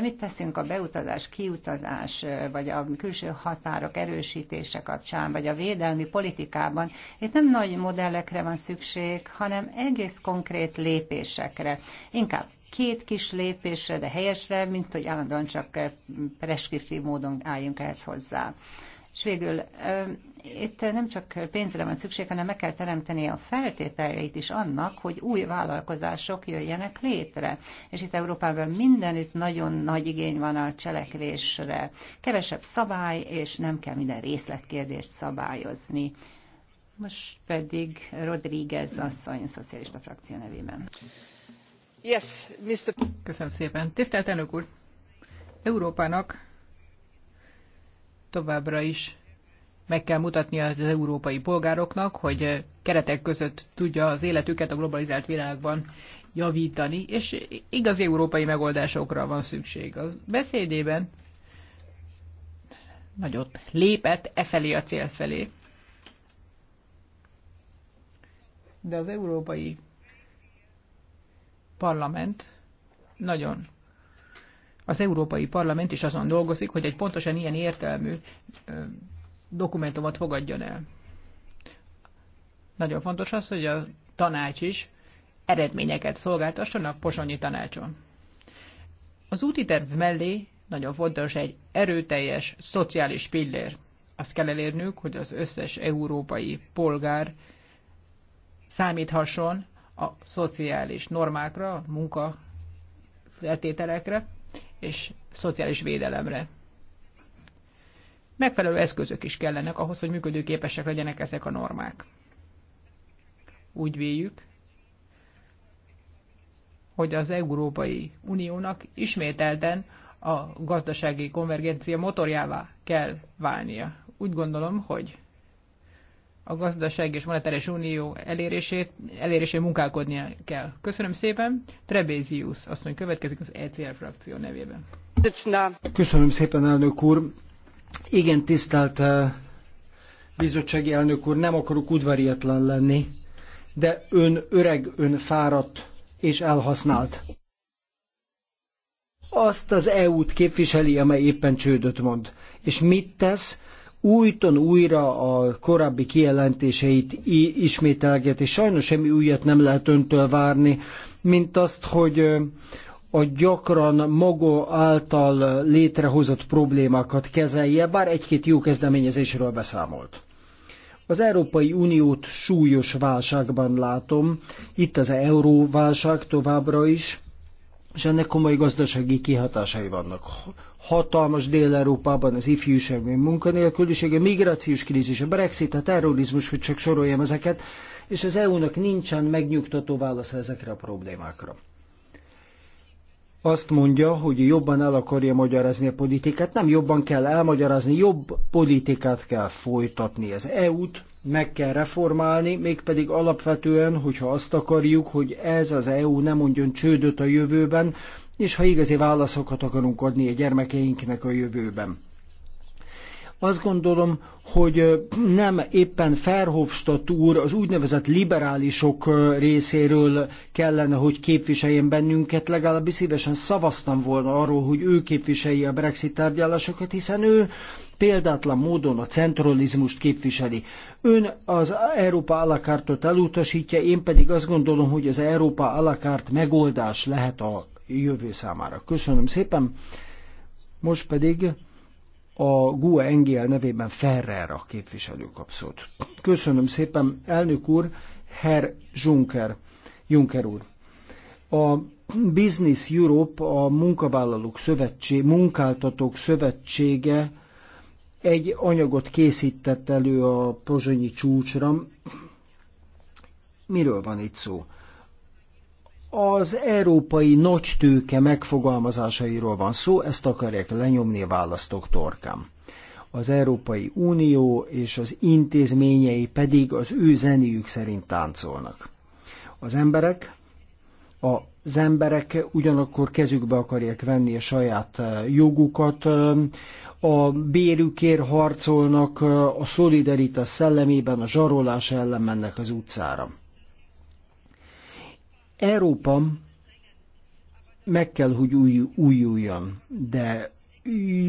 mit teszünk a beutazás, kiutazás, vagy a külső határok erősítése kapcsán, vagy a védelmi politikában. Itt nem nagy modellekre van szükség, hanem egész konkrét lépésekre. Inkább két kis lépésre, de helyesre, mint hogy állandóan csak eh, preskriptív módon álljunk ehhez hozzá. És végül eh, itt nem csak pénzre van szükség, hanem meg kell teremteni a feltételeit is annak, hogy új vállalkozások jöjjenek létre. És itt Európában mindenütt nagyon nagy igény van a cselekvésre. Kevesebb szabály, és nem kell minden részletkérdést szabályozni. Most pedig Rodríguez asszony, a szocialista frakció nevében szépen. Tisztelt elnök úr! Európának továbbra is meg kell mutatnia az európai polgároknak, hogy keretek között tudja az életüket a globalizált világban javítani, és igaz európai megoldásokra van szükség. Az beszédében nagyot lépett e felé a cél felé. De az európai Parlament nagyon az Európai Parlament is azon dolgozik, hogy egy pontosan ilyen értelmű dokumentumot fogadjon el. Nagyon fontos az, hogy a tanács is eredményeket szolgáltasson a posonyi tanácson. Az úti terv mellé nagyon fontos egy erőteljes szociális pillér. Azt kell elérnünk, hogy az összes európai polgár számíthasson a szociális normákra, a munka feltételekre és szociális védelemre. Megfelelő eszközök is kellenek ahhoz, hogy működőképesek legyenek ezek a normák. Úgy véljük, hogy az Európai Uniónak ismételten a gazdasági konvergencia motorjává kell válnia. Úgy gondolom, hogy a gazdaság és monetáris unió elérését, elérésén munkálkodnia kell. Köszönöm szépen. Trebézius asszony következik az ECR frakció nevében. Köszönöm szépen, elnök úr. Igen, tisztelt eh, bizottsági elnök úr, nem akarok udvariatlan lenni, de ön öreg, ön fáradt és elhasznált. Azt az EU-t képviseli, amely éppen csődöt mond. És mit tesz? újton újra a korábbi kijelentéseit ismételget, és sajnos semmi újat nem lehet öntől várni, mint azt, hogy a gyakran maga által létrehozott problémákat kezelje, bár egy-két jó kezdeményezésről beszámolt. Az Európai Uniót súlyos válságban látom, itt az euróválság továbbra is, és ennek komoly gazdasági kihatásai vannak. Hatalmas Dél-Európában az ifjúság, munkanélküliség, a migrációs krízis, a Brexit, a terrorizmus, hogy csak soroljam ezeket, és az EU-nak nincsen megnyugtató válasz ezekre a problémákra azt mondja, hogy jobban el akarja magyarázni a politikát. Nem jobban kell elmagyarázni, jobb politikát kell folytatni. Az EU-t meg kell reformálni, mégpedig alapvetően, hogyha azt akarjuk, hogy ez az EU nem mondjon csődöt a jövőben, és ha igazi válaszokat akarunk adni a gyermekeinknek a jövőben. Azt gondolom, hogy nem éppen Ferhofstadt úr az úgynevezett liberálisok részéről kellene, hogy képviseljen bennünket, legalábbis szívesen szavaztam volna arról, hogy ő képviselje a Brexit tárgyalásokat, hiszen ő példátlan módon a centralizmust képviseli. Ön az Európa alakártot elutasítja, én pedig azt gondolom, hogy az Európa alakárt megoldás lehet a jövő számára. Köszönöm szépen. Most pedig a GUE NGL nevében Ferrera képviselő kap Köszönöm szépen, elnök úr, Herr Juncker, Juncker úr. A Business Europe, a munkavállalók szövetség, munkáltatók szövetsége egy anyagot készített elő a pozsonyi csúcsra. Miről van itt szó? az európai nagy tőke megfogalmazásairól van szó, ezt akarják lenyomni a választók torkán. Az Európai Unió és az intézményei pedig az ő zenéjük szerint táncolnak. Az emberek, az emberek ugyanakkor kezükbe akarják venni a saját jogukat, a bérükért harcolnak, a szolidaritás szellemében a zsarolás ellen mennek az utcára Európa meg kell, hogy új, újuljon, de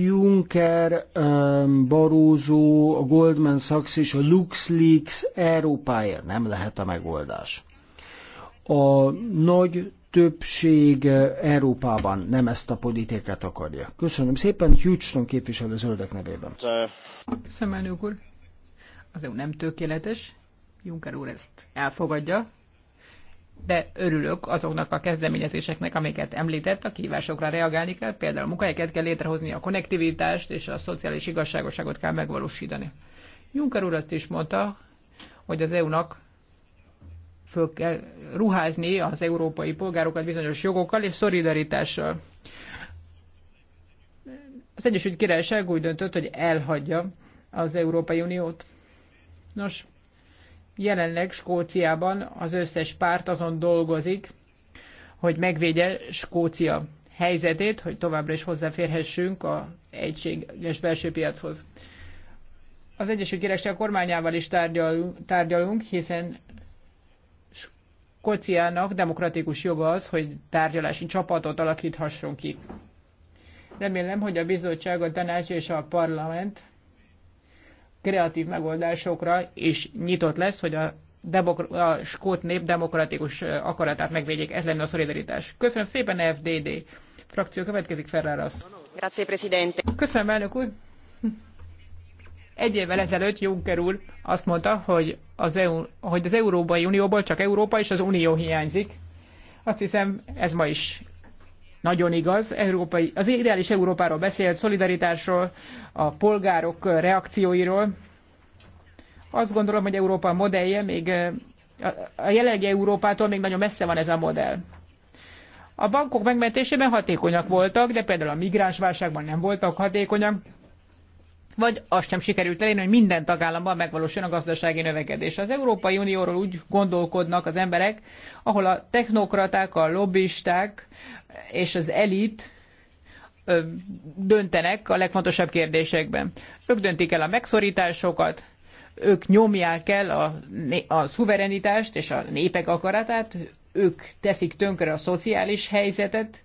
Juncker, um, Barózó, a Goldman Sachs és a LuxLeaks Európája nem lehet a megoldás. A nagy többség uh, Európában nem ezt a politikát akarja. Köszönöm szépen, Houston képviselő zöldek nevében. Köszönöm, elnök úr. Az EU nem tökéletes, Juncker úr ezt elfogadja, de örülök azoknak a kezdeményezéseknek, amiket említett, a kihívásokra reagálni kell, például a munkahelyeket kell létrehozni, a konnektivitást és a szociális igazságoságot kell megvalósítani. Juncker úr azt is mondta, hogy az EU-nak föl kell ruházni az európai polgárokat bizonyos jogokkal és szolidaritással. Az Egyesült Királyság úgy döntött, hogy elhagyja az Európai Uniót. Nos, Jelenleg Skóciában az összes párt azon dolgozik, hogy megvédje Skócia helyzetét, hogy továbbra is hozzáférhessünk a egységes belső piachoz. Az Egyesült Királyság kormányával is tárgyalunk, hiszen Skóciának demokratikus joga az, hogy tárgyalási csapatot alakíthasson ki. Remélem, hogy a bizottság, a tanács és a parlament kreatív megoldásokra, és nyitott lesz, hogy a, a skót nép demokratikus akaratát megvédjék. Ez lenne a szolidaritás. Köszönöm szépen, FDD. Frakció következik, Ferraras. Grazie, Presidente. Köszönöm, elnök úr. Egy évvel ezelőtt Juncker úr azt mondta, hogy az, EU, hogy az Európai Unióból csak Európa és az Unió hiányzik. Azt hiszem, ez ma is nagyon igaz, európai, az ideális Európáról beszélt, szolidaritásról, a polgárok reakcióiról. Azt gondolom, hogy Európa modellje még a jelenlegi Európától még nagyon messze van ez a modell. A bankok megmentésében hatékonyak voltak, de például a migránsválságban nem voltak hatékonyak, vagy azt sem sikerült elérni, hogy minden tagállamban megvalósuljon a gazdasági növekedés. Az Európai Unióról úgy gondolkodnak az emberek, ahol a technokraták, a lobbisták, és az elit döntenek a legfontosabb kérdésekben. Ők döntik el a megszorításokat, ők nyomják el a, a szuverenitást és a népek akaratát, ők teszik tönkre a szociális helyzetet,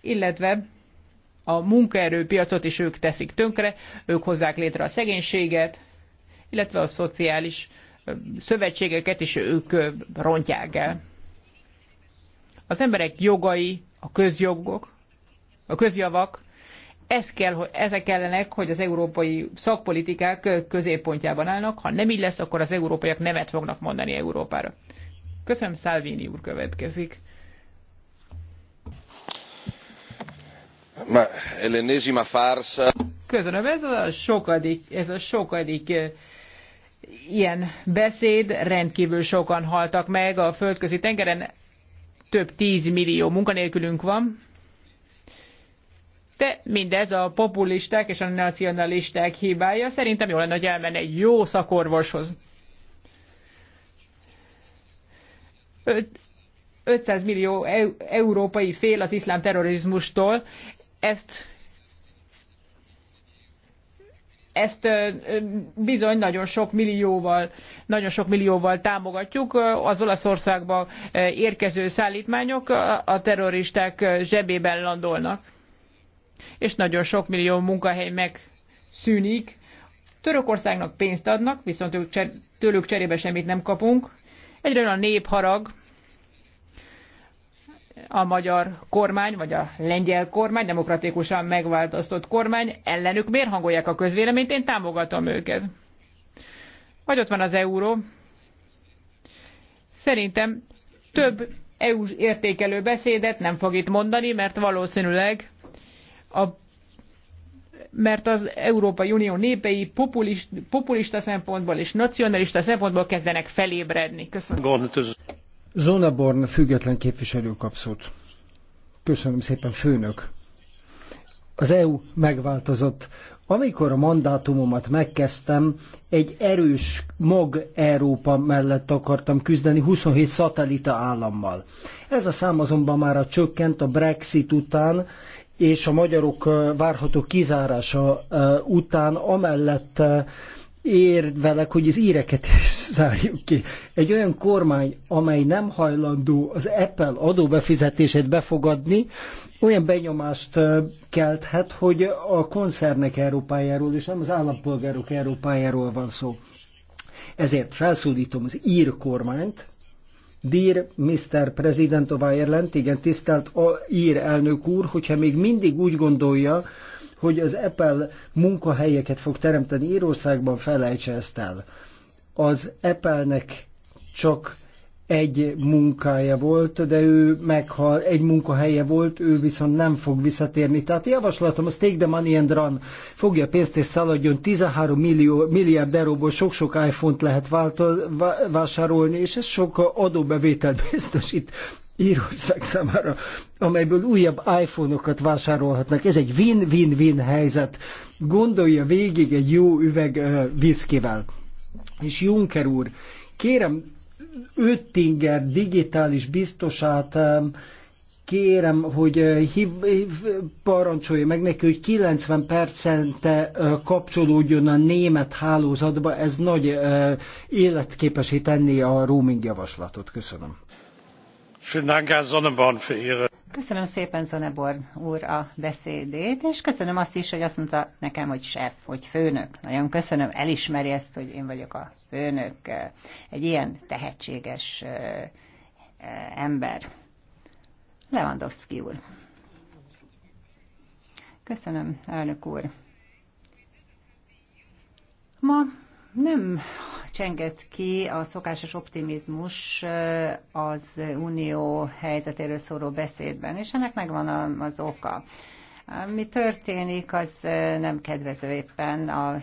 illetve a munkaerőpiacot is ők teszik tönkre, ők hozzák létre a szegénységet, illetve a szociális szövetségeket is ők rontják el az emberek jogai, a közjogok, a közjavak, ez kell, hogy ezek kellenek, hogy az európai szakpolitikák középpontjában állnak. Ha nem így lesz, akkor az európaiak nemet fognak mondani Európára. Köszönöm, Salvini úr következik. Ma, farsa. Köszönöm, ez a sokadik, ez a sokadik eh, ilyen beszéd, rendkívül sokan haltak meg a földközi tengeren, több tíz millió munkanélkülünk van, de mindez a populisták és a nacionalisták hibája. Szerintem jó lenne, hogy elmenne egy jó szakorvoshoz. 500 millió európai fél az iszlám terrorizmustól. Ezt ezt bizony nagyon sok millióval, nagyon sok millióval támogatjuk. Az Olaszországba érkező szállítmányok a terroristák zsebében landolnak. És nagyon sok millió munkahely megszűnik. Törökországnak pénzt adnak, viszont tőlük cserébe semmit nem kapunk. Egyre a nép harag a magyar kormány, vagy a lengyel kormány, demokratikusan megváltoztott kormány, ellenük miért hangolják a közvéleményt, én támogatom őket. Vagy ott van az euró. Szerintem több EU-s értékelő beszédet nem fog itt mondani, mert valószínűleg a mert az Európai Unió népei populist, populista szempontból és nacionalista szempontból kezdenek felébredni. Köszönöm. Zoneborn független képviselő kapszót. Köszönöm szépen, főnök. Az EU megváltozott. Amikor a mandátumomat megkezdtem, egy erős mag Európa mellett akartam küzdeni 27 szatelita állammal. Ez a szám azonban már a csökkent a Brexit után, és a magyarok várható kizárása után amellett érvelek, hogy az íreket zárjuk ki. Egy olyan kormány, amely nem hajlandó az Apple adóbefizetését befogadni, olyan benyomást kelthet, hogy a koncernek Európájáról és nem az állampolgárok Európájáról van szó. Ezért felszólítom az ír kormányt, Dear Mr. President of Ireland, igen, tisztelt ír elnök úr, hogyha még mindig úgy gondolja, hogy az Apple munkahelyeket fog teremteni Írországban, felejtse ezt el. Az Apple-nek csak egy munkája volt, de ő meghal, egy munkahelye volt, ő viszont nem fog visszatérni. Tehát javaslatom, az take the money and run, fogja a pénzt és szaladjon, 13 millió, milliárd euróból sok-sok iPhone-t lehet vásárolni, és ez sok adóbevétel biztosít. Írország számára, amelyből újabb iPhone-okat vásárolhatnak. Ez egy win-win-win helyzet. Gondolja végig egy jó üveg uh, viszkivel. És Juncker úr, kérem Öttinger digitális biztosát kérem, hogy hib, parancsolja meg neki, hogy 90 percente kapcsolódjon a német hálózatba, ez nagy életképesé tenni a roaming javaslatot. Köszönöm. Köszönöm szépen Zoneborn úr a beszédét, és köszönöm azt is, hogy azt mondta nekem, hogy sef, hogy főnök. Nagyon köszönöm, elismeri ezt, hogy én vagyok a főnök, egy ilyen tehetséges ember. Lewandowski úr. Köszönöm, elnök úr. Ma nem csenget ki a szokásos optimizmus az unió helyzetéről szóló beszédben, és ennek megvan az oka. Mi történik, az nem kedvező éppen a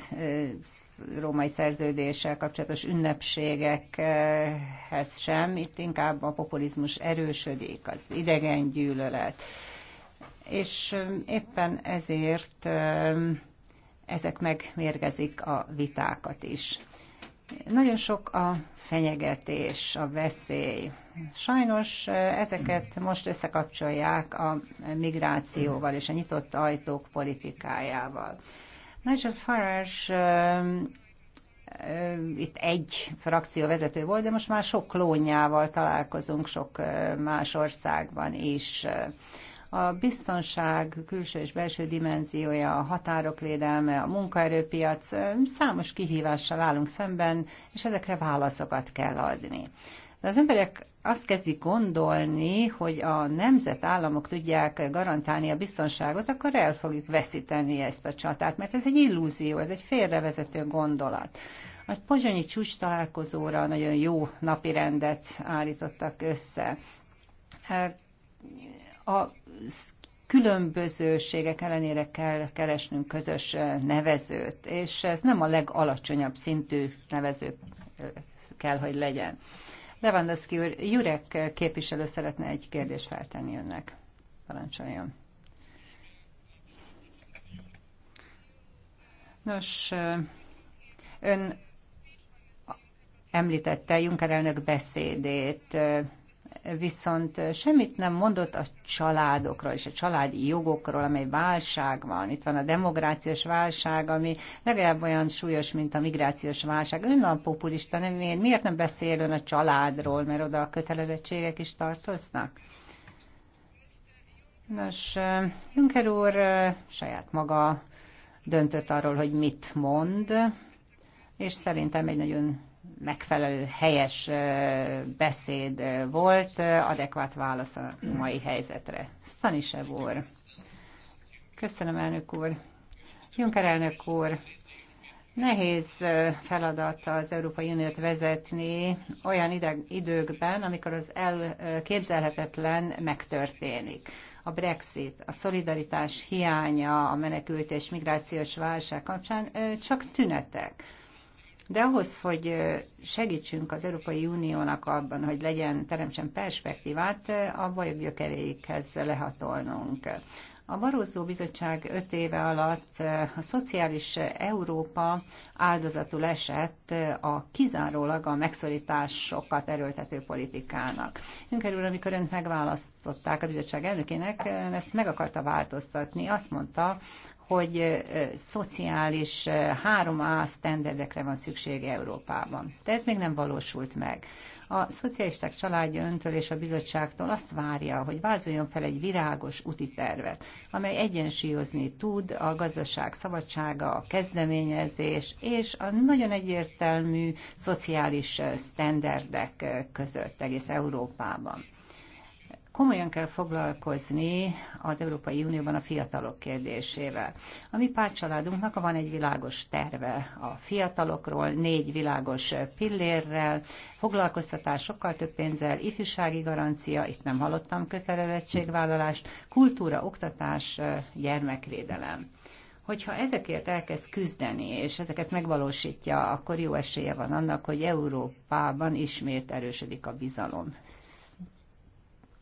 római szerződéssel kapcsolatos ünnepségekhez sem, itt inkább a populizmus erősödik, az idegen gyűlölet. És éppen ezért ezek megmérgezik a vitákat is. Nagyon sok a fenyegetés, a veszély. Sajnos ezeket most összekapcsolják a migrációval és a nyitott ajtók politikájával. Nigel Farage itt egy frakció vezető volt, de most már sok klónjával találkozunk sok más országban is. A biztonság külső és belső dimenziója, a határok védelme, a munkaerőpiac számos kihívással állunk szemben, és ezekre válaszokat kell adni. De az emberek azt kezdik gondolni, hogy a nemzetállamok tudják garantálni a biztonságot, akkor el fogjuk veszíteni ezt a csatát, mert ez egy illúzió, ez egy félrevezető gondolat. A pozsonyi csúcs találkozóra nagyon jó napi rendet állítottak össze a különbözőségek ellenére kell keresnünk közös nevezőt, és ez nem a legalacsonyabb szintű nevező kell, hogy legyen. Lewandowski úr, Jurek képviselő szeretne egy kérdést feltenni önnek. Parancsoljon. Nos, ön említette Juncker elnök beszédét, viszont semmit nem mondott a családokról és a családi jogokról, amely válság van. Itt van a demográciós válság, ami legalább olyan súlyos, mint a migrációs válság. Ön a populista, nem, miért, miért nem beszél ön a családról, mert oda a kötelezettségek is tartoznak? Nos, Juncker úr saját maga döntött arról, hogy mit mond, és szerintem egy nagyon megfelelő, helyes beszéd volt, adekvát válasz a mai helyzetre. Stanisev úr. Köszönöm, elnök úr. Juncker elnök úr, Nehéz feladat az Európai Uniót vezetni olyan ideg, időkben, amikor az elképzelhetetlen megtörténik. A Brexit, a szolidaritás hiánya a menekült és migrációs válság kapcsán csak tünetek. De ahhoz, hogy segítsünk az Európai Uniónak abban, hogy legyen, teremtsen perspektívát, a bajok gyökerékhez lehatolnunk. A Barózó Bizottság öt éve alatt a szociális Európa áldozatul esett a kizárólag a megszorításokat erőltető politikának. Juncker úr, amikor önt megválasztották a bizottság elnökének, ezt meg akarta változtatni. Azt mondta, hogy szociális három a sztenderdekre van szükség Európában. De ez még nem valósult meg. A szocialisták családja öntől és a bizottságtól azt várja, hogy vázoljon fel egy virágos úti tervet, amely egyensúlyozni tud a gazdaság szabadsága, a kezdeményezés és a nagyon egyértelmű szociális sztenderdek között egész Európában. Komolyan kell foglalkozni az Európai Unióban a fiatalok kérdésével. A mi pártcsaládunknak van egy világos terve a fiatalokról, négy világos pillérrel, foglalkoztatás, sokkal több pénzzel, ifjúsági garancia, itt nem hallottam kötelezettségvállalást, kultúra, oktatás, gyermekvédelem hogyha ezekért elkezd küzdeni, és ezeket megvalósítja, akkor jó esélye van annak, hogy Európában ismét erősödik a bizalom.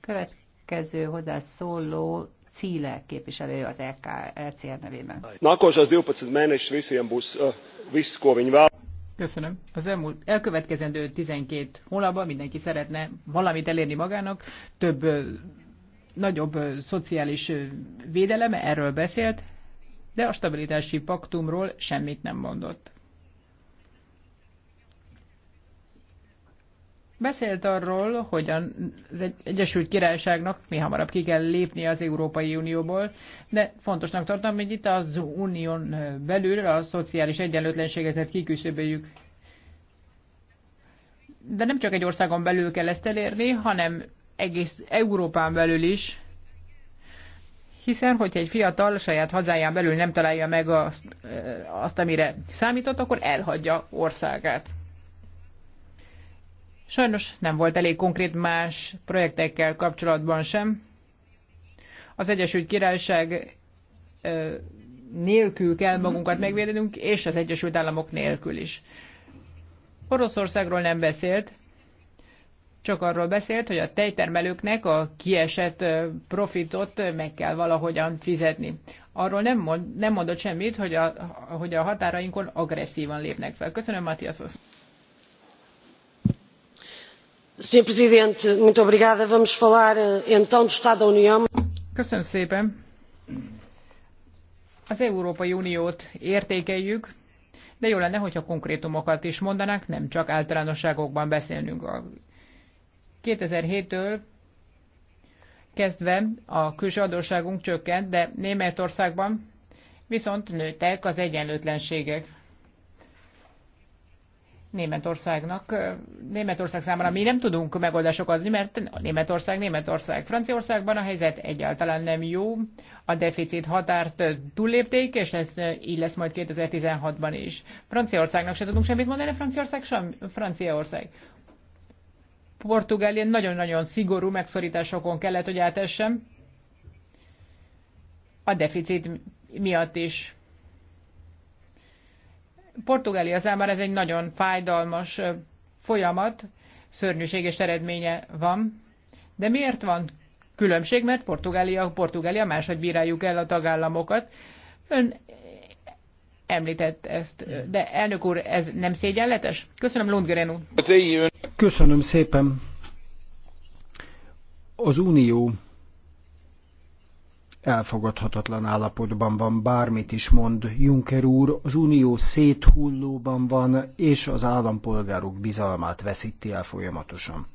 Következő hozzászóló Cíle képviselője az LK, e LCR e nevében. Köszönöm. Az elmúlt, elkövetkezendő 12 hónapban mindenki szeretne valamit elérni magának, több nagyobb szociális védelem, erről beszélt, de a stabilitási paktumról semmit nem mondott. Beszélt arról, hogy az Egyesült Királyságnak mi hamarabb ki kell lépni az Európai Unióból, de fontosnak tartom, hogy itt az unión belül a szociális egyenlőtlenségeket kiküszöböljük. De nem csak egy országon belül kell ezt elérni, hanem egész Európán belül is, hiszen hogyha egy fiatal saját hazáján belül nem találja meg azt, azt amire számított, akkor elhagyja országát. Sajnos nem volt elég konkrét más projektekkel kapcsolatban sem. Az Egyesült Királyság nélkül kell magunkat megvédenünk, és az Egyesült Államok nélkül is. Oroszországról nem beszélt, csak arról beszélt, hogy a tejtermelőknek a kiesett profitot meg kell valahogyan fizetni. Arról nem, mond, nem mondott semmit, hogy a, hogy a határainkon agresszívan lépnek fel. Köszönöm, Matthias. Sr. Presidente, eh, Köszönöm szépen. Az Európai Uniót értékeljük, de jó lenne, hogyha konkrétumokat is mondanák, nem csak általánosságokban beszélnünk. A 2007-től kezdve a külső adósságunk csökkent, de Németországban viszont nőttek az egyenlőtlenségek. Németországnak, Németország számára mi nem tudunk megoldásokat adni, mert Németország, Németország. Franciaországban a helyzet egyáltalán nem jó, a deficit határt túllépték, és ez így lesz majd 2016-ban is. Franciaországnak se tudunk semmit mondani, Franciaország sem, Franciaország. Portugália nagyon-nagyon szigorú megszorításokon kellett, hogy átessem. A deficit miatt is Portugália számára ez egy nagyon fájdalmas folyamat, szörnyűséges eredménye van. De miért van különbség? Mert Portugália, Portugália máshogy bíráljuk el a tagállamokat. Ön említett ezt, de elnök úr, ez nem szégyenletes? Köszönöm, Lundgren úr. Köszönöm szépen. Az Unió elfogadhatatlan állapotban van, bármit is mond Juncker úr, az unió széthullóban van, és az állampolgárok bizalmát veszíti el folyamatosan.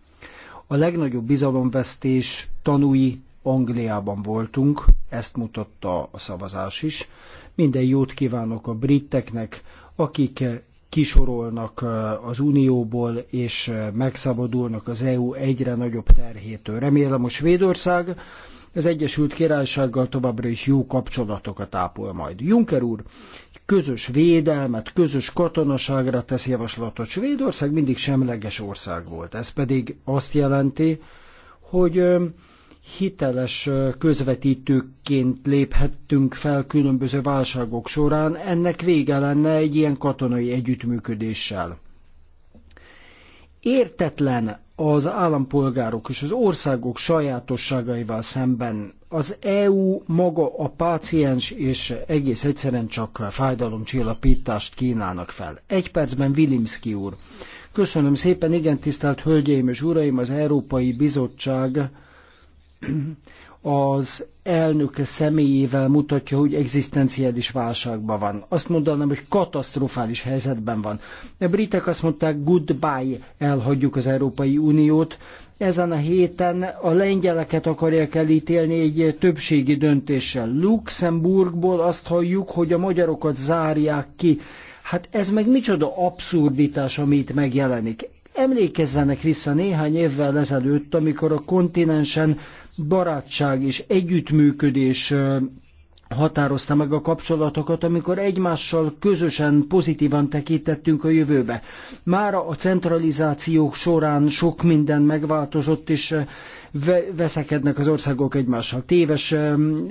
A legnagyobb bizalomvesztés tanúi Angliában voltunk, ezt mutatta a szavazás is. Minden jót kívánok a briteknek, akik kisorolnak eh, az Unióból, és eh, megszabadulnak az EU egyre nagyobb terhétől. Remélem, a Svédország az Egyesült Királysággal továbbra is jó kapcsolatokat ápol majd. Juncker úr közös védelmet, közös katonaságra tesz javaslatot. Svédország mindig semleges ország volt. Ez pedig azt jelenti, hogy hiteles közvetítőként léphettünk fel különböző válságok során, ennek vége lenne egy ilyen katonai együttműködéssel. Értetlen az állampolgárok és az országok sajátosságaival szemben az EU maga a páciens és egész egyszerűen csak fájdalomcsillapítást kínálnak fel. Egy percben Vilimszki úr. Köszönöm szépen, igen tisztelt Hölgyeim és Uraim, az Európai Bizottság az elnöke személyével mutatja, hogy egzisztenciális válságban van. Azt mondanám, hogy katasztrofális helyzetben van. A britek azt mondták, goodbye, elhagyjuk az Európai Uniót. Ezen a héten a lengyeleket akarják elítélni egy többségi döntéssel. Luxemburgból azt halljuk, hogy a magyarokat zárják ki. Hát ez meg micsoda abszurditás, ami itt megjelenik. Emlékezzenek vissza néhány évvel ezelőtt, amikor a kontinensen barátság és együttműködés határozta meg a kapcsolatokat, amikor egymással közösen pozitívan tekintettünk a jövőbe. Mára a centralizációk során sok minden megváltozott, és veszekednek az országok egymással. Téves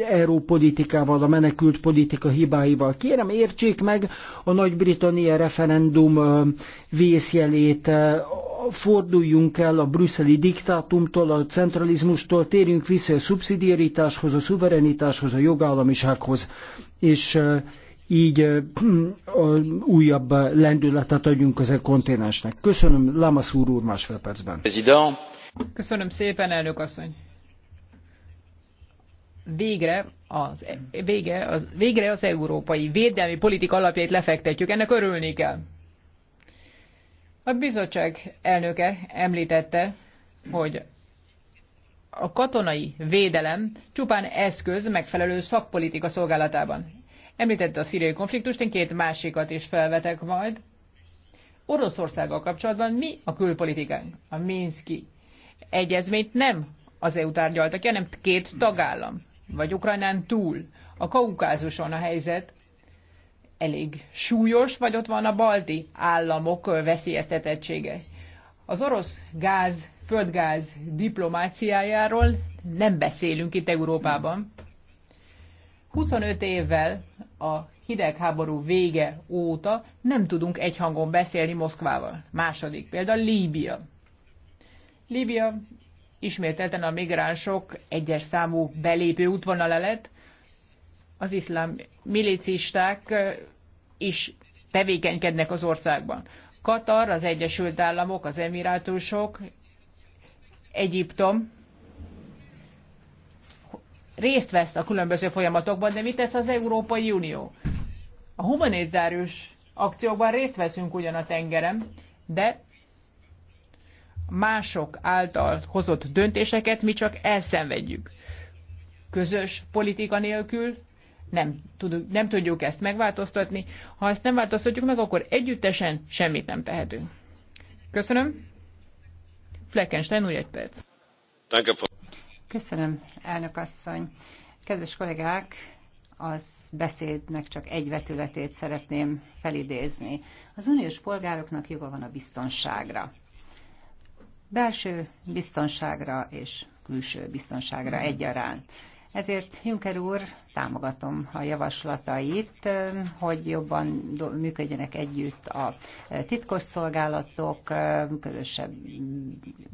európolitikával, a menekült politika hibáival. Kérem, értsék meg a Nagy-Britannia referendum vészjelét, forduljunk el a brüsszeli diktátumtól, a centralizmustól, térjünk vissza a szubszidiaritáshoz, a szuverenitáshoz, a jogállamisághoz, és így újabb lendületet adjunk az e kontinensnek. Köszönöm, Lamassoure úr úr másfél percben. Köszönöm szépen, elnök asszony. Végre az, e, végre az, végre az európai védelmi politika alapjait lefektetjük, ennek örülni kell. A bizottság elnöke említette, hogy a katonai védelem csupán eszköz megfelelő szakpolitika szolgálatában. Említette a szíriai konfliktust, én két másikat is felvetek majd. Oroszországgal kapcsolatban mi a külpolitikánk? A Minszki egyezményt nem az EU tárgyalta ki, hanem két tagállam, vagy Ukrajnán túl. A Kaukázuson a helyzet elég súlyos, vagy ott van a balti államok veszélyeztetettsége. Az orosz gáz, földgáz diplomáciájáról nem beszélünk itt Európában. 25 évvel a hidegháború vége óta nem tudunk egyhangon beszélni Moszkvával. Második példa Líbia. Líbia ismételten a migránsok egyes számú belépő útvonala lett, az iszlám milicisták is tevékenykednek az országban. Katar, az Egyesült Államok, az Emirátusok, Egyiptom részt vesz a különböző folyamatokban, de mit tesz az Európai Unió? A humanitárius akciókban részt veszünk ugyan a tengeren, de mások által hozott döntéseket mi csak elszenvedjük. Közös politika nélkül nem, tudjuk, nem tudjuk ezt megváltoztatni. Ha ezt nem változtatjuk meg, akkor együttesen semmit nem tehetünk. Köszönöm. Fleckenstein úr, egy perc. Köszönöm, elnök asszony. Kedves kollégák, az beszédnek csak egy vetületét szeretném felidézni. Az uniós polgároknak joga van a biztonságra. Belső biztonságra és külső biztonságra egyaránt. Ezért Juncker úr, támogatom a javaslatait, hogy jobban működjenek együtt a titkosszolgálatok, közösebb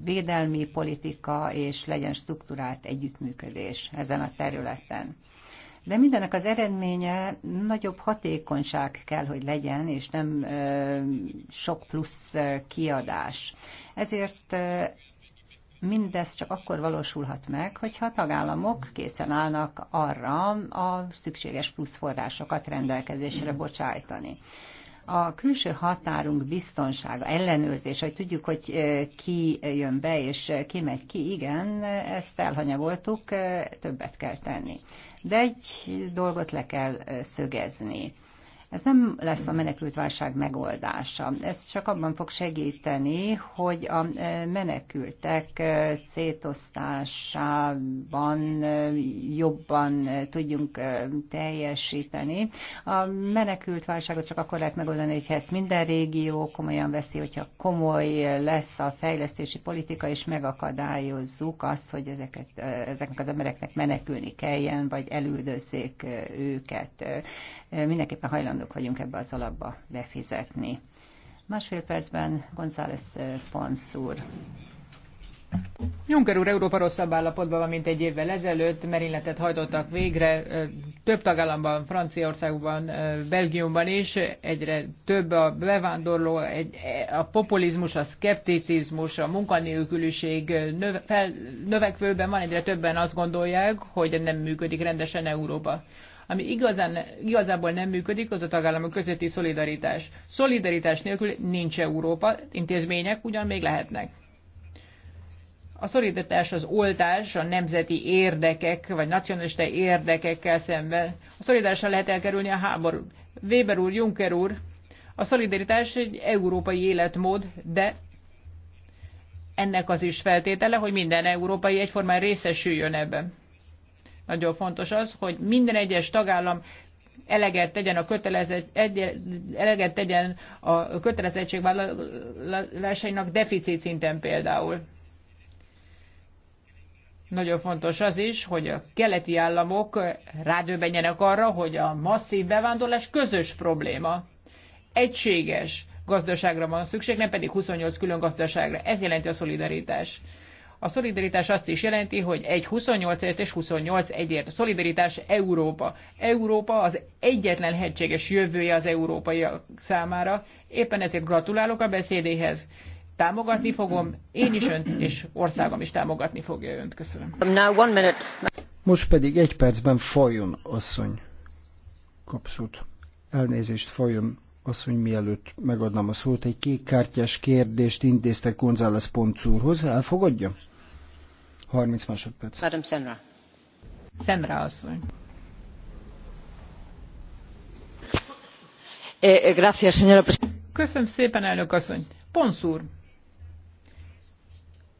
védelmi politika, és legyen struktúrált együttműködés ezen a területen. De mindennek az eredménye nagyobb hatékonyság kell, hogy legyen, és nem sok plusz kiadás. Ezért mindez csak akkor valósulhat meg, hogyha a tagállamok készen állnak arra a szükséges plusz forrásokat rendelkezésre bocsájtani a külső határunk biztonsága, ellenőrzés, hogy tudjuk, hogy ki jön be és ki megy ki, igen, ezt elhanyagoltuk, többet kell tenni. De egy dolgot le kell szögezni. Ez nem lesz a menekültválság megoldása. Ez csak abban fog segíteni, hogy a e, menekültek e, szétosztásában e, jobban tudjunk teljesíteni. A menekültválságot csak akkor lehet megoldani, hogyha ezt minden régió komolyan veszi, hogyha komoly lesz a fejlesztési politika, és megakadályozzuk azt, hogy ezeket, ezeknek az embereknek menekülni kelljen, vagy elüldözzék őket mindenképpen hajlandók vagyunk ebbe az alapba befizetni. Másfél percben González eh, Pons úr. Juncker úr Európa rosszabb állapotban van, mint egy évvel ezelőtt, merényletet hajtottak végre, eh, több tagállamban, Franciaországban, eh, Belgiumban is, egyre több a bevándorló, egy, a populizmus, a szkepticizmus, a munkanélküliség növekvőben van, egyre többen azt gondolják, hogy nem működik rendesen Európa. Ami igazán, igazából nem működik, az a tagállamok közötti szolidaritás. Szolidaritás nélkül nincs Európa, intézmények ugyan még lehetnek. A szolidaritás az oltás a nemzeti érdekek, vagy nacionalista érdekekkel szemben. A szolidaritással lehet elkerülni a háború. Weber úr, Juncker úr, a szolidaritás egy európai életmód, de ennek az is feltétele, hogy minden európai egyformán részesüljön ebben. Nagyon fontos az, hogy minden egyes tagállam eleget tegyen a kötelezett, egy, eleget tegyen a kötelezettségvállalásainak deficit szinten például. Nagyon fontos az is, hogy a keleti államok rádöbbenjenek arra, hogy a masszív bevándorlás közös probléma. Egységes gazdaságra van szükség, nem pedig 28 külön gazdaságra. Ez jelenti a szolidaritás. A szolidaritás azt is jelenti, hogy egy 28-ért és 28 egyért. A szolidaritás Európa. Európa az egyetlen hegységes jövője az európaiak számára. Éppen ezért gratulálok a beszédéhez. Támogatni fogom, én is önt, és országom is támogatni fogja önt. Köszönöm. Most pedig egy percben folyjon, asszony kapszót. Elnézést folyjon asszony, mielőtt megadnám a szót, egy kékkártyás kérdést intéztek González Ponc úrhoz. Elfogadja? 30 másodperc. Madam Senra. Senra asszony. Eh, eh, Köszönöm szépen, elnök asszony. Ponc úr,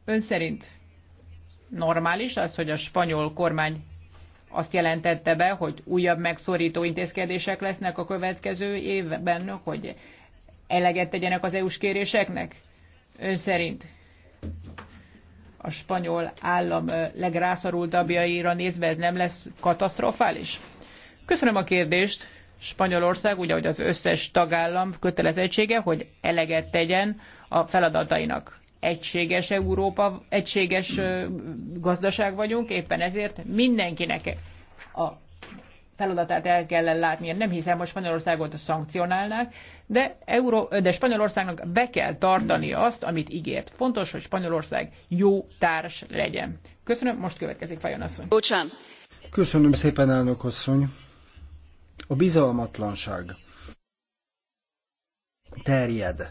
ön szerint normális az, hogy a spanyol kormány azt jelentette be, hogy újabb megszorító intézkedések lesznek a következő évben, hogy eleget tegyenek az EU-s kéréseknek? Ön szerint a spanyol állam legrászorultabbjaira nézve ez nem lesz katasztrofális? Köszönöm a kérdést. Spanyolország, ugye, hogy az összes tagállam kötelezettsége, hogy eleget tegyen a feladatainak egységes Európa, egységes gazdaság vagyunk, éppen ezért mindenkinek a feladatát el kellene látni. Nem hiszem, hogy Spanyolországot szankcionálnák, de, Euró, de Spanyolországnak be kell tartani azt, amit ígért. Fontos, hogy Spanyolország jó társ legyen. Köszönöm, most következik Fajon asszony. Bocsán. Köszönöm szépen, elnök asszony. A bizalmatlanság terjed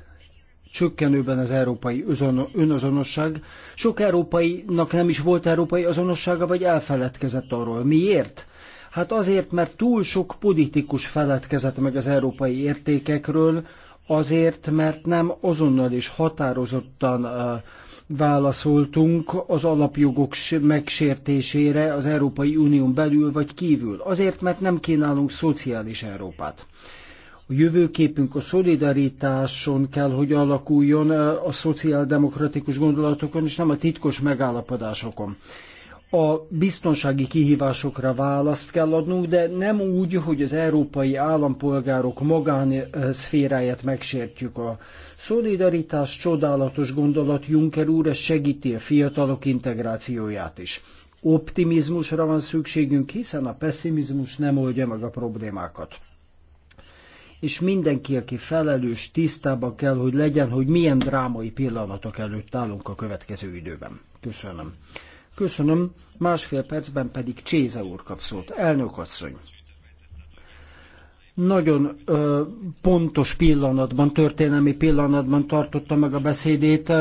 csökkenőben az európai önazonosság. Sok európainak nem is volt európai azonossága, vagy elfeledkezett arról. Miért? Hát azért, mert túl sok politikus feledkezett meg az európai értékekről, azért, mert nem azonnal is határozottan válaszoltunk az alapjogok megsértésére az Európai Unión belül vagy kívül. Azért, mert nem kínálunk szociális Európát. A jövőképünk a szolidaritáson kell, hogy alakuljon a szociáldemokratikus gondolatokon, és nem a titkos megállapodásokon a biztonsági kihívásokra választ kell adnunk, de nem úgy, hogy az európai állampolgárok magánszféráját megsértjük. A szolidaritás csodálatos gondolat Juncker úr ez segíti a fiatalok integrációját is. Optimizmusra van szükségünk, hiszen a pessimizmus nem oldja meg a problémákat és mindenki, aki felelős, tisztában kell, hogy legyen, hogy milyen drámai pillanatok előtt állunk a következő időben. Köszönöm. Köszönöm, másfél percben pedig Cséze úr kap szót. Elnök asszony nagyon ö, pontos pillanatban, történelmi pillanatban tartotta meg a beszédét,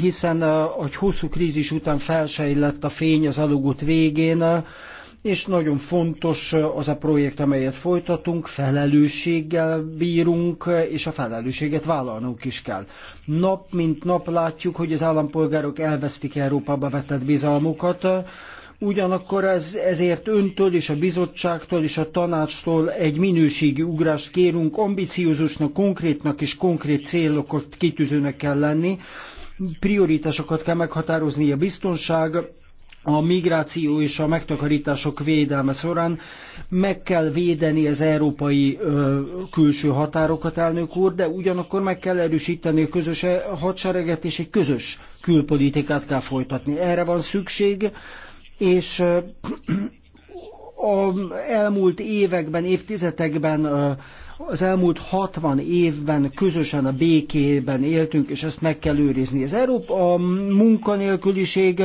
hiszen a, a hosszú krízis után felsejlett a fény az alugut végén, és nagyon fontos eh, az a projekt, amelyet folytatunk, felelősséggel bírunk, eh, és a felelősséget vállalnunk is kell. Nap mint nap látjuk, hogy az állampolgárok elvesztik Európába vetett bizalmukat, eh, ugyanakkor ez, ezért öntől és a bizottságtól és a tanácstól egy minőségi ugrást kérünk, ambiciózusnak, konkrétnak és konkrét célokat kitűzőnek kell lenni, prioritásokat kell meghatározni a biztonság, a migráció és a megtakarítások védelme során meg kell védeni az európai ö, külső határokat, elnök úr, de ugyanakkor meg kell erősíteni a közös e- hadsereget, és egy közös külpolitikát kell folytatni. Erre van szükség, és ö, a elmúlt években, évtizedekben ö, az elmúlt 60 évben közösen a békében éltünk, és ezt meg kell őrizni. Az Európa a munkanélküliség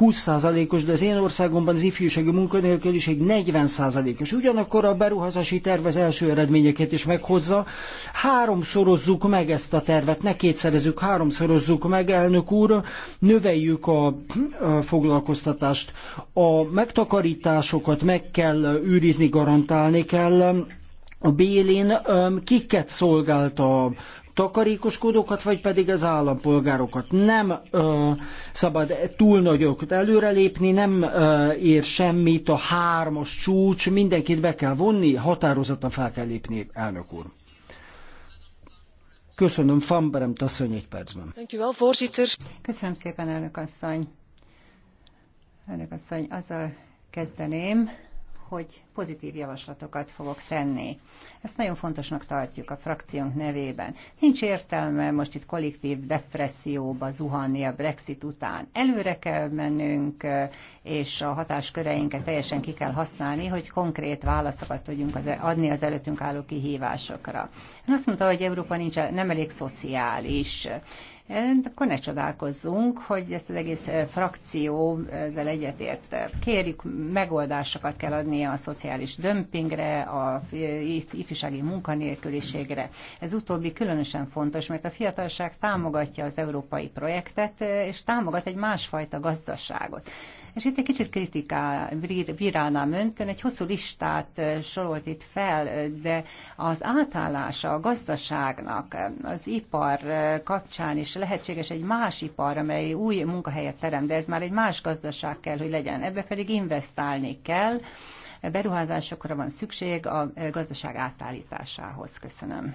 20%-os, de az én országomban az ifjúsági munkanélküliség 40%-os. Ugyanakkor a beruházási terv az első eredményeket is meghozza. Háromszorozzuk meg ezt a tervet, ne kétszerezzük, háromszorozzuk meg, elnök úr, növeljük a foglalkoztatást. A megtakarításokat meg kell őrizni, garantálni kell a Bélin kiket szolgálta takarékoskodókat, vagy pedig az állampolgárokat. Nem ö, szabad túl nagyokat előrelépni, nem ö, ér semmit a hármas csúcs, mindenkit be kell vonni, határozottan fel kell lépni, elnök úr. Köszönöm, Famberem taszony egy percben. Köszönöm szépen, elnök asszony. Elnök asszony, azzal kezdeném, hogy pozitív javaslatokat fogok tenni. Ezt nagyon fontosnak tartjuk a frakciónk nevében. Nincs értelme most itt kollektív depresszióba zuhanni a Brexit után. Előre kell mennünk, és a hatásköreinket teljesen ki kell használni, hogy konkrét válaszokat tudjunk e- adni az előttünk álló kihívásokra. Én azt mondta, hogy Európa nincs, nem elég szociális akkor ne csodálkozzunk, hogy ezt az egész frakció ezzel egyetért. Kérjük, megoldásokat kell adni a szociális dömpingre, a ifjúsági munkanélküliségre. Ez utóbbi különösen fontos, mert a fiatalság támogatja az európai projektet, és támogat egy másfajta gazdaságot. És itt egy kicsit kritiká bírálnám önt, egy hosszú listát sorolt itt fel, de az átállása a gazdaságnak az ipar kapcsán is lehetséges egy más ipar, amely új munkahelyet terem, de ez már egy más gazdaság kell, hogy legyen. Ebbe pedig investálni kell, beruházásokra van szükség a gazdaság átállításához. Köszönöm.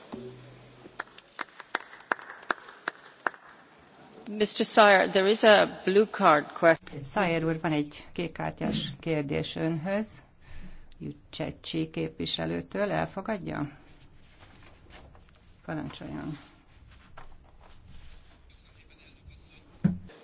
Mr. úr, van egy kékkártyás kérdés önhöz. Jutsecsi képviselőtől elfogadja? Parancsoljon.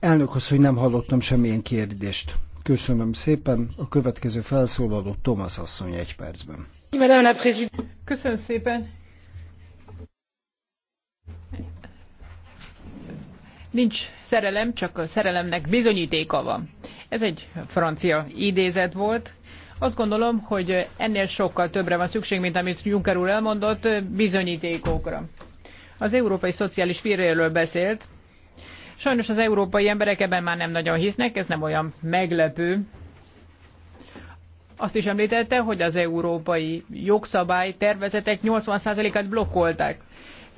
Elnök az, hogy nem hallottam semmilyen kérdést. Köszönöm szépen. A következő felszólaló Thomas asszony egy percben. Köszönöm szépen. Nincs szerelem, csak a szerelemnek bizonyítéka van. Ez egy francia idézet volt. Azt gondolom, hogy ennél sokkal többre van szükség, mint amit Juncker úr elmondott, bizonyítékokra. Az európai szociális férjéről beszélt, Sajnos az európai emberek ebben már nem nagyon hisznek, ez nem olyan meglepő. Azt is említette, hogy az európai jogszabály tervezetek 80%-át blokkolták.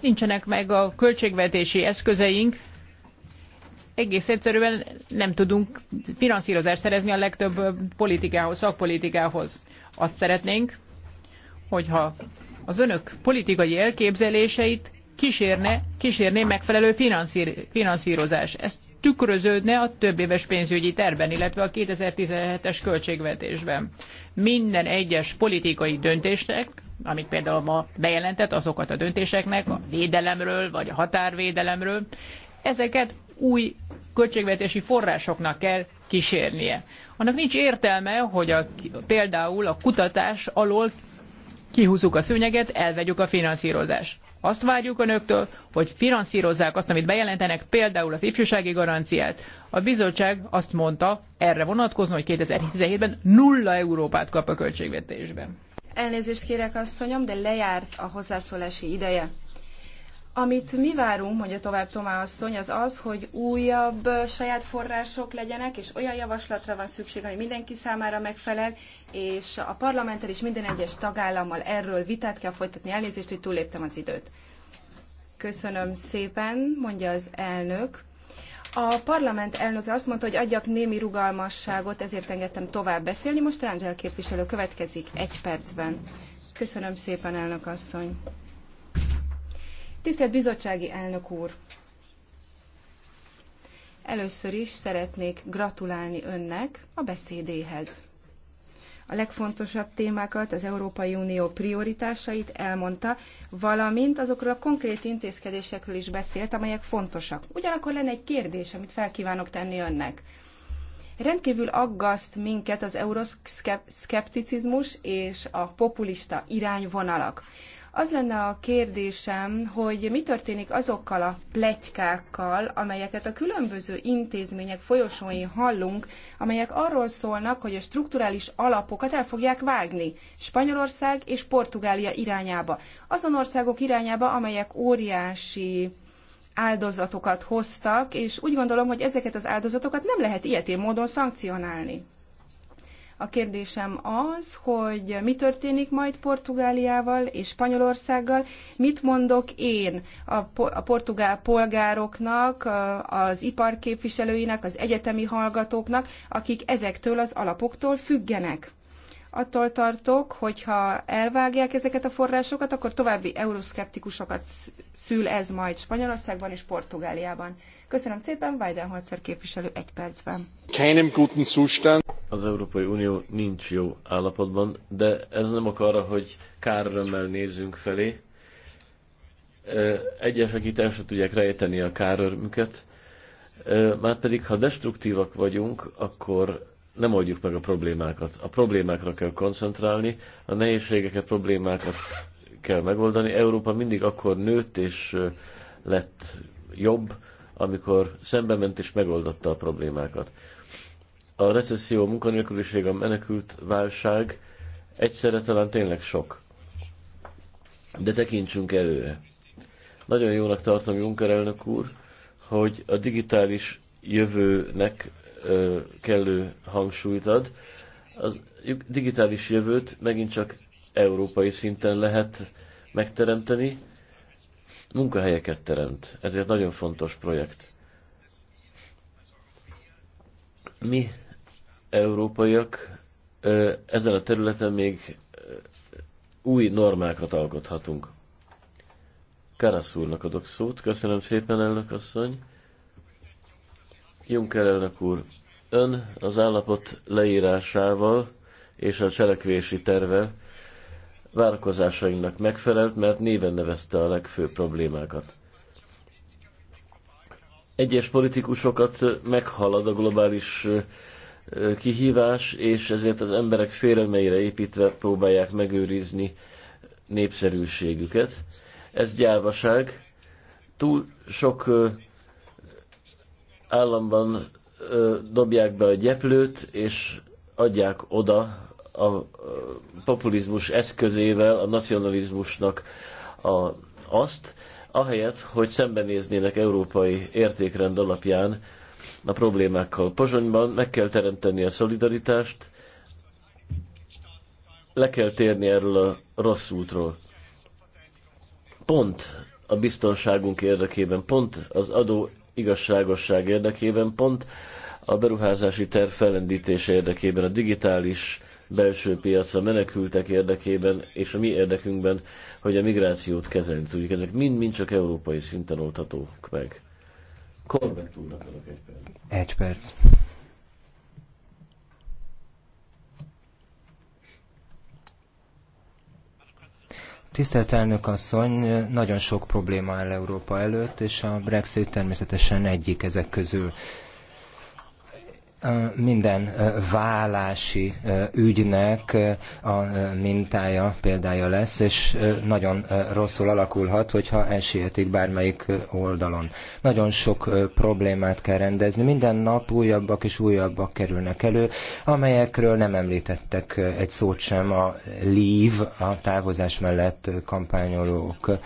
Nincsenek meg a költségvetési eszközeink, egész egyszerűen nem tudunk finanszírozást szerezni a legtöbb politikához, szakpolitikához. Azt szeretnénk, hogyha az önök politikai elképzeléseit kísérne, kísérné megfelelő finanszír, finanszírozás. Ez tükröződne a több éves pénzügyi terben, illetve a 2017-es költségvetésben. Minden egyes politikai döntésnek, amit például ma bejelentett, azokat a döntéseknek a védelemről, vagy a határvédelemről, ezeket új költségvetési forrásoknak kell kísérnie. Annak nincs értelme, hogy a, például a kutatás alól kihúzzuk a szőnyeget, elvegyük a finanszírozást. Azt várjuk önöktől, hogy finanszírozzák azt, amit bejelentenek, például az ifjúsági garanciát. A bizottság azt mondta erre vonatkozóan, hogy 2017-ben nulla európát kap a költségvetésben. Elnézést kérek, asszonyom, de lejárt a hozzászólási ideje. Amit mi várunk, mondja tovább Tomá asszony, az az, hogy újabb saját források legyenek, és olyan javaslatra van szükség, ami mindenki számára megfelel, és a parlamenttel és minden egyes tagállammal erről vitát kell folytatni. Elnézést, hogy túléptem az időt. Köszönöm szépen, mondja az elnök. A parlament elnöke azt mondta, hogy adjak némi rugalmasságot, ezért engedtem tovább beszélni. Most Rangel képviselő következik egy percben. Köszönöm szépen, elnök asszony. Tisztelt bizottsági elnök úr! Először is szeretnék gratulálni önnek a beszédéhez. A legfontosabb témákat, az Európai Unió prioritásait elmondta, valamint azokról a konkrét intézkedésekről is beszélt, amelyek fontosak. Ugyanakkor lenne egy kérdés, amit felkívánok tenni önnek. Rendkívül aggaszt minket az euroszkepticizmus és a populista irányvonalak. Az lenne a kérdésem, hogy mi történik azokkal a plegykákkal, amelyeket a különböző intézmények folyosóin hallunk, amelyek arról szólnak, hogy a strukturális alapokat el fogják vágni Spanyolország és Portugália irányába. Azon országok irányába, amelyek óriási áldozatokat hoztak, és úgy gondolom, hogy ezeket az áldozatokat nem lehet ilyetén módon szankcionálni. A kérdésem az, hogy mi történik majd Portugáliával és Spanyolországgal, mit mondok én a portugál polgároknak, az iparképviselőinek, az egyetemi hallgatóknak, akik ezektől az alapoktól függenek attól tartok, hogyha elvágják ezeket a forrásokat, akkor további euroszkeptikusokat szül ez majd Spanyolországban és Portugáliában. Köszönöm szépen, Holzer képviselő egy percben. Keinem guten Zustand. Az Európai Unió nincs jó állapotban, de ez nem akar arra, hogy kárörömmel nézzünk felé. Egyesek itt el sem tudják rejteni a kárörmüket, már pedig ha destruktívak vagyunk, akkor nem oldjuk meg a problémákat. A problémákra kell koncentrálni, a nehézségeket, problémákat kell megoldani. Európa mindig akkor nőtt és lett jobb, amikor szembe ment és megoldotta a problémákat. A recesszió, a munkanélküliség, a menekült válság egyszerre talán tényleg sok. De tekintsünk előre. Nagyon jónak tartom Juncker elnök úr, hogy a digitális jövőnek kellő hangsúlyt ad. Az digitális jövőt megint csak európai szinten lehet megteremteni, munkahelyeket teremt. Ezért nagyon fontos projekt. Mi, európaiak, ezen a területen még új normákat alkothatunk. Karasz úrnak adok szót. Köszönöm szépen, elnök asszony. Juncker elnök úr, ön az állapot leírásával és a cselekvési tervel várakozásainknak megfelelt, mert néven nevezte a legfőbb problémákat. Egyes politikusokat meghalad a globális kihívás, és ezért az emberek félelmeire építve próbálják megőrizni népszerűségüket. Ez gyávaság. Túl sok államban ö, dobják be a gyeplőt, és adják oda a ö, populizmus eszközével a nacionalizmusnak a, azt, ahelyett, hogy szembenéznének európai értékrend alapján a problémákkal. Pozsonyban meg kell teremteni a szolidaritást, le kell térni erről a rossz útról. Pont a biztonságunk érdekében, pont az adó igazságosság érdekében, pont a beruházási terv felendítése érdekében, a digitális belső piacra menekültek érdekében, és a mi érdekünkben, hogy a migrációt kezelni tudjuk. Ezek mind-mind csak európai szinten oldhatók meg. Corbett úrnak egy perc. Egy perc. Tisztelt elnök asszony, nagyon sok probléma áll Európa előtt, és a Brexit természetesen egyik ezek közül minden vállási ügynek a mintája, példája lesz, és nagyon rosszul alakulhat, hogyha elsietik bármelyik oldalon. Nagyon sok problémát kell rendezni, minden nap újabbak és újabbak kerülnek elő, amelyekről nem említettek egy szót sem a leave, a távozás mellett kampányolók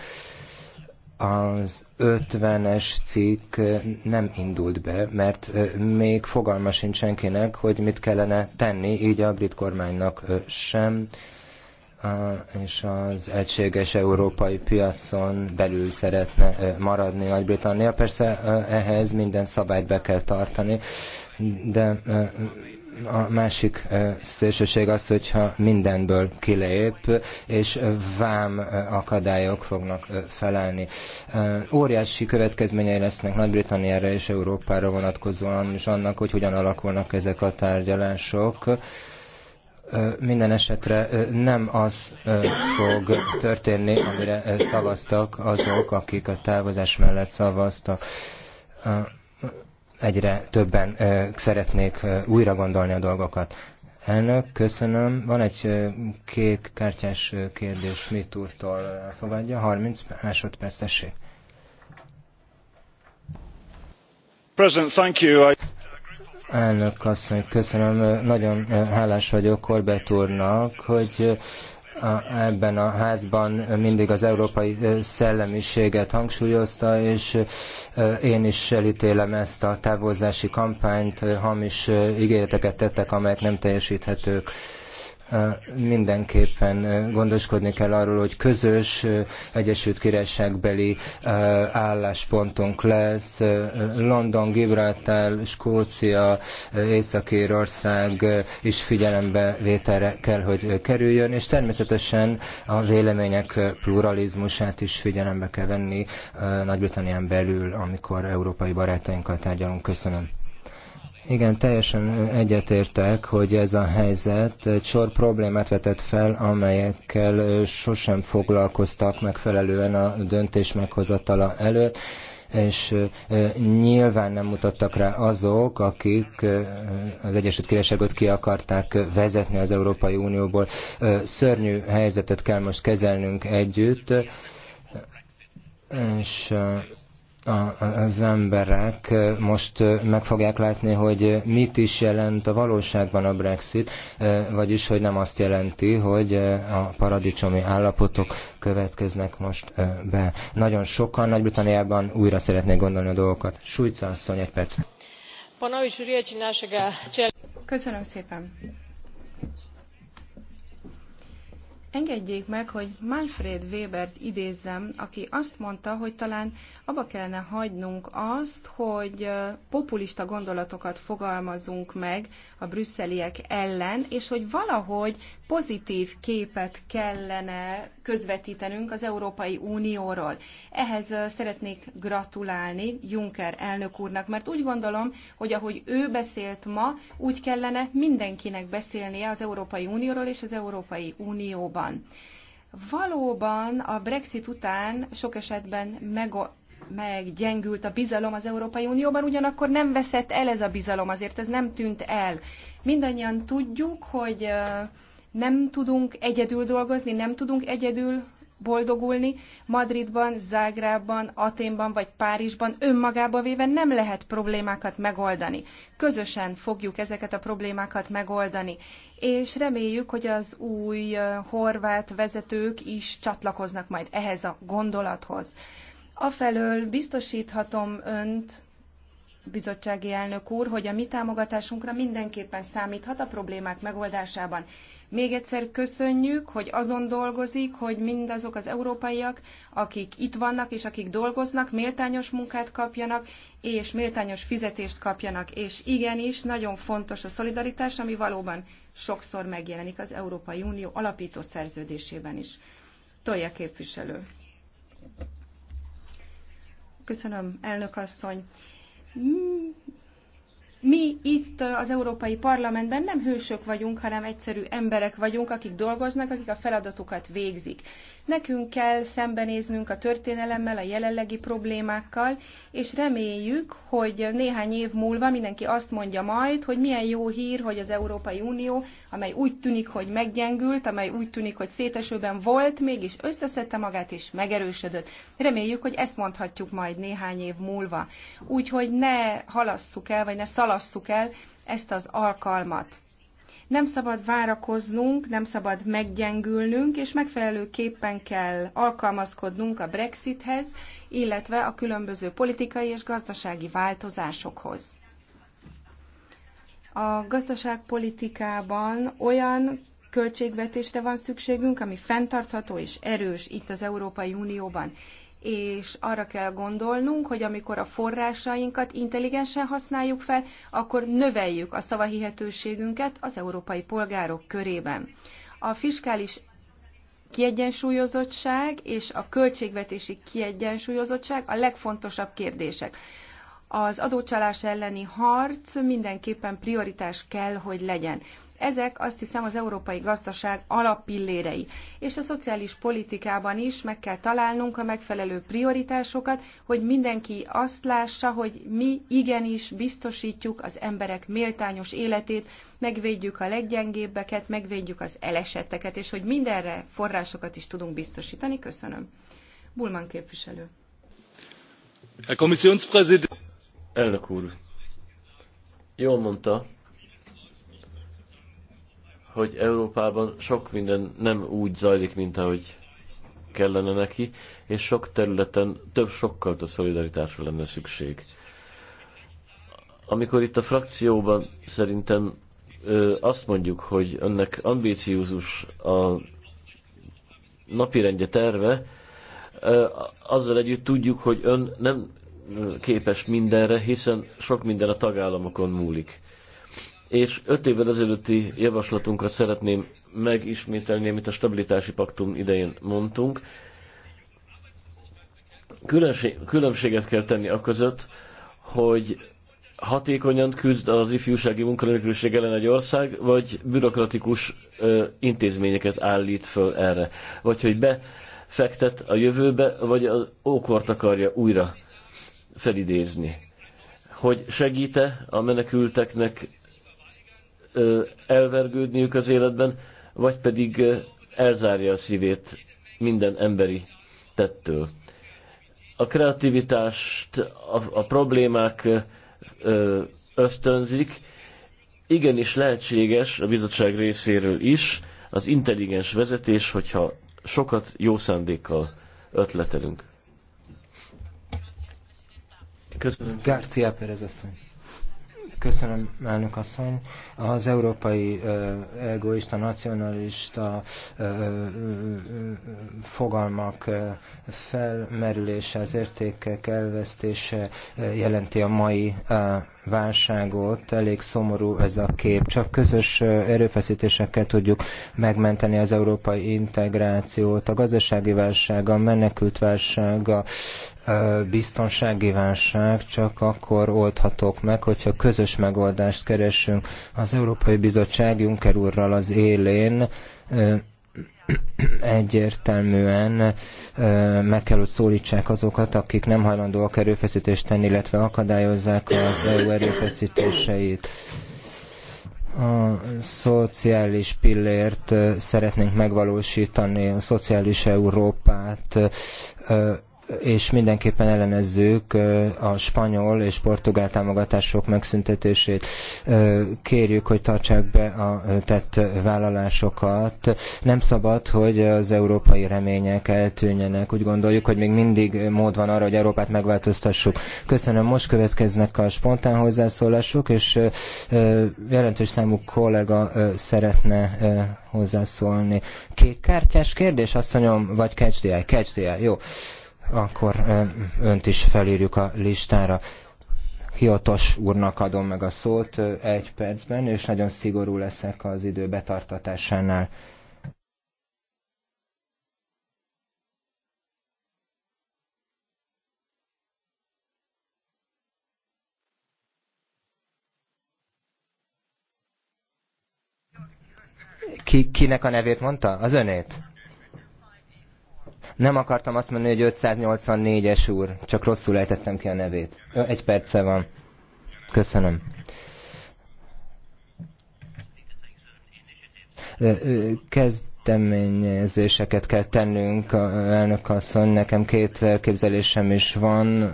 az 50-es cikk nem indult be, mert még fogalma sincs senkinek, hogy mit kellene tenni, így a brit kormánynak sem, és az egységes európai piacon belül szeretne maradni Nagy-Britannia. Persze ehhez minden szabályt be kell tartani, de a másik eh, szélsőség az, hogyha mindenből kilép, és vám eh, akadályok fognak eh, felállni. Óriási következményei lesznek Nagy-Britanniára és Európára vonatkozóan, és annak, hogy hogyan alakulnak ezek a tárgyalások minden esetre nem az fog történni, amire szavaztak azok, akik a távozás mellett szavaztak egyre többen szeretnék újra gondolni a dolgokat. Elnök, köszönöm. Van egy kék kártyás kérdés mit úrtól elfogadja. 30 másodperc, tessék. President, thank you. I... Elnök asszony, köszönöm. Nagyon hálás vagyok Korbett úrnak, hogy ebben a házban mindig az európai szellemiséget hangsúlyozta, és én is elítélem ezt a távozási kampányt, hamis ígéreteket tettek, amelyek nem teljesíthetők mindenképpen gondoskodni kell arról, hogy közös Egyesült Királyságbeli álláspontunk lesz. London, Gibraltar, Skócia, Észak-Írország is figyelembe vételre kell, hogy kerüljön, és természetesen a vélemények pluralizmusát is figyelembe kell venni Nagy-Britannián belül, amikor európai barátainkkal tárgyalunk. Köszönöm. Igen, teljesen egyetértek, hogy ez a helyzet egy sor problémát vetett fel, amelyekkel sosem foglalkoztak megfelelően a döntés meghozatala előtt és nyilván nem mutattak rá azok, akik az Egyesült Királyságot ki akarták vezetni az Európai Unióból. Szörnyű helyzetet kell most kezelnünk együtt, és az emberek most meg fogják látni, hogy mit is jelent a valóságban a Brexit, vagyis hogy nem azt jelenti, hogy a paradicsomi állapotok következnek most be. Nagyon sokan Nagy-Britanniában újra szeretnék gondolni a dolgokat. Sújca asszony, egy perc. Köszönöm szépen. Engedjék meg, hogy Manfred Webert idézzem, aki azt mondta, hogy talán abba kellene hagynunk azt, hogy populista gondolatokat fogalmazunk meg a brüsszeliek ellen, és hogy valahogy pozitív képet kellene közvetítenünk az Európai Unióról. Ehhez szeretnék gratulálni Juncker elnök úrnak, mert úgy gondolom, hogy ahogy ő beszélt ma, úgy kellene mindenkinek beszélnie az Európai Unióról és az Európai Unióban. Valóban a Brexit után sok esetben meg meggyengült a bizalom az Európai Unióban, ugyanakkor nem veszett el ez a bizalom, azért ez nem tűnt el. Mindannyian tudjuk, hogy uh, nem tudunk egyedül dolgozni, nem tudunk egyedül boldogulni. Madridban, Zágrában, Aténban vagy Párizsban önmagába véve nem lehet problémákat megoldani. Közösen fogjuk ezeket a problémákat megoldani. És reméljük, hogy az új horvát vezetők is csatlakoznak majd ehhez a gondolathoz. Afelől biztosíthatom önt, bizottsági elnök úr, hogy a mi támogatásunkra mindenképpen számíthat a problémák megoldásában. Még egyszer köszönjük, hogy azon dolgozik, hogy mindazok az európaiak, akik itt vannak és akik dolgoznak, méltányos munkát kapjanak, és méltányos fizetést kapjanak. És igenis, nagyon fontos a szolidaritás, ami valóban sokszor megjelenik az Európai Unió alapító szerződésében is. Tolja képviselő. Köszönöm, elnök asszony mi itt az Európai Parlamentben nem hősök vagyunk, hanem egyszerű emberek vagyunk, akik dolgoznak, akik a feladatukat végzik. Nekünk kell szembenéznünk a történelemmel, a jelenlegi problémákkal, és reméljük, hogy néhány év múlva mindenki azt mondja majd, hogy milyen jó hír, hogy az Európai Unió, amely úgy tűnik, hogy meggyengült, amely úgy tűnik, hogy szétesőben volt, mégis összeszedte magát és megerősödött. Reméljük, hogy ezt mondhatjuk majd néhány év múlva. Úgyhogy ne halasszuk el, vagy ne szalasszuk el ezt az alkalmat. Nem szabad várakoznunk, nem szabad meggyengülnünk, és megfelelőképpen kell alkalmazkodnunk a Brexithez, illetve a különböző politikai és gazdasági változásokhoz. A gazdaságpolitikában olyan költségvetésre van szükségünk, ami fenntartható és erős itt az Európai Unióban és arra kell gondolnunk, hogy amikor a forrásainkat intelligensen használjuk fel, akkor növeljük a szavahihetőségünket az európai polgárok körében. A fiskális kiegyensúlyozottság és a költségvetési kiegyensúlyozottság a legfontosabb kérdések. Az adócsalás elleni harc mindenképpen prioritás kell, hogy legyen. Ezek azt hiszem az európai gazdaság alappillérei. És a szociális politikában is meg kell találnunk a megfelelő prioritásokat, hogy mindenki azt lássa, hogy mi igenis biztosítjuk az emberek méltányos életét, megvédjük a leggyengébbeket, megvédjük az elesetteket, és hogy mindenre forrásokat is tudunk biztosítani. Köszönöm. Bulman képviselő. Herr Kommissionspräsident! Elnök úr, jól mondta, hogy Európában sok minden nem úgy zajlik, mint ahogy kellene neki, és sok területen több, sokkal több szolidaritásra lenne szükség. Amikor itt a frakcióban szerintem ö, azt mondjuk, hogy önnek ambíciózus a napirendje terve, ö, azzal együtt tudjuk, hogy ön nem képes mindenre, hiszen sok minden a tagállamokon múlik és öt évvel ezelőtti javaslatunkat szeretném megismételni, amit a stabilitási paktum idején mondtunk. Különbség, különbséget kell tenni a között, hogy hatékonyan küzd az ifjúsági munkanélküliség ellen egy ország, vagy bürokratikus ö, intézményeket állít föl erre, vagy hogy befektet a jövőbe, vagy az ókort akarja újra felidézni. Hogy segíte a menekülteknek elvergődniük az életben, vagy pedig elzárja a szívét minden emberi tettől. A kreativitást, a, a problémák ösztönzik, igenis lehetséges a bizottság részéről is az intelligens vezetés, hogyha sokat jó szándékkal ötletelünk. Köszönöm. García Pérez asszony. Köszönöm, elnök asszony. Az európai egoista, nacionalista fogalmak felmerülése, az értékek elvesztése jelenti a mai válságot. Elég szomorú ez a kép. Csak közös erőfeszítésekkel tudjuk megmenteni az európai integrációt. A gazdasági válság, a menekült válság, a biztonsági válság csak akkor oldhatók meg, hogyha közös megoldást keresünk. Az Európai Bizottság Juncker úrral az élén egyértelműen meg kell, hogy szólítsák azokat, akik nem hajlandóak erőfeszítést tenni, illetve akadályozzák az EU erőfeszítéseit a szociális pillért szeretnénk megvalósítani, a szociális Európát és mindenképpen ellenezzük a spanyol és portugál támogatások megszüntetését. Kérjük, hogy tartsák be a tett vállalásokat. Nem szabad, hogy az európai remények eltűnjenek. Úgy gondoljuk, hogy még mindig mód van arra, hogy Európát megváltoztassuk. Köszönöm, most következnek a spontán hozzászólások, és jelentős számú kollega szeretne hozzászólni. kártyás kérdés, asszonyom, vagy kecsdiáj? Kecsdiáj, jó akkor önt is felírjuk a listára. Hiatos úrnak adom meg a szót egy percben, és nagyon szigorú leszek az idő betartatásánál. Ki, kinek a nevét mondta? Az önét? Nem akartam azt mondani, hogy 584-es úr, csak rosszul lejtettem ki a nevét. Egy perce van. Köszönöm. Kezd kezdeményezéseket kell tennünk, elnök asszony, nekem két képzelésem is van.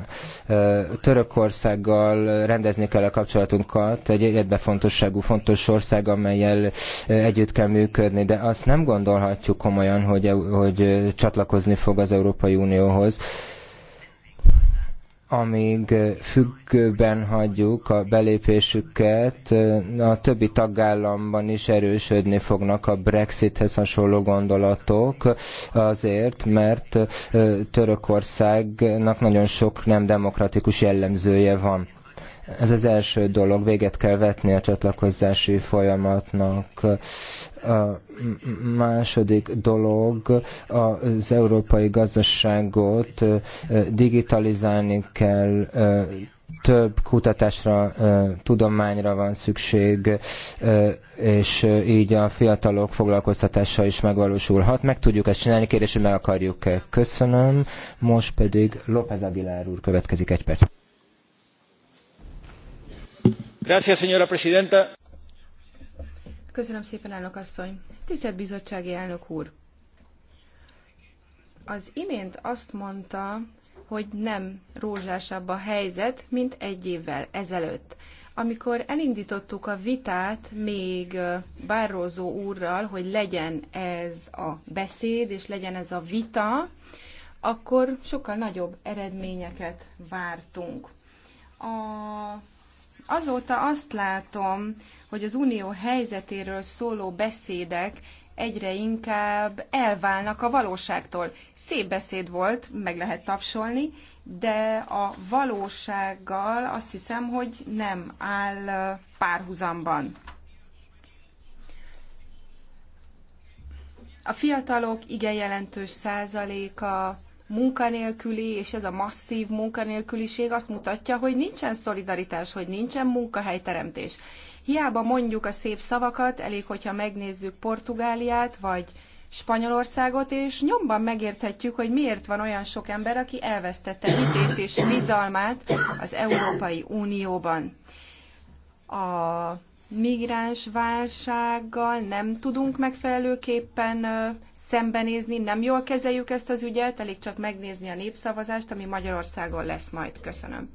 Törökországgal rendezni kell a kapcsolatunkat, egy életbefontosságú fontos ország, amelyel együtt kell működni, de azt nem gondolhatjuk komolyan, hogy, hogy csatlakozni fog az Európai Unióhoz amíg eh, függőben hagyjuk a belépésüket, eh, a többi tagállamban is erősödni fognak a Brexithez hasonló gondolatok, azért, mert eh, Törökországnak nagyon sok nem demokratikus jellemzője van. Ez az első dolog, véget kell vetni a csatlakozási folyamatnak. A második dolog, az európai gazdaságot digitalizálni kell, több kutatásra, tudományra van szükség, és így a fiatalok foglalkoztatása is megvalósulhat. Meg tudjuk ezt csinálni, kérdés, hogy meg akarjuk-e. Köszönöm. Most pedig López Aguilar úr következik egy perc señora presidenta. Köszönöm szépen, elnök asszony. Tisztelt bizottsági elnök úr! Az imént azt mondta, hogy nem rózsásabb a helyzet, mint egy évvel ezelőtt. Amikor elindítottuk a vitát még Bárrózó úrral, hogy legyen ez a beszéd és legyen ez a vita, akkor sokkal nagyobb eredményeket vártunk. A Azóta azt látom, hogy az unió helyzetéről szóló beszédek egyre inkább elválnak a valóságtól. Szép beszéd volt, meg lehet tapsolni, de a valósággal azt hiszem, hogy nem áll párhuzamban. A fiatalok igen jelentős százaléka munkanélküli, és ez a masszív munkanélküliség azt mutatja, hogy nincsen szolidaritás, hogy nincsen munkahelyteremtés. Hiába mondjuk a szép szavakat, elég, hogyha megnézzük Portugáliát, vagy Spanyolországot, és nyomban megérthetjük, hogy miért van olyan sok ember, aki elvesztette hitét és bizalmát az Európai Unióban. A migráns válsággal nem tudunk megfelelőképpen szembenézni, nem jól kezeljük ezt az ügyet, elég csak megnézni a népszavazást, ami Magyarországon lesz majd. Köszönöm.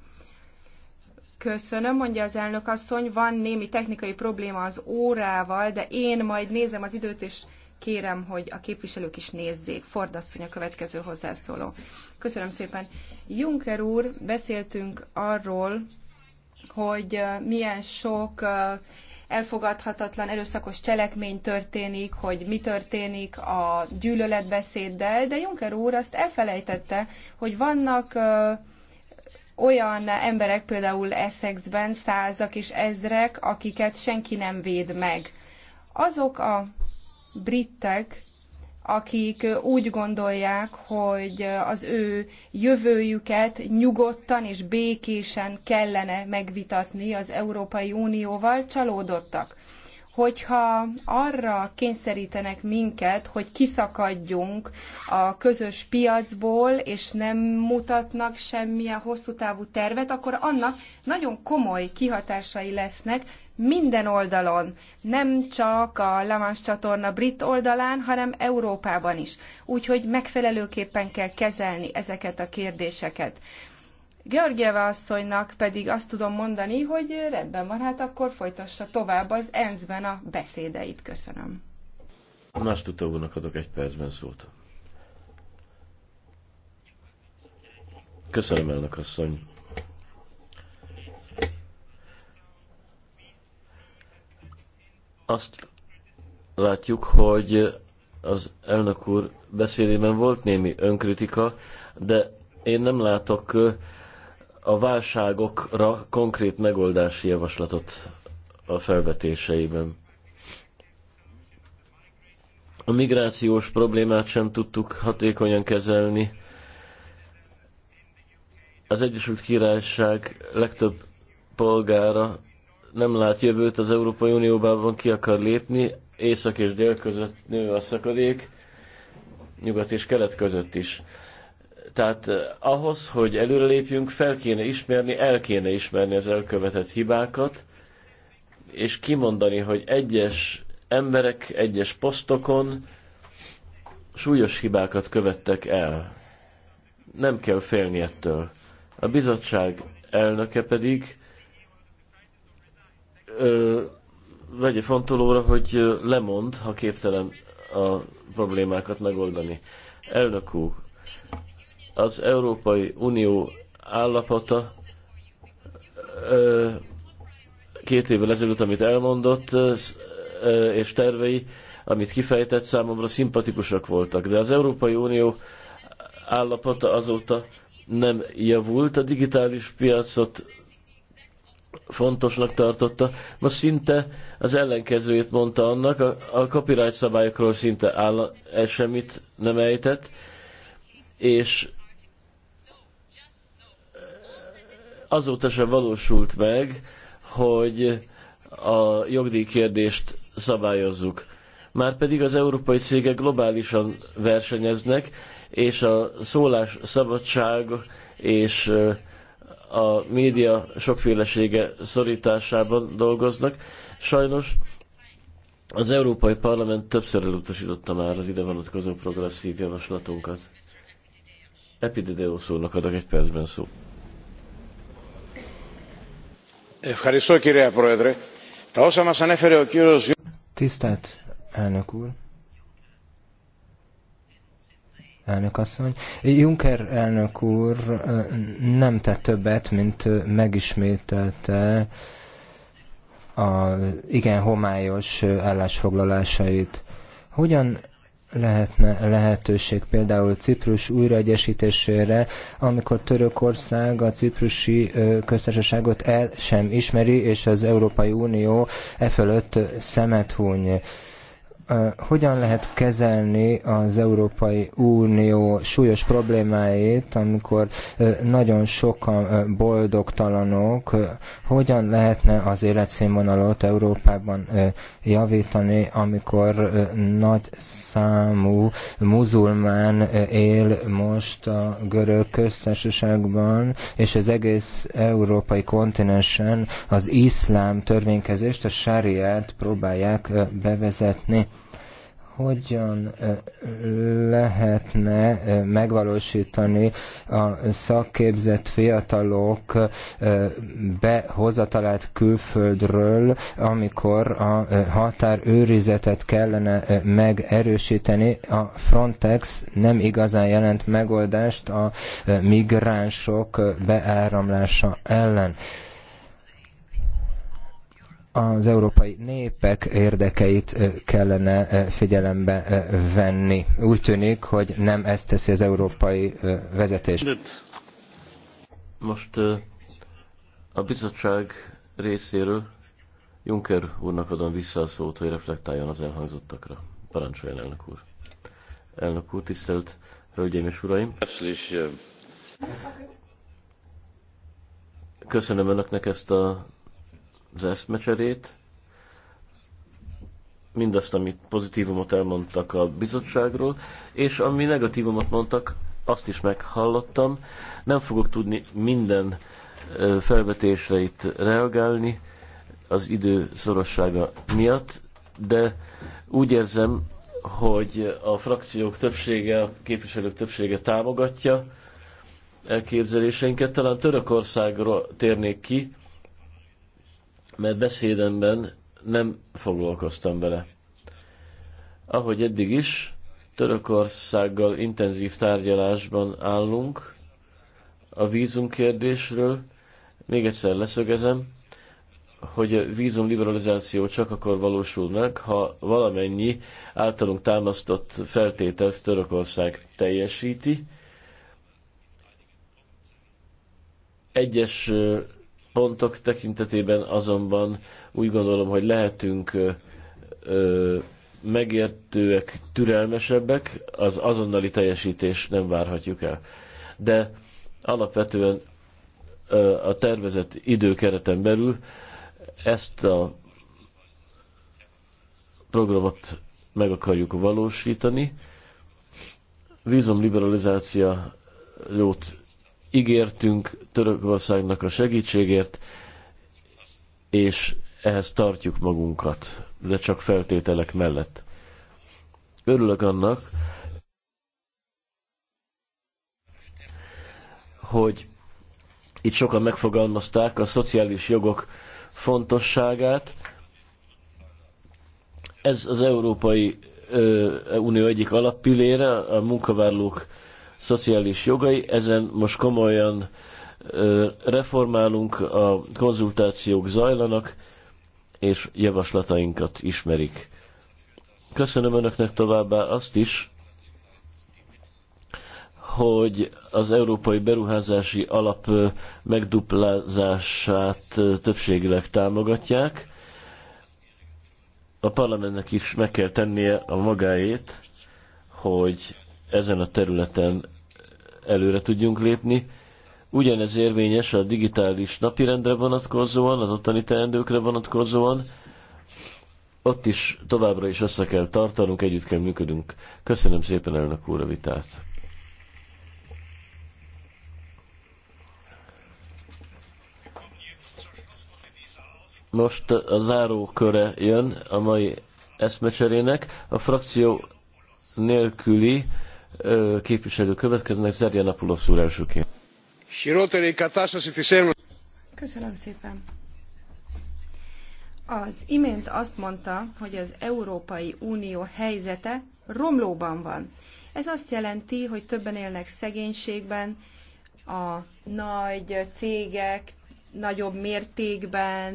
Köszönöm, mondja az elnök asszony, van némi technikai probléma az órával, de én majd nézem az időt, és kérem, hogy a képviselők is nézzék. Ford asszony a következő hozzászóló. Köszönöm szépen. Juncker úr, beszéltünk arról, hogy milyen sok elfogadhatatlan erőszakos cselekmény történik, hogy mi történik a gyűlöletbeszéddel, de Juncker úr azt elfelejtette, hogy vannak olyan emberek, például Essexben százak és ezrek, akiket senki nem véd meg. Azok a britek, akik úgy gondolják, hogy az ő jövőjüket nyugodtan és békésen kellene megvitatni az Európai Unióval, csalódottak. Hogyha arra kényszerítenek minket, hogy kiszakadjunk a közös piacból, és nem mutatnak semmilyen hosszú távú tervet, akkor annak nagyon komoly kihatásai lesznek minden oldalon, nem csak a Lamans csatorna brit oldalán, hanem Európában is. Úgyhogy megfelelőképpen kell kezelni ezeket a kérdéseket. Georgieva asszonynak pedig azt tudom mondani, hogy rendben van, hát akkor folytassa tovább az ENSZ-ben a beszédeit. Köszönöm. Más tutóbúnak adok egy percben szót. Köszönöm, elnök asszony. azt látjuk, hogy az elnök úr beszédében volt némi önkritika, de én nem látok a válságokra konkrét megoldási javaslatot a felvetéseiben. A migrációs problémát sem tudtuk hatékonyan kezelni. Az Egyesült Királyság legtöbb polgára nem lát jövőt az Európai Unióban ki akar lépni, észak és dél között nő a szakadék, nyugat és kelet között is. Tehát eh, ahhoz, hogy előrelépjünk, fel kéne ismerni, el kéne ismerni az elkövetett hibákat, és kimondani, hogy egyes emberek egyes posztokon súlyos hibákat követtek el. Nem kell félni ettől. A bizottság elnöke pedig ö, vegye fontolóra, hogy lemond, ha képtelen a problémákat megoldani. Elnök úr, az Európai Unió állapota ö, két évvel ezelőtt, amit elmondott, ö, és tervei, amit kifejtett számomra szimpatikusak voltak. De az Európai Unió állapota azóta nem javult, a digitális piacot fontosnak tartotta. Most szinte az ellenkezőjét mondta annak, a, a copyright szabályokról szinte áll, semmit nem ejtett, és azóta sem valósult meg, hogy a jogdíj kérdést szabályozzuk. Márpedig az európai cégek globálisan versenyeznek, és a szólás szabadság és a média sokfélesége szorításában dolgoznak. Sajnos az Európai Parlament többször elutasította már az ide vonatkozó progresszív javaslatunkat. Epidideó szónak adok egy percben szó. Tisztelt elnök úr! elnök asszony. Juncker elnök úr nem tett többet, mint megismételte a igen homályos állásfoglalásait. Hogyan lehetne lehetőség például Ciprus újraegyesítésére, amikor Törökország a ciprusi köztársaságot el sem ismeri, és az Európai Unió e fölött szemet húny hogyan lehet kezelni az Európai Unió súlyos problémáit, amikor nagyon sokan boldogtalanok, hogyan lehetne az életszínvonalot Európában javítani, amikor nagy számú muzulmán él most a görög köztársaságban, és az egész európai kontinensen az iszlám törvénykezést, a sáriát próbálják bevezetni hogyan lehetne megvalósítani a szakképzett fiatalok behozatalát külföldről, amikor a határőrizetet kellene megerősíteni. A Frontex nem igazán jelent megoldást a migránsok beáramlása ellen az európai népek érdekeit kellene figyelembe venni. Úgy tűnik, hogy nem ezt teszi az európai vezetés. Most a bizottság részéről Juncker úrnak adom vissza a szót, hogy reflektáljon az elhangzottakra. Parancsoljon, elnök úr. Elnök úr, tisztelt Hölgyeim és Uraim! Köszönöm Önöknek ezt a az eszmecserét, mindazt, amit pozitívumot elmondtak a bizottságról, és ami negatívumot mondtak, azt is meghallottam. Nem fogok tudni minden felvetésre itt reagálni az idő szorossága miatt, de úgy érzem, hogy a frakciók többsége, a képviselők többsége támogatja elképzeléseinket. Talán Törökországról térnék ki, mert beszédemben nem foglalkoztam vele. Ahogy eddig is, Törökországgal intenzív tárgyalásban állunk a vízum kérdésről. Még egyszer leszögezem, hogy a vízum liberalizáció csak akkor valósul meg, ha valamennyi általunk támasztott feltételt Törökország teljesíti. Egyes pontok tekintetében azonban úgy gondolom, hogy lehetünk ö, megértőek, türelmesebbek, az azonnali teljesítés nem várhatjuk el. De alapvetően ö, a tervezett időkereten belül ezt a programot meg akarjuk valósítani. liberalizáció jót ígértünk Törökországnak a segítségért, és ehhez tartjuk magunkat, de csak feltételek mellett. Örülök annak, hogy itt sokan megfogalmazták a szociális jogok fontosságát. Ez az Európai Unió egyik alappillére, a munkavállalók szociális jogai. Ezen most komolyan reformálunk, a konzultációk zajlanak, és javaslatainkat ismerik. Köszönöm Önöknek továbbá azt is, hogy az Európai Beruházási Alap megduplázását többségileg támogatják. A parlamentnek is meg kell tennie a magáét, hogy ezen a területen előre tudjunk lépni. Ugyanez érvényes a digitális napirendre vonatkozóan, az ottani teendőkre vonatkozóan. Ott is továbbra is össze kell tartanunk, együtt kell működünk. Köszönöm szépen elnök úr a vitát. Most a záró köre jön a mai eszmecserének. A frakció nélküli képviselő következnek, Napulov úr elsőként. Köszönöm szépen. Az imént azt mondta, hogy az Európai Unió helyzete romlóban van. Ez azt jelenti, hogy többen élnek szegénységben, a nagy cégek nagyobb mértékben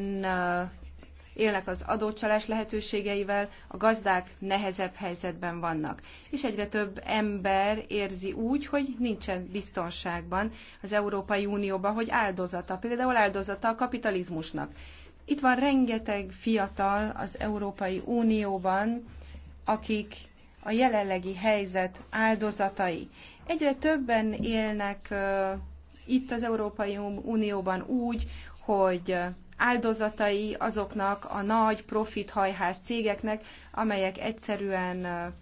élnek az adócsalás lehetőségeivel, a gazdák nehezebb helyzetben vannak. És egyre több ember érzi úgy, hogy nincsen biztonságban az Európai Unióban, hogy áldozata, például áldozata a kapitalizmusnak. Itt van rengeteg fiatal az Európai Unióban, akik a jelenlegi helyzet áldozatai. Egyre többen élnek itt az Európai Unióban úgy, hogy áldozatai azoknak a nagy profithajház cégeknek, amelyek egyszerűen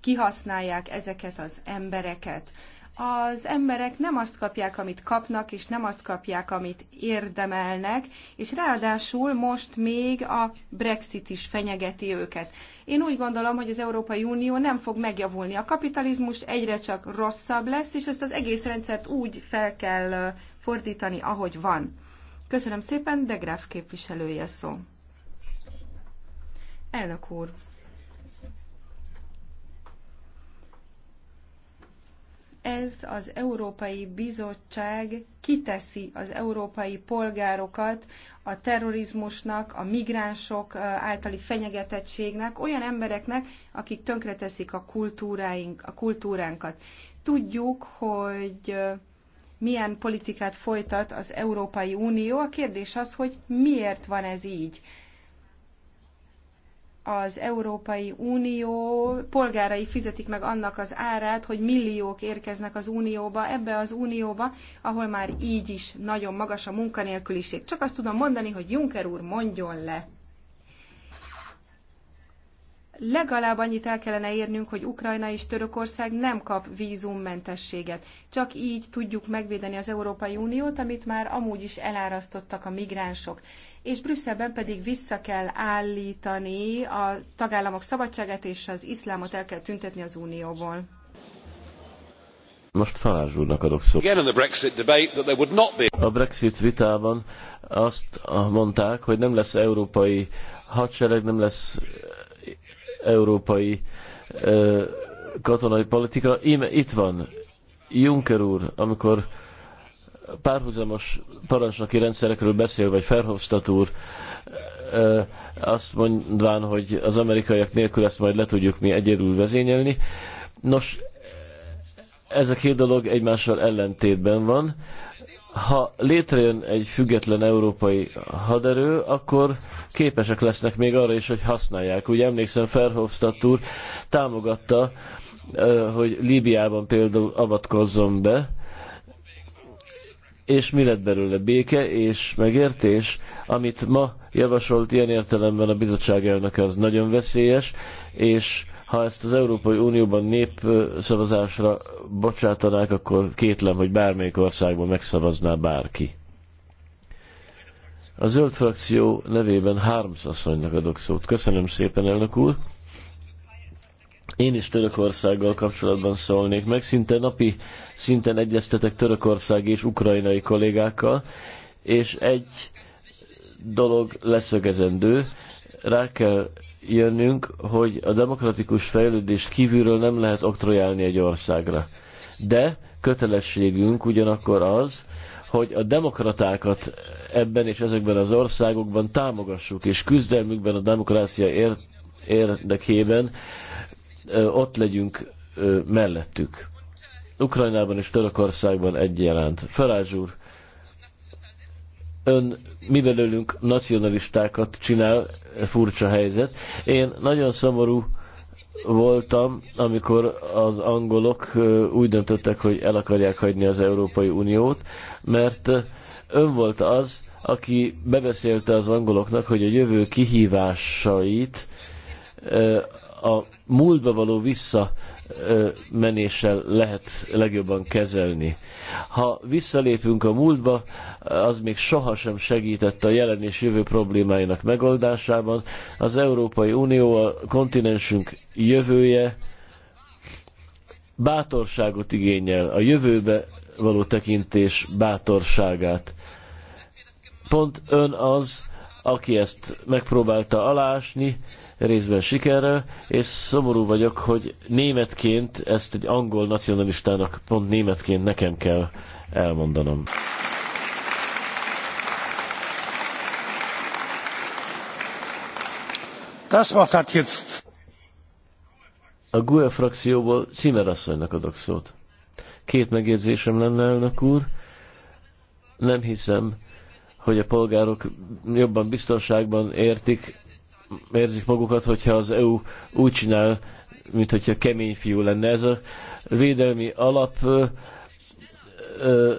kihasználják ezeket az embereket. Az emberek nem azt kapják, amit kapnak, és nem azt kapják, amit érdemelnek, és ráadásul most még a Brexit is fenyegeti őket. Én úgy gondolom, hogy az Európai Unió nem fog megjavulni. A kapitalizmus egyre csak rosszabb lesz, és ezt az egész rendszert úgy fel kell fordítani, ahogy van. Köszönöm szépen, de Graf képviselője szó. Elnök úr! Ez az Európai Bizottság kiteszi az európai polgárokat a terrorizmusnak, a migránsok általi fenyegetettségnek, olyan embereknek, akik tönkreteszik a kultúráink, a kultúránkat. Tudjuk, hogy milyen politikát folytat az Európai Unió. A kérdés az, hogy miért van ez így az Európai Unió polgárai fizetik meg annak az árát, hogy milliók érkeznek az Unióba, ebbe az Unióba, ahol már így is nagyon magas a munkanélküliség. Csak azt tudom mondani, hogy Juncker úr mondjon le legalább annyit el kellene érnünk, hogy Ukrajna és Törökország nem kap vízummentességet. Csak így tudjuk megvédeni az Európai Uniót, amit már amúgy is elárasztottak a migránsok. És Brüsszelben pedig vissza kell állítani a tagállamok szabadságát, és az iszlámot el kell tüntetni az Unióból. Most Farázs úrnak adok szót. A Brexit vitában azt mondták, hogy nem lesz európai hadsereg, nem lesz európai ö, katonai politika. Íme itt van Juncker úr, amikor párhuzamos parancsnoki rendszerekről beszél, vagy Ferhofstadt úr, ö, azt mondván, hogy az amerikaiak nélkül ezt majd le tudjuk mi egyedül vezényelni. Nos, ez a két dolog egymással ellentétben van ha létrejön egy független európai haderő, akkor képesek lesznek még arra is, hogy használják. Úgy emlékszem, Ferhofstadt úr támogatta, hogy Líbiában például avatkozzon be, és mi lett belőle béke és megértés, amit ma javasolt ilyen értelemben a bizottság elnöke, az nagyon veszélyes, és ha ezt az Európai Unióban népszavazásra bocsátanák, akkor kétlem, hogy bármelyik országban megszavazná bárki. A zöld frakció nevében Harms asszonynak adok szót. Köszönöm szépen, elnök úr. Én is Törökországgal kapcsolatban szólnék meg. Szinte napi szinten egyeztetek Törökország és ukrajnai kollégákkal, és egy dolog leszögezendő. Rá kell jönnünk, hogy a demokratikus fejlődést kívülről nem lehet oktrojálni egy országra. De kötelességünk ugyanakkor az, hogy a demokratákat ebben és ezekben az országokban támogassuk, és küzdelmükben a demokrácia ér- érdekében ott legyünk mellettük. Ukrajnában és Törökországban egyaránt. Farázs úr, ön mi belőlünk nacionalistákat csinál, furcsa helyzet. Én nagyon szomorú voltam, amikor az angolok úgy döntöttek, hogy el akarják hagyni az Európai Uniót, mert ön volt az, aki bebeszélte az angoloknak, hogy a jövő kihívásait a múltba való vissza menéssel lehet legjobban kezelni. Ha visszalépünk a múltba, az még sohasem segített a jelen és jövő problémáinak megoldásában. Az Európai Unió a kontinensünk jövője bátorságot igényel, a jövőbe való tekintés bátorságát. Pont ön az, aki ezt megpróbálta alásni, részben sikerrel, és szomorú vagyok, hogy németként ezt egy angol nacionalistának, pont németként nekem kell elmondanom. Das Wort hat jetzt. A GUE frakcióból Cimer asszonynak adok szót. Két megjegyzésem lenne, elnök úr. Nem hiszem, hogy a polgárok jobban biztonságban értik érzik magukat, hogyha az EU úgy csinál, mint hogyha kemény fiú lenne. Ez a védelmi alap ö, ö,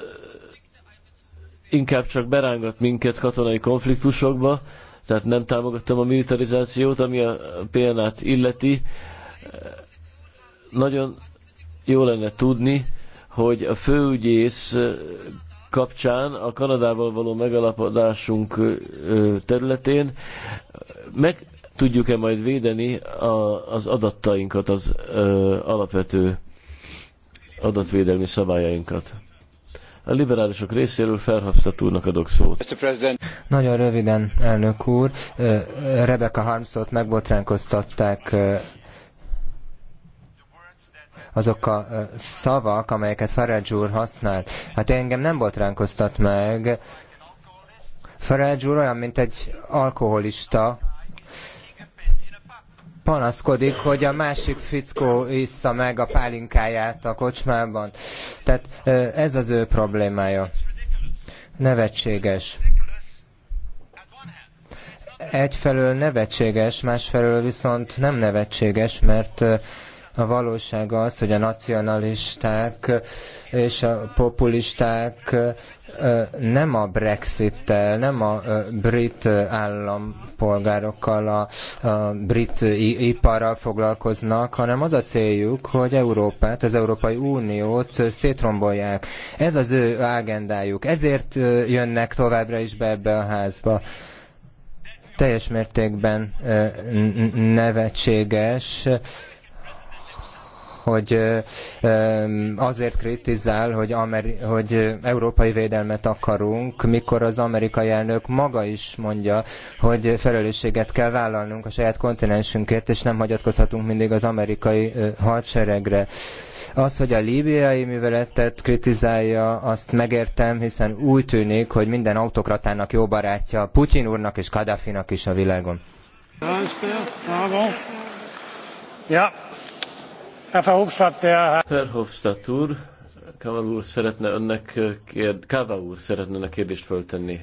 inkább csak berángat minket katonai konfliktusokba, tehát nem támogattam a militarizációt, ami a PNA-t illeti. Nagyon jó lenne tudni, hogy a főügyész kapcsán a Kanadával való megalapodásunk területén meg tudjuk-e majd védeni a, az adattainkat, az ö, alapvető adatvédelmi szabályainkat. A liberálisok részéről felhapszatúrnak adok szót. Nagyon röviden, elnök úr. Rebecca Harmsot megbotránkoztatták azok a szavak, amelyeket Farage úr használt. Hát engem nem botránkoztat meg. Farage úr olyan, mint egy alkoholista, panaszkodik, hogy a másik fickó issza meg a pálinkáját a kocsmában. Tehát ez az ő problémája. Nevetséges. Egyfelől nevetséges, másfelől viszont nem nevetséges, mert a valóság az, hogy a nacionalisták és a populisták nem a Brexittel, nem a brit állampolgárokkal, a, a brit iparral foglalkoznak, hanem az a céljuk, hogy Európát, az Európai Uniót szétrombolják. Ez az ő agendájuk. Ezért jönnek továbbra is be ebbe a házba teljes mértékben nevetséges, hogy azért kritizál, hogy, Ameri- hogy európai védelmet akarunk, mikor az amerikai elnök maga is mondja, hogy felelősséget kell vállalnunk a saját kontinensünkért, és nem hagyatkozhatunk mindig az amerikai hadseregre. Az, hogy a líbiai műveletet kritizálja, azt megértem, hiszen úgy tűnik, hogy minden autokratának jó barátja Putyin úrnak és Kadhafinak is a világon. Ja, Verhofstadt úr, Kaval úr szeretne önnek, eh, kérd... Kava úr szeretne önnek kérdést föltenni.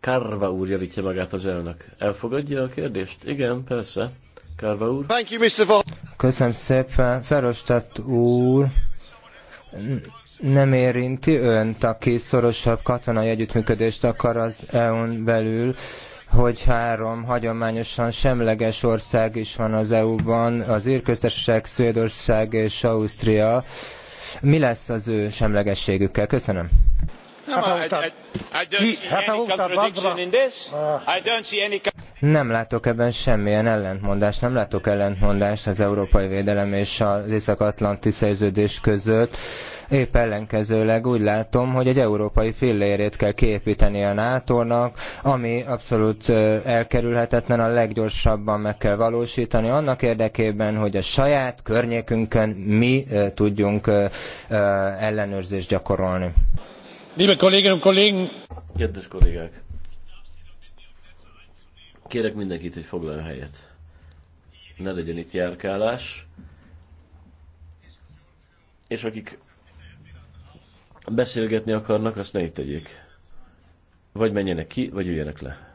Karva úr javítja magát az elnök. Elfogadja a kérdést? Igen, persze. Karva úr. Thank you, Mr. Köszönöm szépen. Verhofstadt úr, nem érinti önt, aki szorosabb katonai együttműködést akar az EU-n belül hogy három hagyományosan semleges ország is van az EU-ban, az Írköztársaság, Szvédország és Ausztria. Mi lesz az ő semlegességükkel? Köszönöm. Nem látok ebben semmilyen ellentmondást, nem látok ellentmondást az európai védelem és az Észak-Atlanti szerződés között. Épp ellenkezőleg úgy látom, hogy egy európai fillérét kell kiépíteni a NATO-nak, ami abszolút elkerülhetetlen, a leggyorsabban meg kell valósítani, annak érdekében, hogy a saját környékünkön mi tudjunk ellenőrzést gyakorolni. Liebe Kolleginnen und Kollegen! Kedves kollégák! Kérek mindenkit, hogy foglaljon helyet. Ne legyen itt járkálás. És akik beszélgetni akarnak, azt ne itt tegyék. Vagy menjenek ki, vagy üljenek le.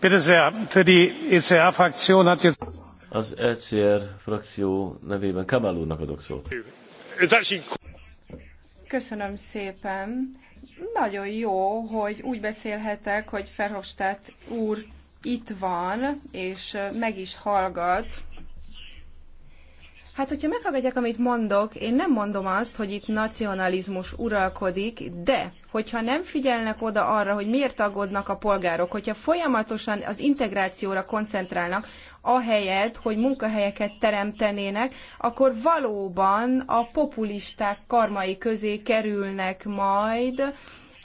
E Az ECR frakció nevében Kamal úrnak adok szót. Köszönöm szépen. Nagyon jó, hogy úgy beszélhetek, hogy Ferhofstadt úr itt van, és meg is hallgat Hát, hogyha meghallgatják, amit mondok, én nem mondom azt, hogy itt nacionalizmus uralkodik, de hogyha nem figyelnek oda arra, hogy miért aggódnak a polgárok, hogyha folyamatosan az integrációra koncentrálnak, ahelyett, hogy munkahelyeket teremtenének, akkor valóban a populisták karmai közé kerülnek majd,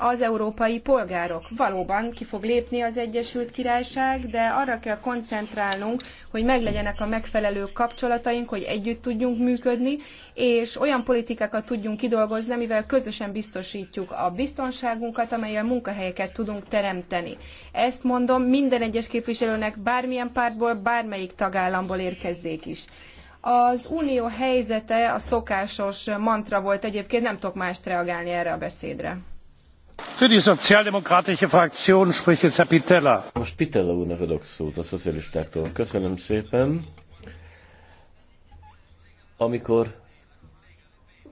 az európai polgárok. Valóban ki fog lépni az Egyesült Királyság, de arra kell koncentrálnunk, hogy meglegyenek a megfelelő kapcsolataink, hogy együtt tudjunk működni, és olyan politikákat tudjunk kidolgozni, amivel közösen biztosítjuk a biztonságunkat, amelyel munkahelyeket tudunk teremteni. Ezt mondom minden egyes képviselőnek bármilyen pártból, bármelyik tagállamból érkezzék is. Az unió helyzete a szokásos mantra volt egyébként, nem tudok mást reagálni erre a beszédre. Für die sozialdemokratische Fraktion spricht jetzt Herr Pitella. Most Pitella úrnak adok szót a szocialistáktól. Köszönöm szépen. Amikor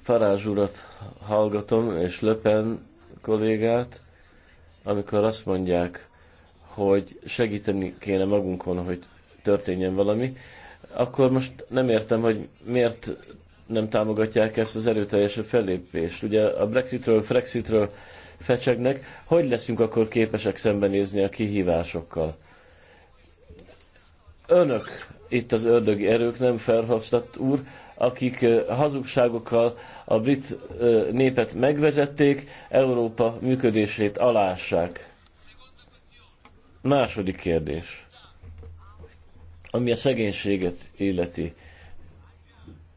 Farázs urat hallgatom, és Löpen kollégát, amikor azt mondják, hogy segíteni kéne magunkon, hogy történjen valami, akkor most nem értem, hogy miért nem támogatják ezt az erőteljesebb fellépést. Ugye a Brexitről, Frexitről fecsegnek, hogy leszünk akkor képesek szembenézni a kihívásokkal? Önök, itt az ördögi erők, nem Ferhofstadt úr, akik hazugságokkal a brit népet megvezették, Európa működését alássák. Második kérdés, ami a szegénységet illeti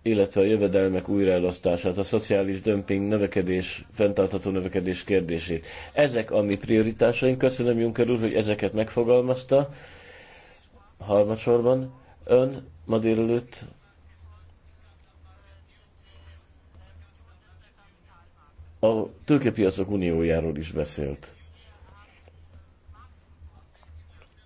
illetve a jövedelmek újraelosztását, a szociális dömping, növekedés, fenntartható növekedés kérdését. Ezek a mi prioritásaink. Köszönöm Juncker úr, hogy ezeket megfogalmazta. Harmadsorban ön ma délelőtt a tőkepiacok uniójáról is beszélt.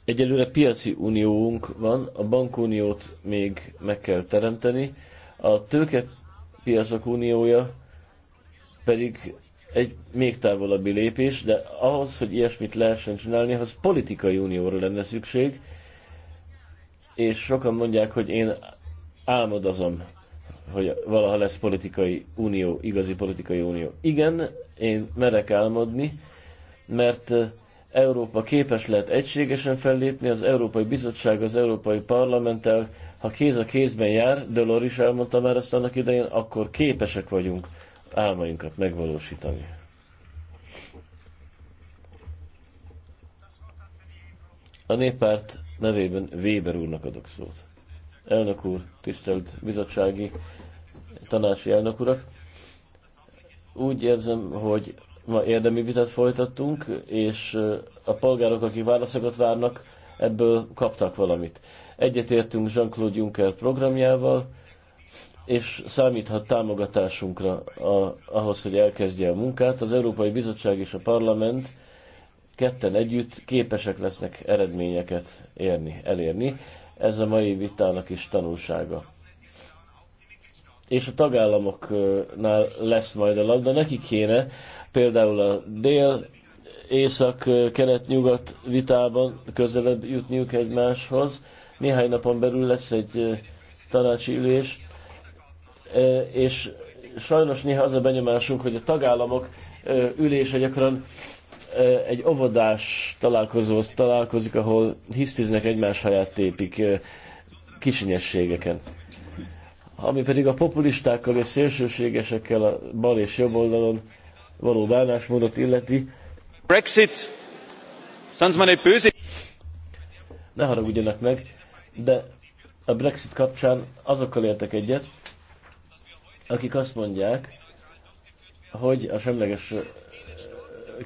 Egyelőre piaci uniónk van, a bankuniót még meg kell teremteni, a tőkepiacok uniója pedig egy még távolabbi lépés, de ahhoz, hogy ilyesmit lehessen csinálni, az politikai unióra lenne szükség, és sokan mondják, hogy én álmodozom, hogy valaha lesz politikai unió, igazi politikai unió. Igen, én merek álmodni, mert Európa képes lehet egységesen fellépni, az Európai Bizottság, az Európai Parlamenttel, ha kéz a kézben jár, Dölor is elmondta már ezt annak idején, akkor képesek vagyunk álmainkat megvalósítani. A néppárt nevében Weber úrnak adok szót. Elnök úr, tisztelt bizottsági tanácsi elnök urak, úgy érzem, hogy ma érdemi vitát folytattunk, és a polgárok, akik válaszokat várnak, ebből kaptak valamit. Egyetértünk Jean-Claude Juncker programjával, és számíthat támogatásunkra a, ahhoz, hogy elkezdje a munkát. Az Európai Bizottság és a Parlament ketten együtt képesek lesznek eredményeket érni, elérni. Ez a mai vitának is tanulsága. És a tagállamoknál lesz majd a labda, neki kéne például a dél, észak, kelet, nyugat vitában közelebb jutniuk egymáshoz. Néhány napon belül lesz egy tanácsi ülés, és sajnos néha az a benyomásunk, hogy a tagállamok ülése gyakran egy óvodás találkozóhoz találkozik, ahol hisztiznek egymás haját tépik kisinyességeken. Ami pedig a populistákkal és szélsőségesekkel a bal és jobb oldalon való bánásmódot illeti. Brexit! Ne haragudjanak meg, de a Brexit kapcsán azokkal értek egyet, akik azt mondják, hogy a semleges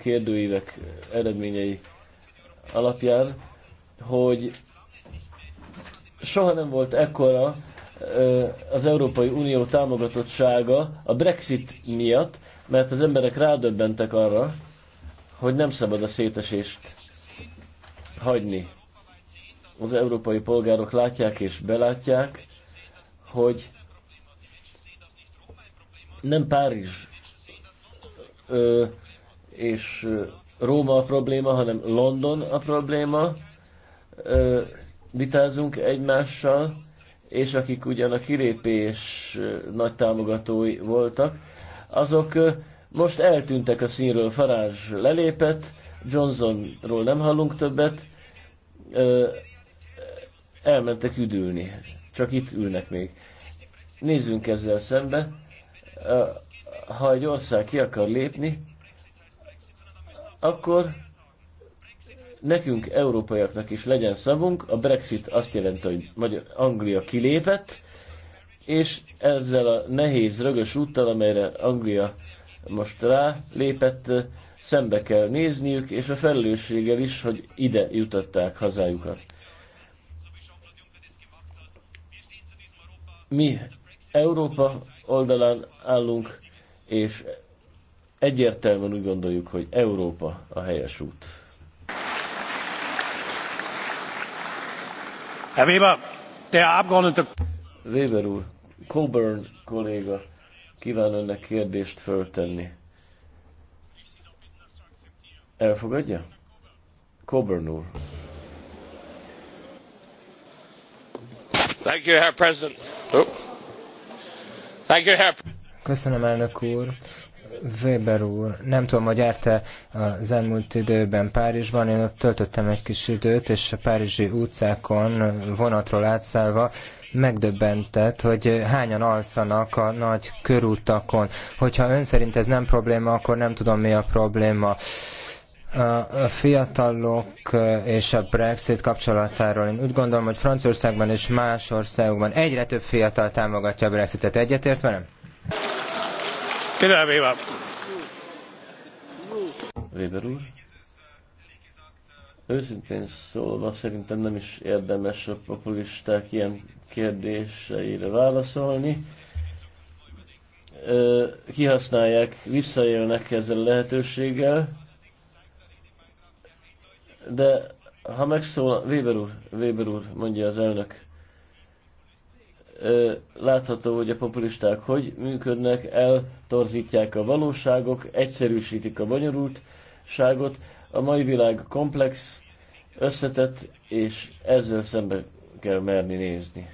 kérdőívek eredményei alapján, hogy soha nem volt ekkora az Európai Unió támogatottsága a Brexit miatt, mert az emberek rádöbbentek arra, hogy nem szabad a szétesést hagyni. Az európai polgárok látják és belátják, hogy nem Párizs ö, és Róma a probléma, hanem London a probléma. Ö, vitázunk egymással, és akik ugyan a kilépés nagy támogatói voltak, azok most eltűntek a színről. Farage lelépett, Johnsonról nem hallunk többet, elmentek üdülni. Csak itt ülnek még. Nézzünk ezzel szembe. Ha egy ország ki akar lépni, akkor nekünk, európaiaknak is legyen szavunk. A Brexit azt jelenti, hogy Magyar Anglia kilépett, és ezzel a nehéz, rögös úttal, amelyre Anglia most rá lépett, szembe kell nézniük, és a felelősséggel is, hogy ide jutották hazájukat. Mi Európa oldalán állunk, és egyértelműen úgy gondoljuk, hogy Európa a helyes út. Herr Weber, der Abgeordnete Weber úr, Coburn kolléga kíván önnek kérdést föltenni. Elfogadja? Coburn úr. Thank you, Herr President. Oh. Thank you, Herr... Köszönöm, elnök úr. Weber úr, nem tudom, hogy járt-e az elmúlt időben Párizsban, én ott töltöttem egy kis időt, és a párizsi utcákon vonatról átszállva megdöbbentett, hogy hányan alszanak a nagy körútakon. Hogyha ön szerint ez nem probléma, akkor nem tudom mi a probléma. A fiatalok és a Brexit kapcsolatáról én úgy gondolom, hogy Franciaországban és más országokban egyre több fiatal támogatja a Brexitet. Egyetért velem? Kérem, Weber úr. Őszintén szólva szerintem nem is érdemes a populisták ilyen kérdéseire válaszolni. Kihasználják, visszaélnek ezzel a lehetőséggel, de ha megszól, Weber úr, Weber úr, mondja az elnök, látható, hogy a populisták hogy működnek, eltorzítják a valóságok, egyszerűsítik a bonyolultságot. A mai világ komplex, összetett, és ezzel szembe kell merni nézni.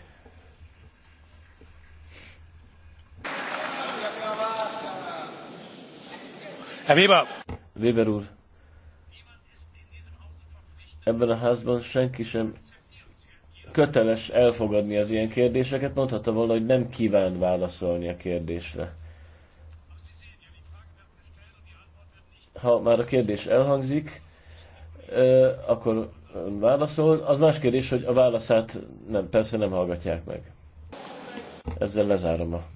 Herr Weber! Weber úr, ebben a házban senki sem köteles elfogadni az ilyen kérdéseket, mondhatta volna, hogy nem kíván válaszolni a kérdésre. Ha már a kérdés elhangzik, akkor válaszol. Az más kérdés, hogy a válaszát nem, persze nem hallgatják meg. Ezzel lezárom a